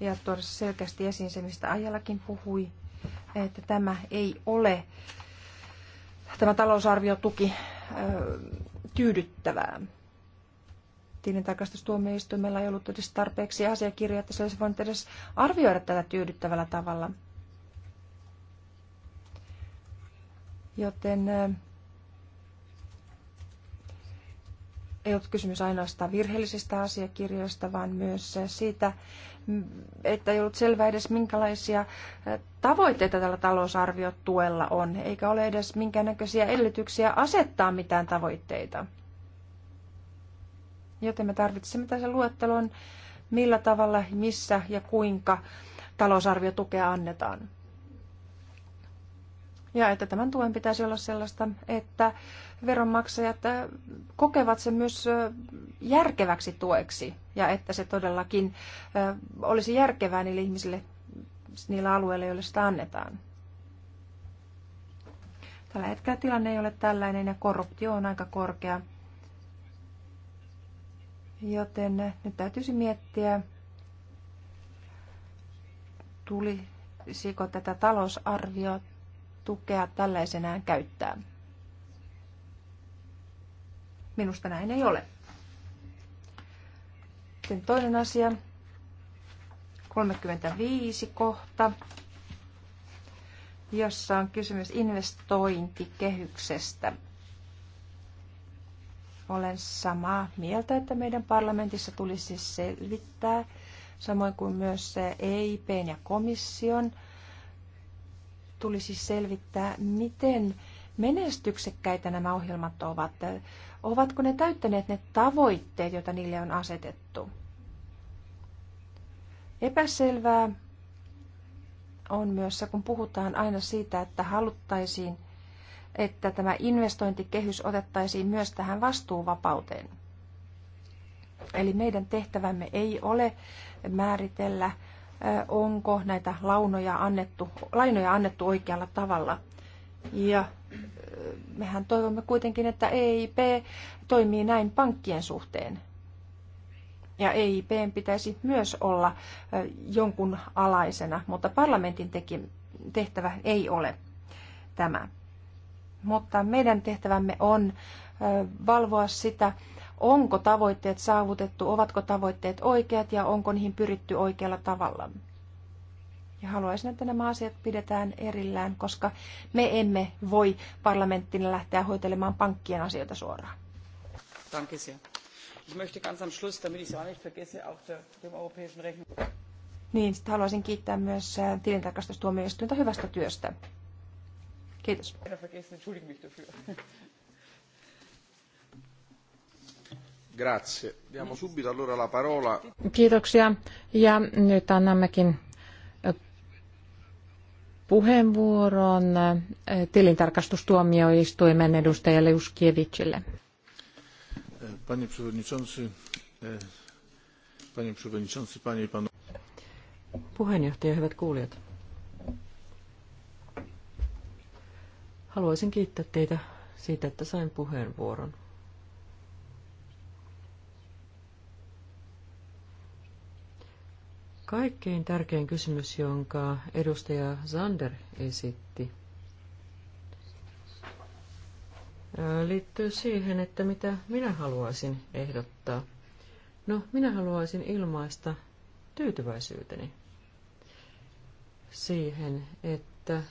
Ja tuoda selkeästi esiin se, mistä Ajallakin puhui, että tämä ei ole, tämä talousarviotuki tyydyttävää. Tilintarkastustuomioistuimella ei ollut edes tarpeeksi asiakirjaa, että se olisi voinut edes arvioida tätä tyydyttävällä tavalla. Joten ei ollut kysymys ainoastaan virheellisistä asiakirjoista, vaan myös siitä, että ei ollut selvää edes minkälaisia tavoitteita tällä talousarviotuella on, eikä ole edes minkäännäköisiä edellytyksiä asettaa mitään tavoitteita. Joten me tarvitsemme tässä luettelon, millä tavalla, missä ja kuinka talousarviotukea annetaan. Ja että tämän tuen pitäisi olla sellaista, että veronmaksajat äh, kokevat sen myös äh, järkeväksi tueksi ja että se todellakin äh, olisi järkevää niille ihmisille niillä alueilla, joille sitä annetaan. Tällä hetkellä tilanne ei ole tällainen ja korruptio on aika korkea. Joten nyt täytyisi miettiä, tulisiko tätä talousarviota tukea tällaisenään käyttää. Minusta näin ei ole. Sitten toinen asia, 35 kohta, jossa on kysymys investointikehyksestä. Olen samaa mieltä, että meidän parlamentissa tulisi selvittää, samoin kuin myös EIPn e ja komission tulisi selvittää, miten menestyksekkäitä nämä ohjelmat ovat. Ovatko ne täyttäneet ne tavoitteet, joita niille on asetettu? Epäselvää on myös se, kun puhutaan aina siitä, että haluttaisiin, että tämä investointikehys otettaisiin myös tähän vastuuvapauteen. Eli meidän tehtävämme ei ole määritellä onko näitä launoja annettu, lainoja annettu oikealla tavalla. Ja mehän toivomme kuitenkin, että EIP toimii näin pankkien suhteen. Ja EIP pitäisi myös olla jonkun alaisena, mutta parlamentin tehtävä ei ole tämä. Mutta meidän tehtävämme on valvoa sitä, onko tavoitteet saavutettu, ovatko tavoitteet oikeat ja onko niihin pyritty oikealla tavalla. Ja haluaisin, että nämä asiat pidetään erillään, koska me emme voi parlamenttina lähteä hoitelemaan pankkien asioita suoraan.
Danke sehr. Ich möchte ganz am Schluss, damit ich es auch nicht vergesse, auch der, dem Europäischen
Niin, sitten haluaisin kiittää myös äh, tilintarkastustuomioistuinta hyvästä työstä. Kiitos.
Grazie. Diamo subito allora la parola.
Kiitoksia. Ja nyt annammekin puheenvuoron tilintarkastustuomioistuimen edustajalle Uskievicille.
Panie przewodniczący, e, panie przewodniczący, panie i
Puheenjohtaja, hyvät kuulijat. Haluaisin kiittää teitä siitä, että sain puheenvuoron. Kaikkein tärkein kysymys, jonka edustaja Zander esitti, liittyy siihen, että mitä minä haluaisin ehdottaa. No, minä haluaisin ilmaista tyytyväisyyteni siihen, että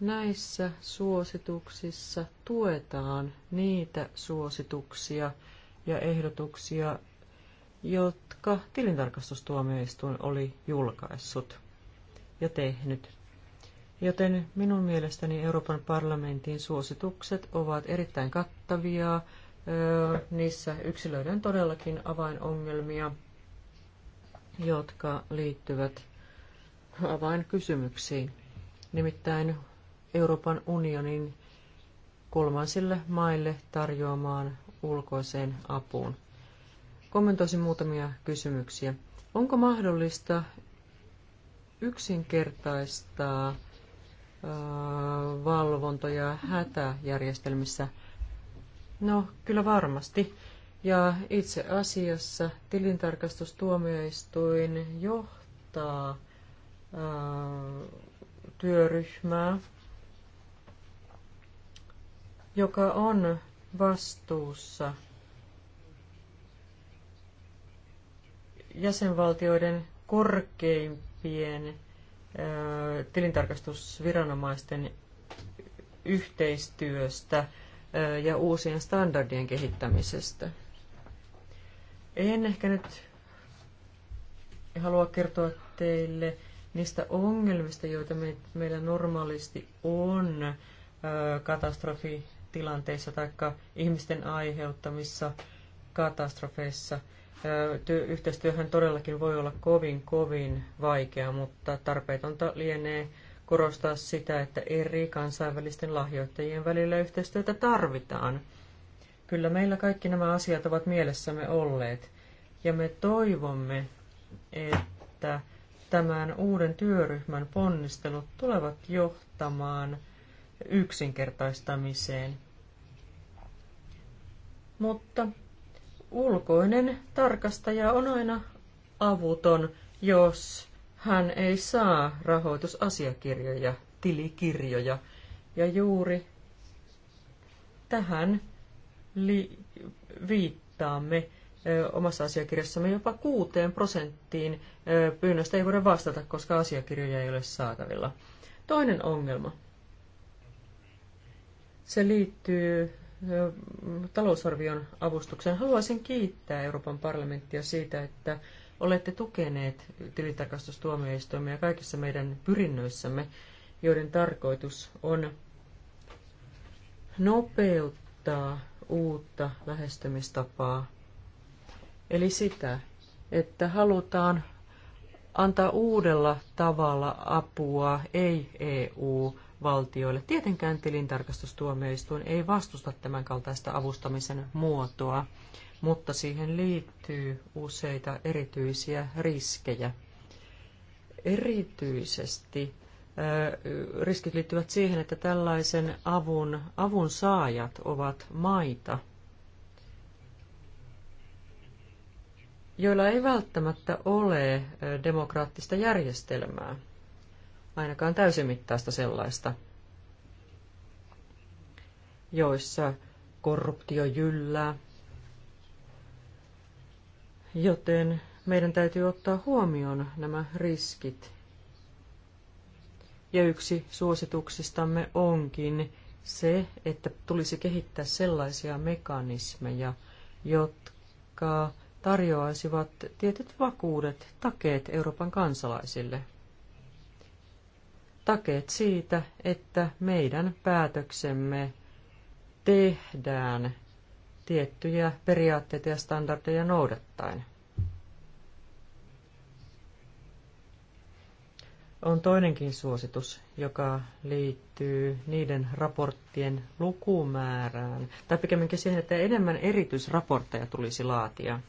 näissä suosituksissa tuetaan niitä suosituksia ja ehdotuksia, jotka tilintarkastustuomioistuin oli julkaissut ja tehnyt. Joten minun mielestäni Euroopan parlamentin suositukset ovat erittäin kattavia. Niissä yksilöiden todellakin avainongelmia, jotka liittyvät avainkysymyksiin. Nimittäin Euroopan unionin kolmansille maille tarjoamaan ulkoiseen apuun. Kommentoisin muutamia kysymyksiä. Onko mahdollista yksinkertaistaa äh, valvontoja hätäjärjestelmissä? No, kyllä varmasti. Ja itse asiassa tilintarkastustuomioistuin johtaa ää, äh, työryhmää, joka on vastuussa jäsenvaltioiden korkeimpien tilintarkastusviranomaisten yhteistyöstä ja uusien standardien kehittämisestä. En ehkä nyt halua kertoa teille niistä ongelmista, joita me, meillä normaalisti on ö, katastrofitilanteissa tai ihmisten aiheuttamissa katastrofeissa – yhteistyöhän todellakin voi olla kovin, kovin vaikea, mutta tarpeetonta lienee korostaa sitä, että eri kansainvälisten lahjoittajien välillä yhteistyötä tarvitaan. Kyllä meillä kaikki nämä asiat ovat mielessämme olleet, ja me toivomme, että tämän uuden työryhmän ponnistelut tulevat johtamaan yksinkertaistamiseen. Mutta ulkoinen tarkastaja on aina avuton, jos hän ei saa rahoitusasiakirjoja, tilikirjoja. Ja juuri tähän li- viittaamme omassa asiakirjassamme jopa kuuteen prosenttiin pyynnöstä ei voida vastata, koska asiakirjoja ei ole saatavilla. Toinen ongelma. Se liittyy talousarvion avustuksen. Haluaisin kiittää Euroopan parlamenttia siitä, että olette tukeneet tilintarkastustuomioistuimia kaikissa meidän pyrinnöissämme, joiden tarkoitus on nopeuttaa uutta lähestymistapaa. Eli sitä, että halutaan antaa uudella tavalla apua ei-EU valtioille. Tietenkään tilintarkastustuomioistuin ei vastusta tämän kaltaista avustamisen muotoa, mutta siihen liittyy useita erityisiä riskejä. Erityisesti riskit liittyvät siihen, että tällaisen avun, avun saajat ovat maita, joilla ei välttämättä ole demokraattista järjestelmää ainakaan täysimittaista sellaista, joissa korruptio jyllää. Joten meidän täytyy ottaa huomioon nämä riskit. Ja yksi suosituksistamme onkin se, että tulisi kehittää sellaisia mekanismeja, jotka tarjoaisivat tietyt vakuudet, takeet Euroopan kansalaisille takeet siitä, että meidän päätöksemme tehdään tiettyjä periaatteita ja standardeja noudattaen. On toinenkin suositus, joka liittyy niiden raporttien lukumäärään, tai pikemminkin siihen, että enemmän erityisraportteja tulisi laatia,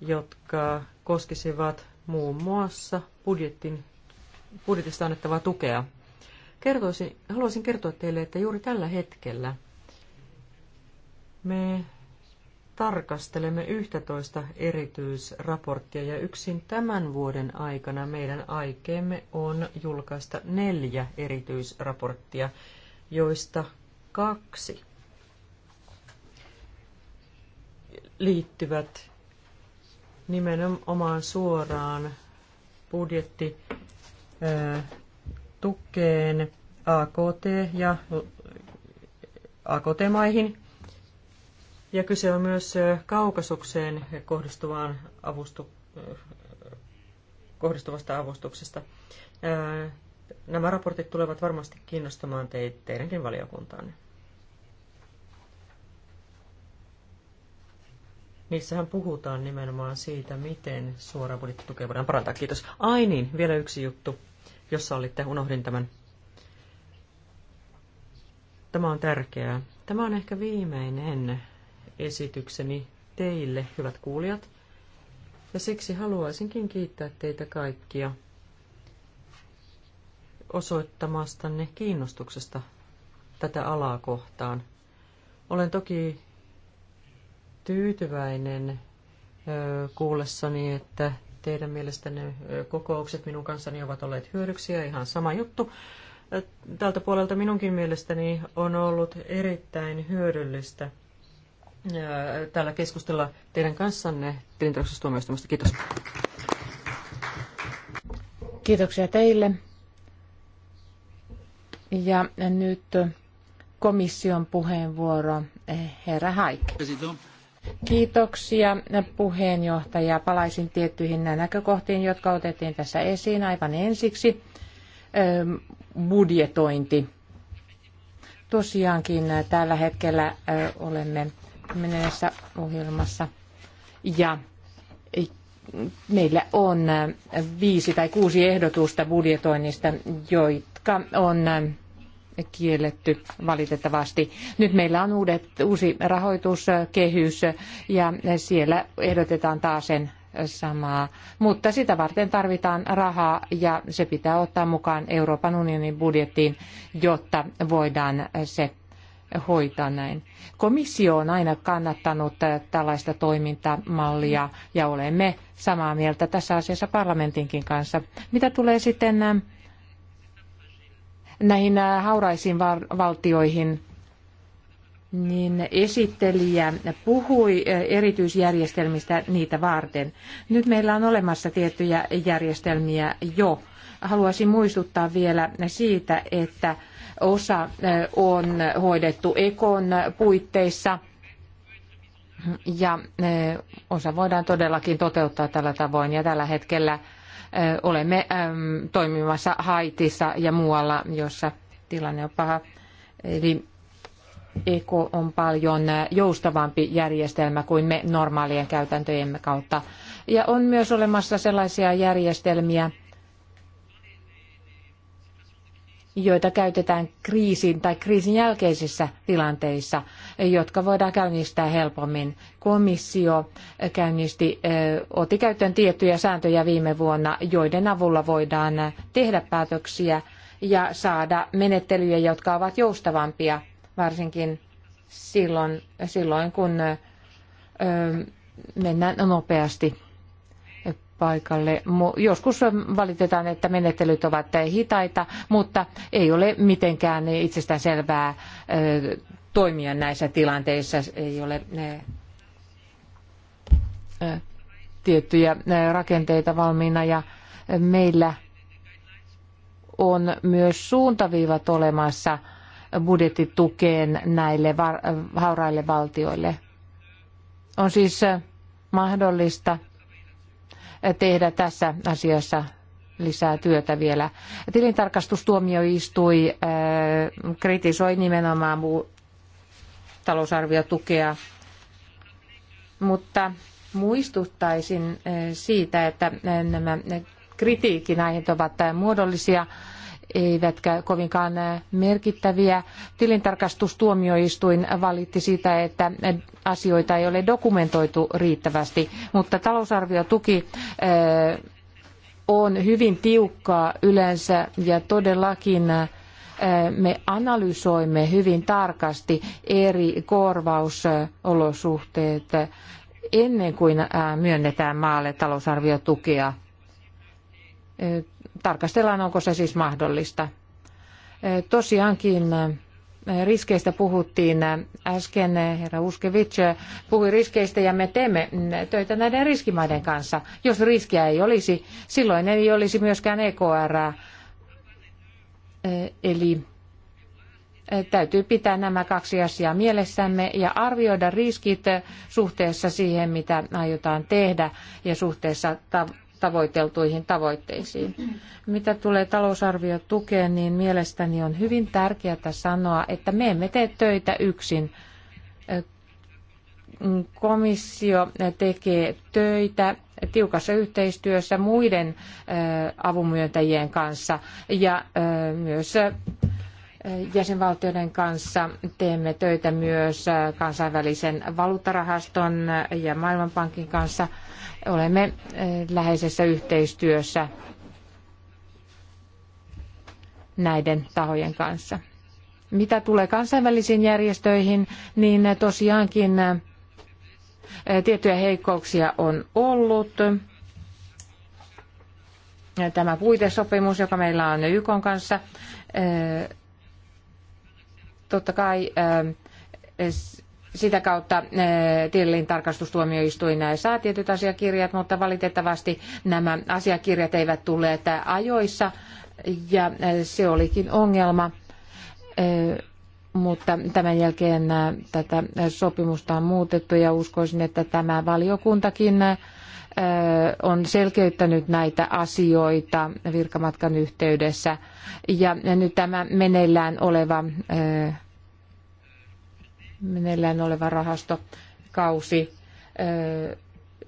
jotka koskisivat muun muassa budjetin budjetista annettavaa tukea. Kertoisin, haluaisin kertoa teille, että juuri tällä hetkellä me tarkastelemme 11 erityisraporttia ja yksin tämän vuoden aikana meidän aikeemme on julkaista neljä erityisraporttia, joista kaksi liittyvät nimenomaan suoraan budjetti tukeen AKT- ja AKT-maihin. Ja kyse on myös kaukasukseen kohdistuvaan avustu, kohdistuvasta avustuksesta. Nämä raportit tulevat varmasti kiinnostamaan teitä, teidänkin valiokuntaan. Niissähän puhutaan nimenomaan siitä, miten suoraan budjettitukea voidaan parantaa. Kiitos. Ai niin, vielä yksi juttu jossa olitte, unohdin tämän. Tämä on tärkeää. Tämä on ehkä viimeinen esitykseni teille, hyvät kuulijat. Ja siksi haluaisinkin kiittää teitä kaikkia osoittamastanne kiinnostuksesta tätä alaa kohtaan. Olen toki tyytyväinen kuullessani, että teidän mielestänne kokoukset minun kanssani ovat olleet hyödyksi ja ihan sama juttu. Tältä puolelta minunkin mielestäni on ollut erittäin hyödyllistä täällä keskustella teidän kanssanne tuomioistumasta. Kiitos.
Kiitoksia teille. Ja nyt komission puheenvuoro eh, herra Haik. Kiitoksia puheenjohtaja. Palaisin tiettyihin näkökohtiin, jotka otettiin tässä esiin aivan ensiksi. Budjetointi. Tosiaankin äh, tällä hetkellä äh, olemme menneessä ohjelmassa ja meillä on äh, viisi tai kuusi ehdotusta budjetoinnista, jotka on kielletty valitettavasti. Nyt meillä on uudet, uusi rahoituskehys ja siellä ehdotetaan taas sen samaa, mutta sitä varten tarvitaan rahaa ja se pitää ottaa mukaan Euroopan unionin budjettiin, jotta voidaan se hoitaa näin. Komissio on aina kannattanut tällaista toimintamallia ja olemme samaa mieltä tässä asiassa parlamentinkin kanssa. Mitä tulee sitten ähm, näihin äh, hauraisiin valtioihin, niin esittelijä puhui äh, erityisjärjestelmistä niitä varten. Nyt meillä on olemassa tiettyjä järjestelmiä jo. Haluaisin muistuttaa vielä siitä, että osa äh, on hoidettu ekon puitteissa ja osa voidaan todellakin toteuttaa tällä tavoin. Ja tällä hetkellä Olemme toimimassa Haitissa ja muualla, jossa tilanne on paha. Eli EKO on paljon joustavampi järjestelmä kuin me normaalien käytäntöjemme kautta. Ja on myös olemassa sellaisia järjestelmiä, joita käytetään kriisin tai kriisin jälkeisissä tilanteissa jotka voidaan käynnistää helpommin. Komissio käynnisti, otti käyttöön tiettyjä sääntöjä viime vuonna, joiden avulla voidaan tehdä päätöksiä ja saada menettelyjä, jotka ovat joustavampia, varsinkin silloin, silloin kun mennään nopeasti paikalle. Joskus valitetaan, että menettelyt ovat hitaita, mutta ei ole mitenkään itsestään selvää toimia näissä tilanteissa. Ei ole eh, eh, tiettyjä eh, rakenteita valmiina ja meillä on myös suuntaviivat olemassa budjettitukeen näille hauraille valtioille. On siis mahdollista tehdä tässä asiassa lisää työtä vielä. Tilintarkastustuomioistui kritisoi nimenomaan talousarviotukea, mutta muistuttaisin eh, siitä, että eh, nämä eh, kritiikin aiheet ovat muodollisia eivätkä kovinkaan merkittäviä. Tilintarkastustuomioistuin valitti sitä, että asioita ei ole dokumentoitu riittävästi, mutta talousarviotuki on hyvin tiukkaa yleensä ja todellakin me analysoimme hyvin tarkasti eri korvausolosuhteet ennen kuin myönnetään maalle talousarviotukea. Tarkastellaan, onko se siis mahdollista. Tosiaankin riskeistä puhuttiin äsken, herra Uskevich puhui riskeistä ja me teemme mm, töitä näiden riskimaiden kanssa. Jos riskiä ei olisi, silloin ei olisi myöskään EKR Eli täytyy pitää nämä kaksi asiaa mielessämme ja arvioida riskit suhteessa siihen, mitä aiotaan tehdä ja suhteessa tavoiteltuihin tavoitteisiin. Mitä tulee talousarviotukeen, niin mielestäni on hyvin tärkeää sanoa, että me emme tee töitä yksin. Mm, komissio tekee töitä tiukassa yhteistyössä muiden avunmyöntäjien kanssa ja myös jäsenvaltioiden kanssa teemme töitä myös kansainvälisen valuuttarahaston ja Maailmanpankin kanssa. Olemme läheisessä yhteistyössä näiden tahojen kanssa. Mitä tulee kansainvälisiin järjestöihin, niin tosiaankin Tiettyjä heikkouksia on ollut. Tämä puitesopimus, joka meillä on YK kanssa, totta kai sitä kautta tilin tarkastustuomioistuin saa tietyt asiakirjat, mutta valitettavasti nämä asiakirjat eivät tulleet ajoissa ja se olikin ongelma mutta tämän jälkeen tätä sopimusta on muutettu ja uskoisin, että tämä valiokuntakin on selkeyttänyt näitä asioita virkamatkan yhteydessä. Ja nyt tämä meneillään oleva, meneillään oleva rahastokausi,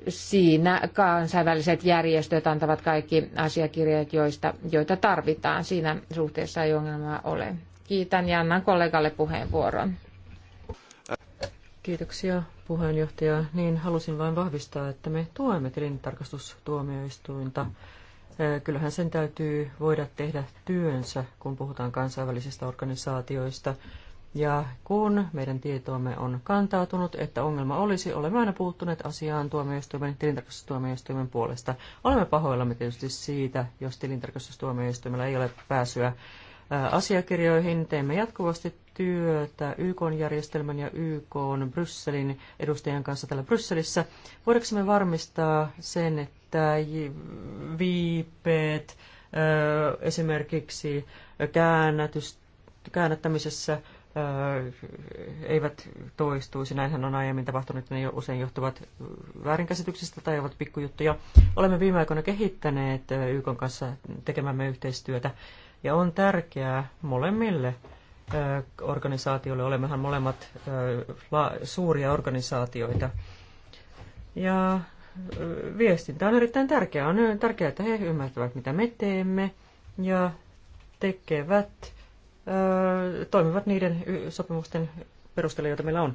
siinä kansainväliset järjestöt antavat kaikki asiakirjat, joista, joita tarvitaan. Siinä suhteessa ei ongelmaa ole. Kiitän ja annan kollegalle puheenvuoron.
Kiitoksia puheenjohtaja. Niin halusin vain vahvistaa, että me tuemme tilintarkastustuomioistuinta. Kyllähän sen täytyy voida tehdä työnsä, kun puhutaan kansainvälisistä organisaatioista. Ja kun meidän tietoomme on kantautunut, että ongelma olisi, olemme aina puuttuneet asiaan tuomioistuimen, tilintarkastustuomioistuimen puolesta. Olemme pahoillamme tietysti siitä, jos tilintarkastustuomioistuimella ei ole pääsyä asiakirjoihin. Teemme jatkuvasti työtä YK-järjestelmän ja YK Brysselin edustajan kanssa täällä Brysselissä. Voidaanko me varmistaa sen, että viipeet esimerkiksi käännätys, käännättämisessä eivät toistuisi. Näinhän on aiemmin tapahtunut, ne usein johtuvat väärinkäsityksistä tai ovat pikkujuttuja. Olemme viime aikoina kehittäneet YK kanssa tekemämme yhteistyötä ja on tärkeää molemmille organisaatioille, olemmehan molemmat suuria organisaatioita. Ja viestintä on erittäin tärkeää. On tärkeää, että he ymmärtävät, mitä me teemme ja tekevät, toimivat niiden sopimusten
perusteella, joita meillä on.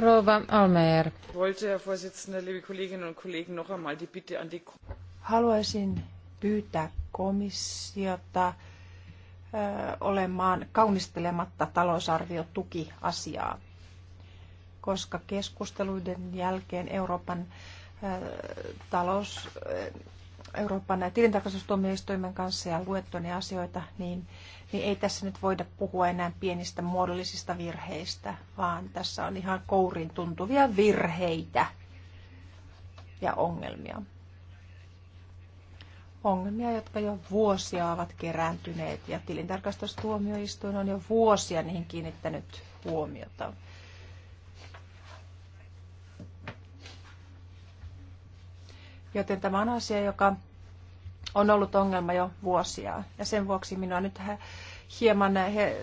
Rova Almeer.
Wollte, Herr Vorsitzender, liebe Kolleginnen und Kollegen,
noch einmal die Bitte an die
Haluaisin pyytää komissiota olemaan kaunistelematta talousarviotukiasiaa, koska keskusteluiden jälkeen Euroopan talous, Euroopan tilintarkastustuomioistuimen kanssa ja luettuani asioita, niin, niin ei tässä nyt voida puhua enää pienistä muodollisista virheistä, vaan tässä on ihan kourin tuntuvia virheitä ja ongelmia ongelmia, jotka jo vuosia ovat kerääntyneet ja tilintarkastustuomioistuin on jo vuosia niihin kiinnittänyt huomiota. Joten tämä on asia, joka on ollut ongelma jo vuosia. Ja sen vuoksi minua nyt hieman eh,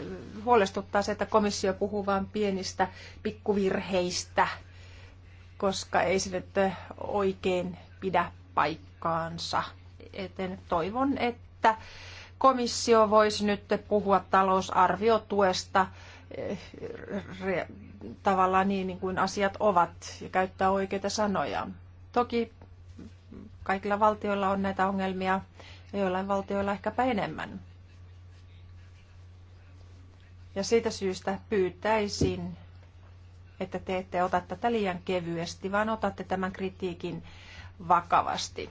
huolestuttaa se, että komissio puhuu vain pienistä pikkuvirheistä, koska ei se nyt eh, oikein pidä paikkaansa joten toivon, että komissio voisi nyt puhua talousarviotuesta eh, tavallaan niin, niin kuin asiat ovat ja käyttää oikeita sanoja. Toki kaikilla valtioilla on näitä ongelmia ja joillain valtioilla ehkäpä enemmän. Ja siitä syystä pyytäisin, että te ette ota tätä liian kevyesti, vaan otatte tämän kritiikin
vakavasti.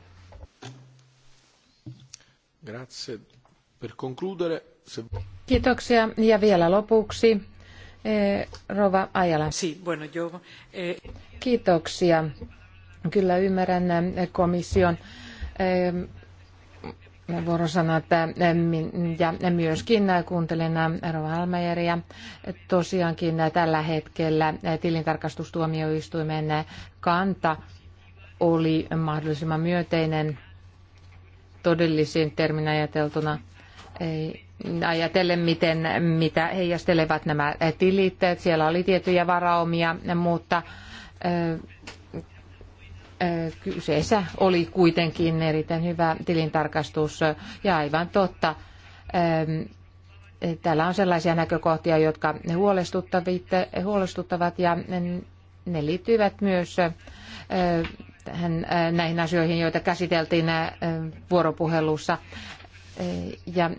Kiitoksia. Ja vielä lopuksi eh, Rova Ajala. Eh, Kiitoksia. Kyllä ymmärrän eh, komission vuorosanat ja myöskin kuuntelen Rova Almejeriä. Tosiaankin tällä hetkellä tilintarkastustuomioistuimen kanta oli mahdollisimman myönteinen todellisiin termin ajateltuna ajatellen, miten, mitä heijastelevat nämä tilit. Siellä oli tiettyjä varaumia, mutta kyseessä oli kuitenkin erittäin hyvä tilintarkastus ja aivan totta. Täällä on sellaisia näkökohtia, jotka huolestuttavat ja ne liittyvät myös tähän, äh, näihin asioihin, joita käsiteltiin äh, vuoropuhelussa. Äh, ja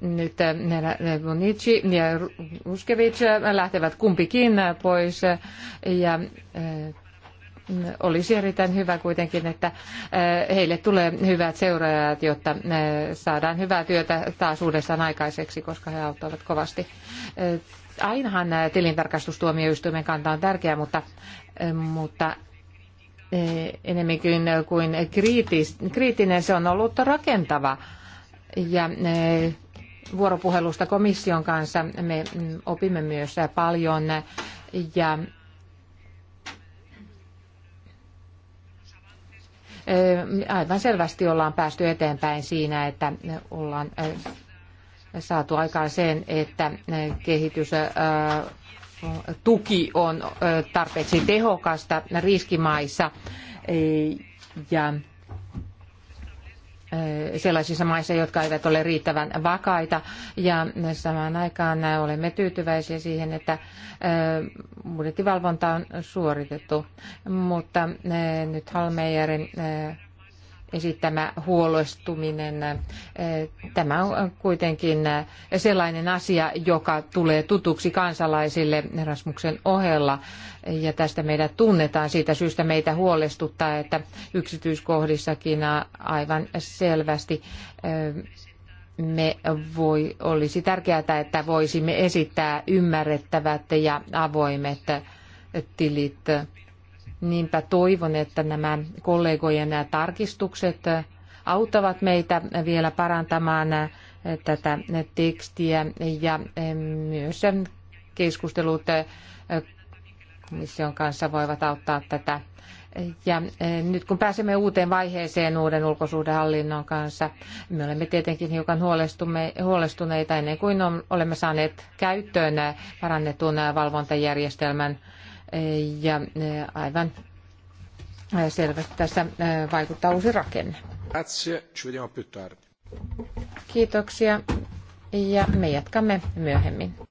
nyt Bonici ja Ruskevic lähtevät kumpikin pois ja olisi erittäin hyvä kuitenkin, että heille tulee hyvät seuraajat, jotta saadaan hyvää työtä taas uudestaan aikaiseksi, koska he auttavat kovasti. Ainahan tilintarkastustuomioistuimen kanta on tärkeä, mutta, mutta Eh, enemmänkin kuin kriittinen, se on ollut rakentava. Ja eh, vuoropuhelusta komission kanssa me mm, opimme myös paljon ja eh, aivan selvästi ollaan päästy eteenpäin siinä, että ollaan saatu aikaan sen, että kehitys tuki on tarpeeksi tehokasta riskimaissa e, ja sellaisissa maissa, jotka eivät ole riittävän vakaita. Ja samaan aikaan olemme tyytyväisiä siihen, että budjettivalvonta on suoritettu. Mutta nyt Halmeijerin esittämä huolestuminen. Tämä on kuitenkin sellainen asia, joka tulee tutuksi kansalaisille Erasmuksen ohella, ja tästä meidät tunnetaan. Siitä syystä meitä huolestuttaa, että yksityiskohdissakin aivan selvästi me voi, olisi tärkeää, että voisimme esittää ymmärrettävät ja avoimet tilit Niinpä toivon, että nämä kollegojen tarkistukset auttavat meitä vielä parantamaan tätä tekstiä ja myös keskustelut eh, komission kanssa voivat auttaa tätä. Ja eh, nyt kun pääsemme uuteen vaiheeseen uuden ulkosuhdehallinnon kanssa, me olemme tietenkin hiukan huolestuneita ennen kuin olemme saaneet käyttöön eh, parannetun valvontajärjestelmän ja eh, aivan eh, selvästi tässä eh, vaikuttaa uusi rakenne. Kiitoksia ja me jatkamme myöhemmin.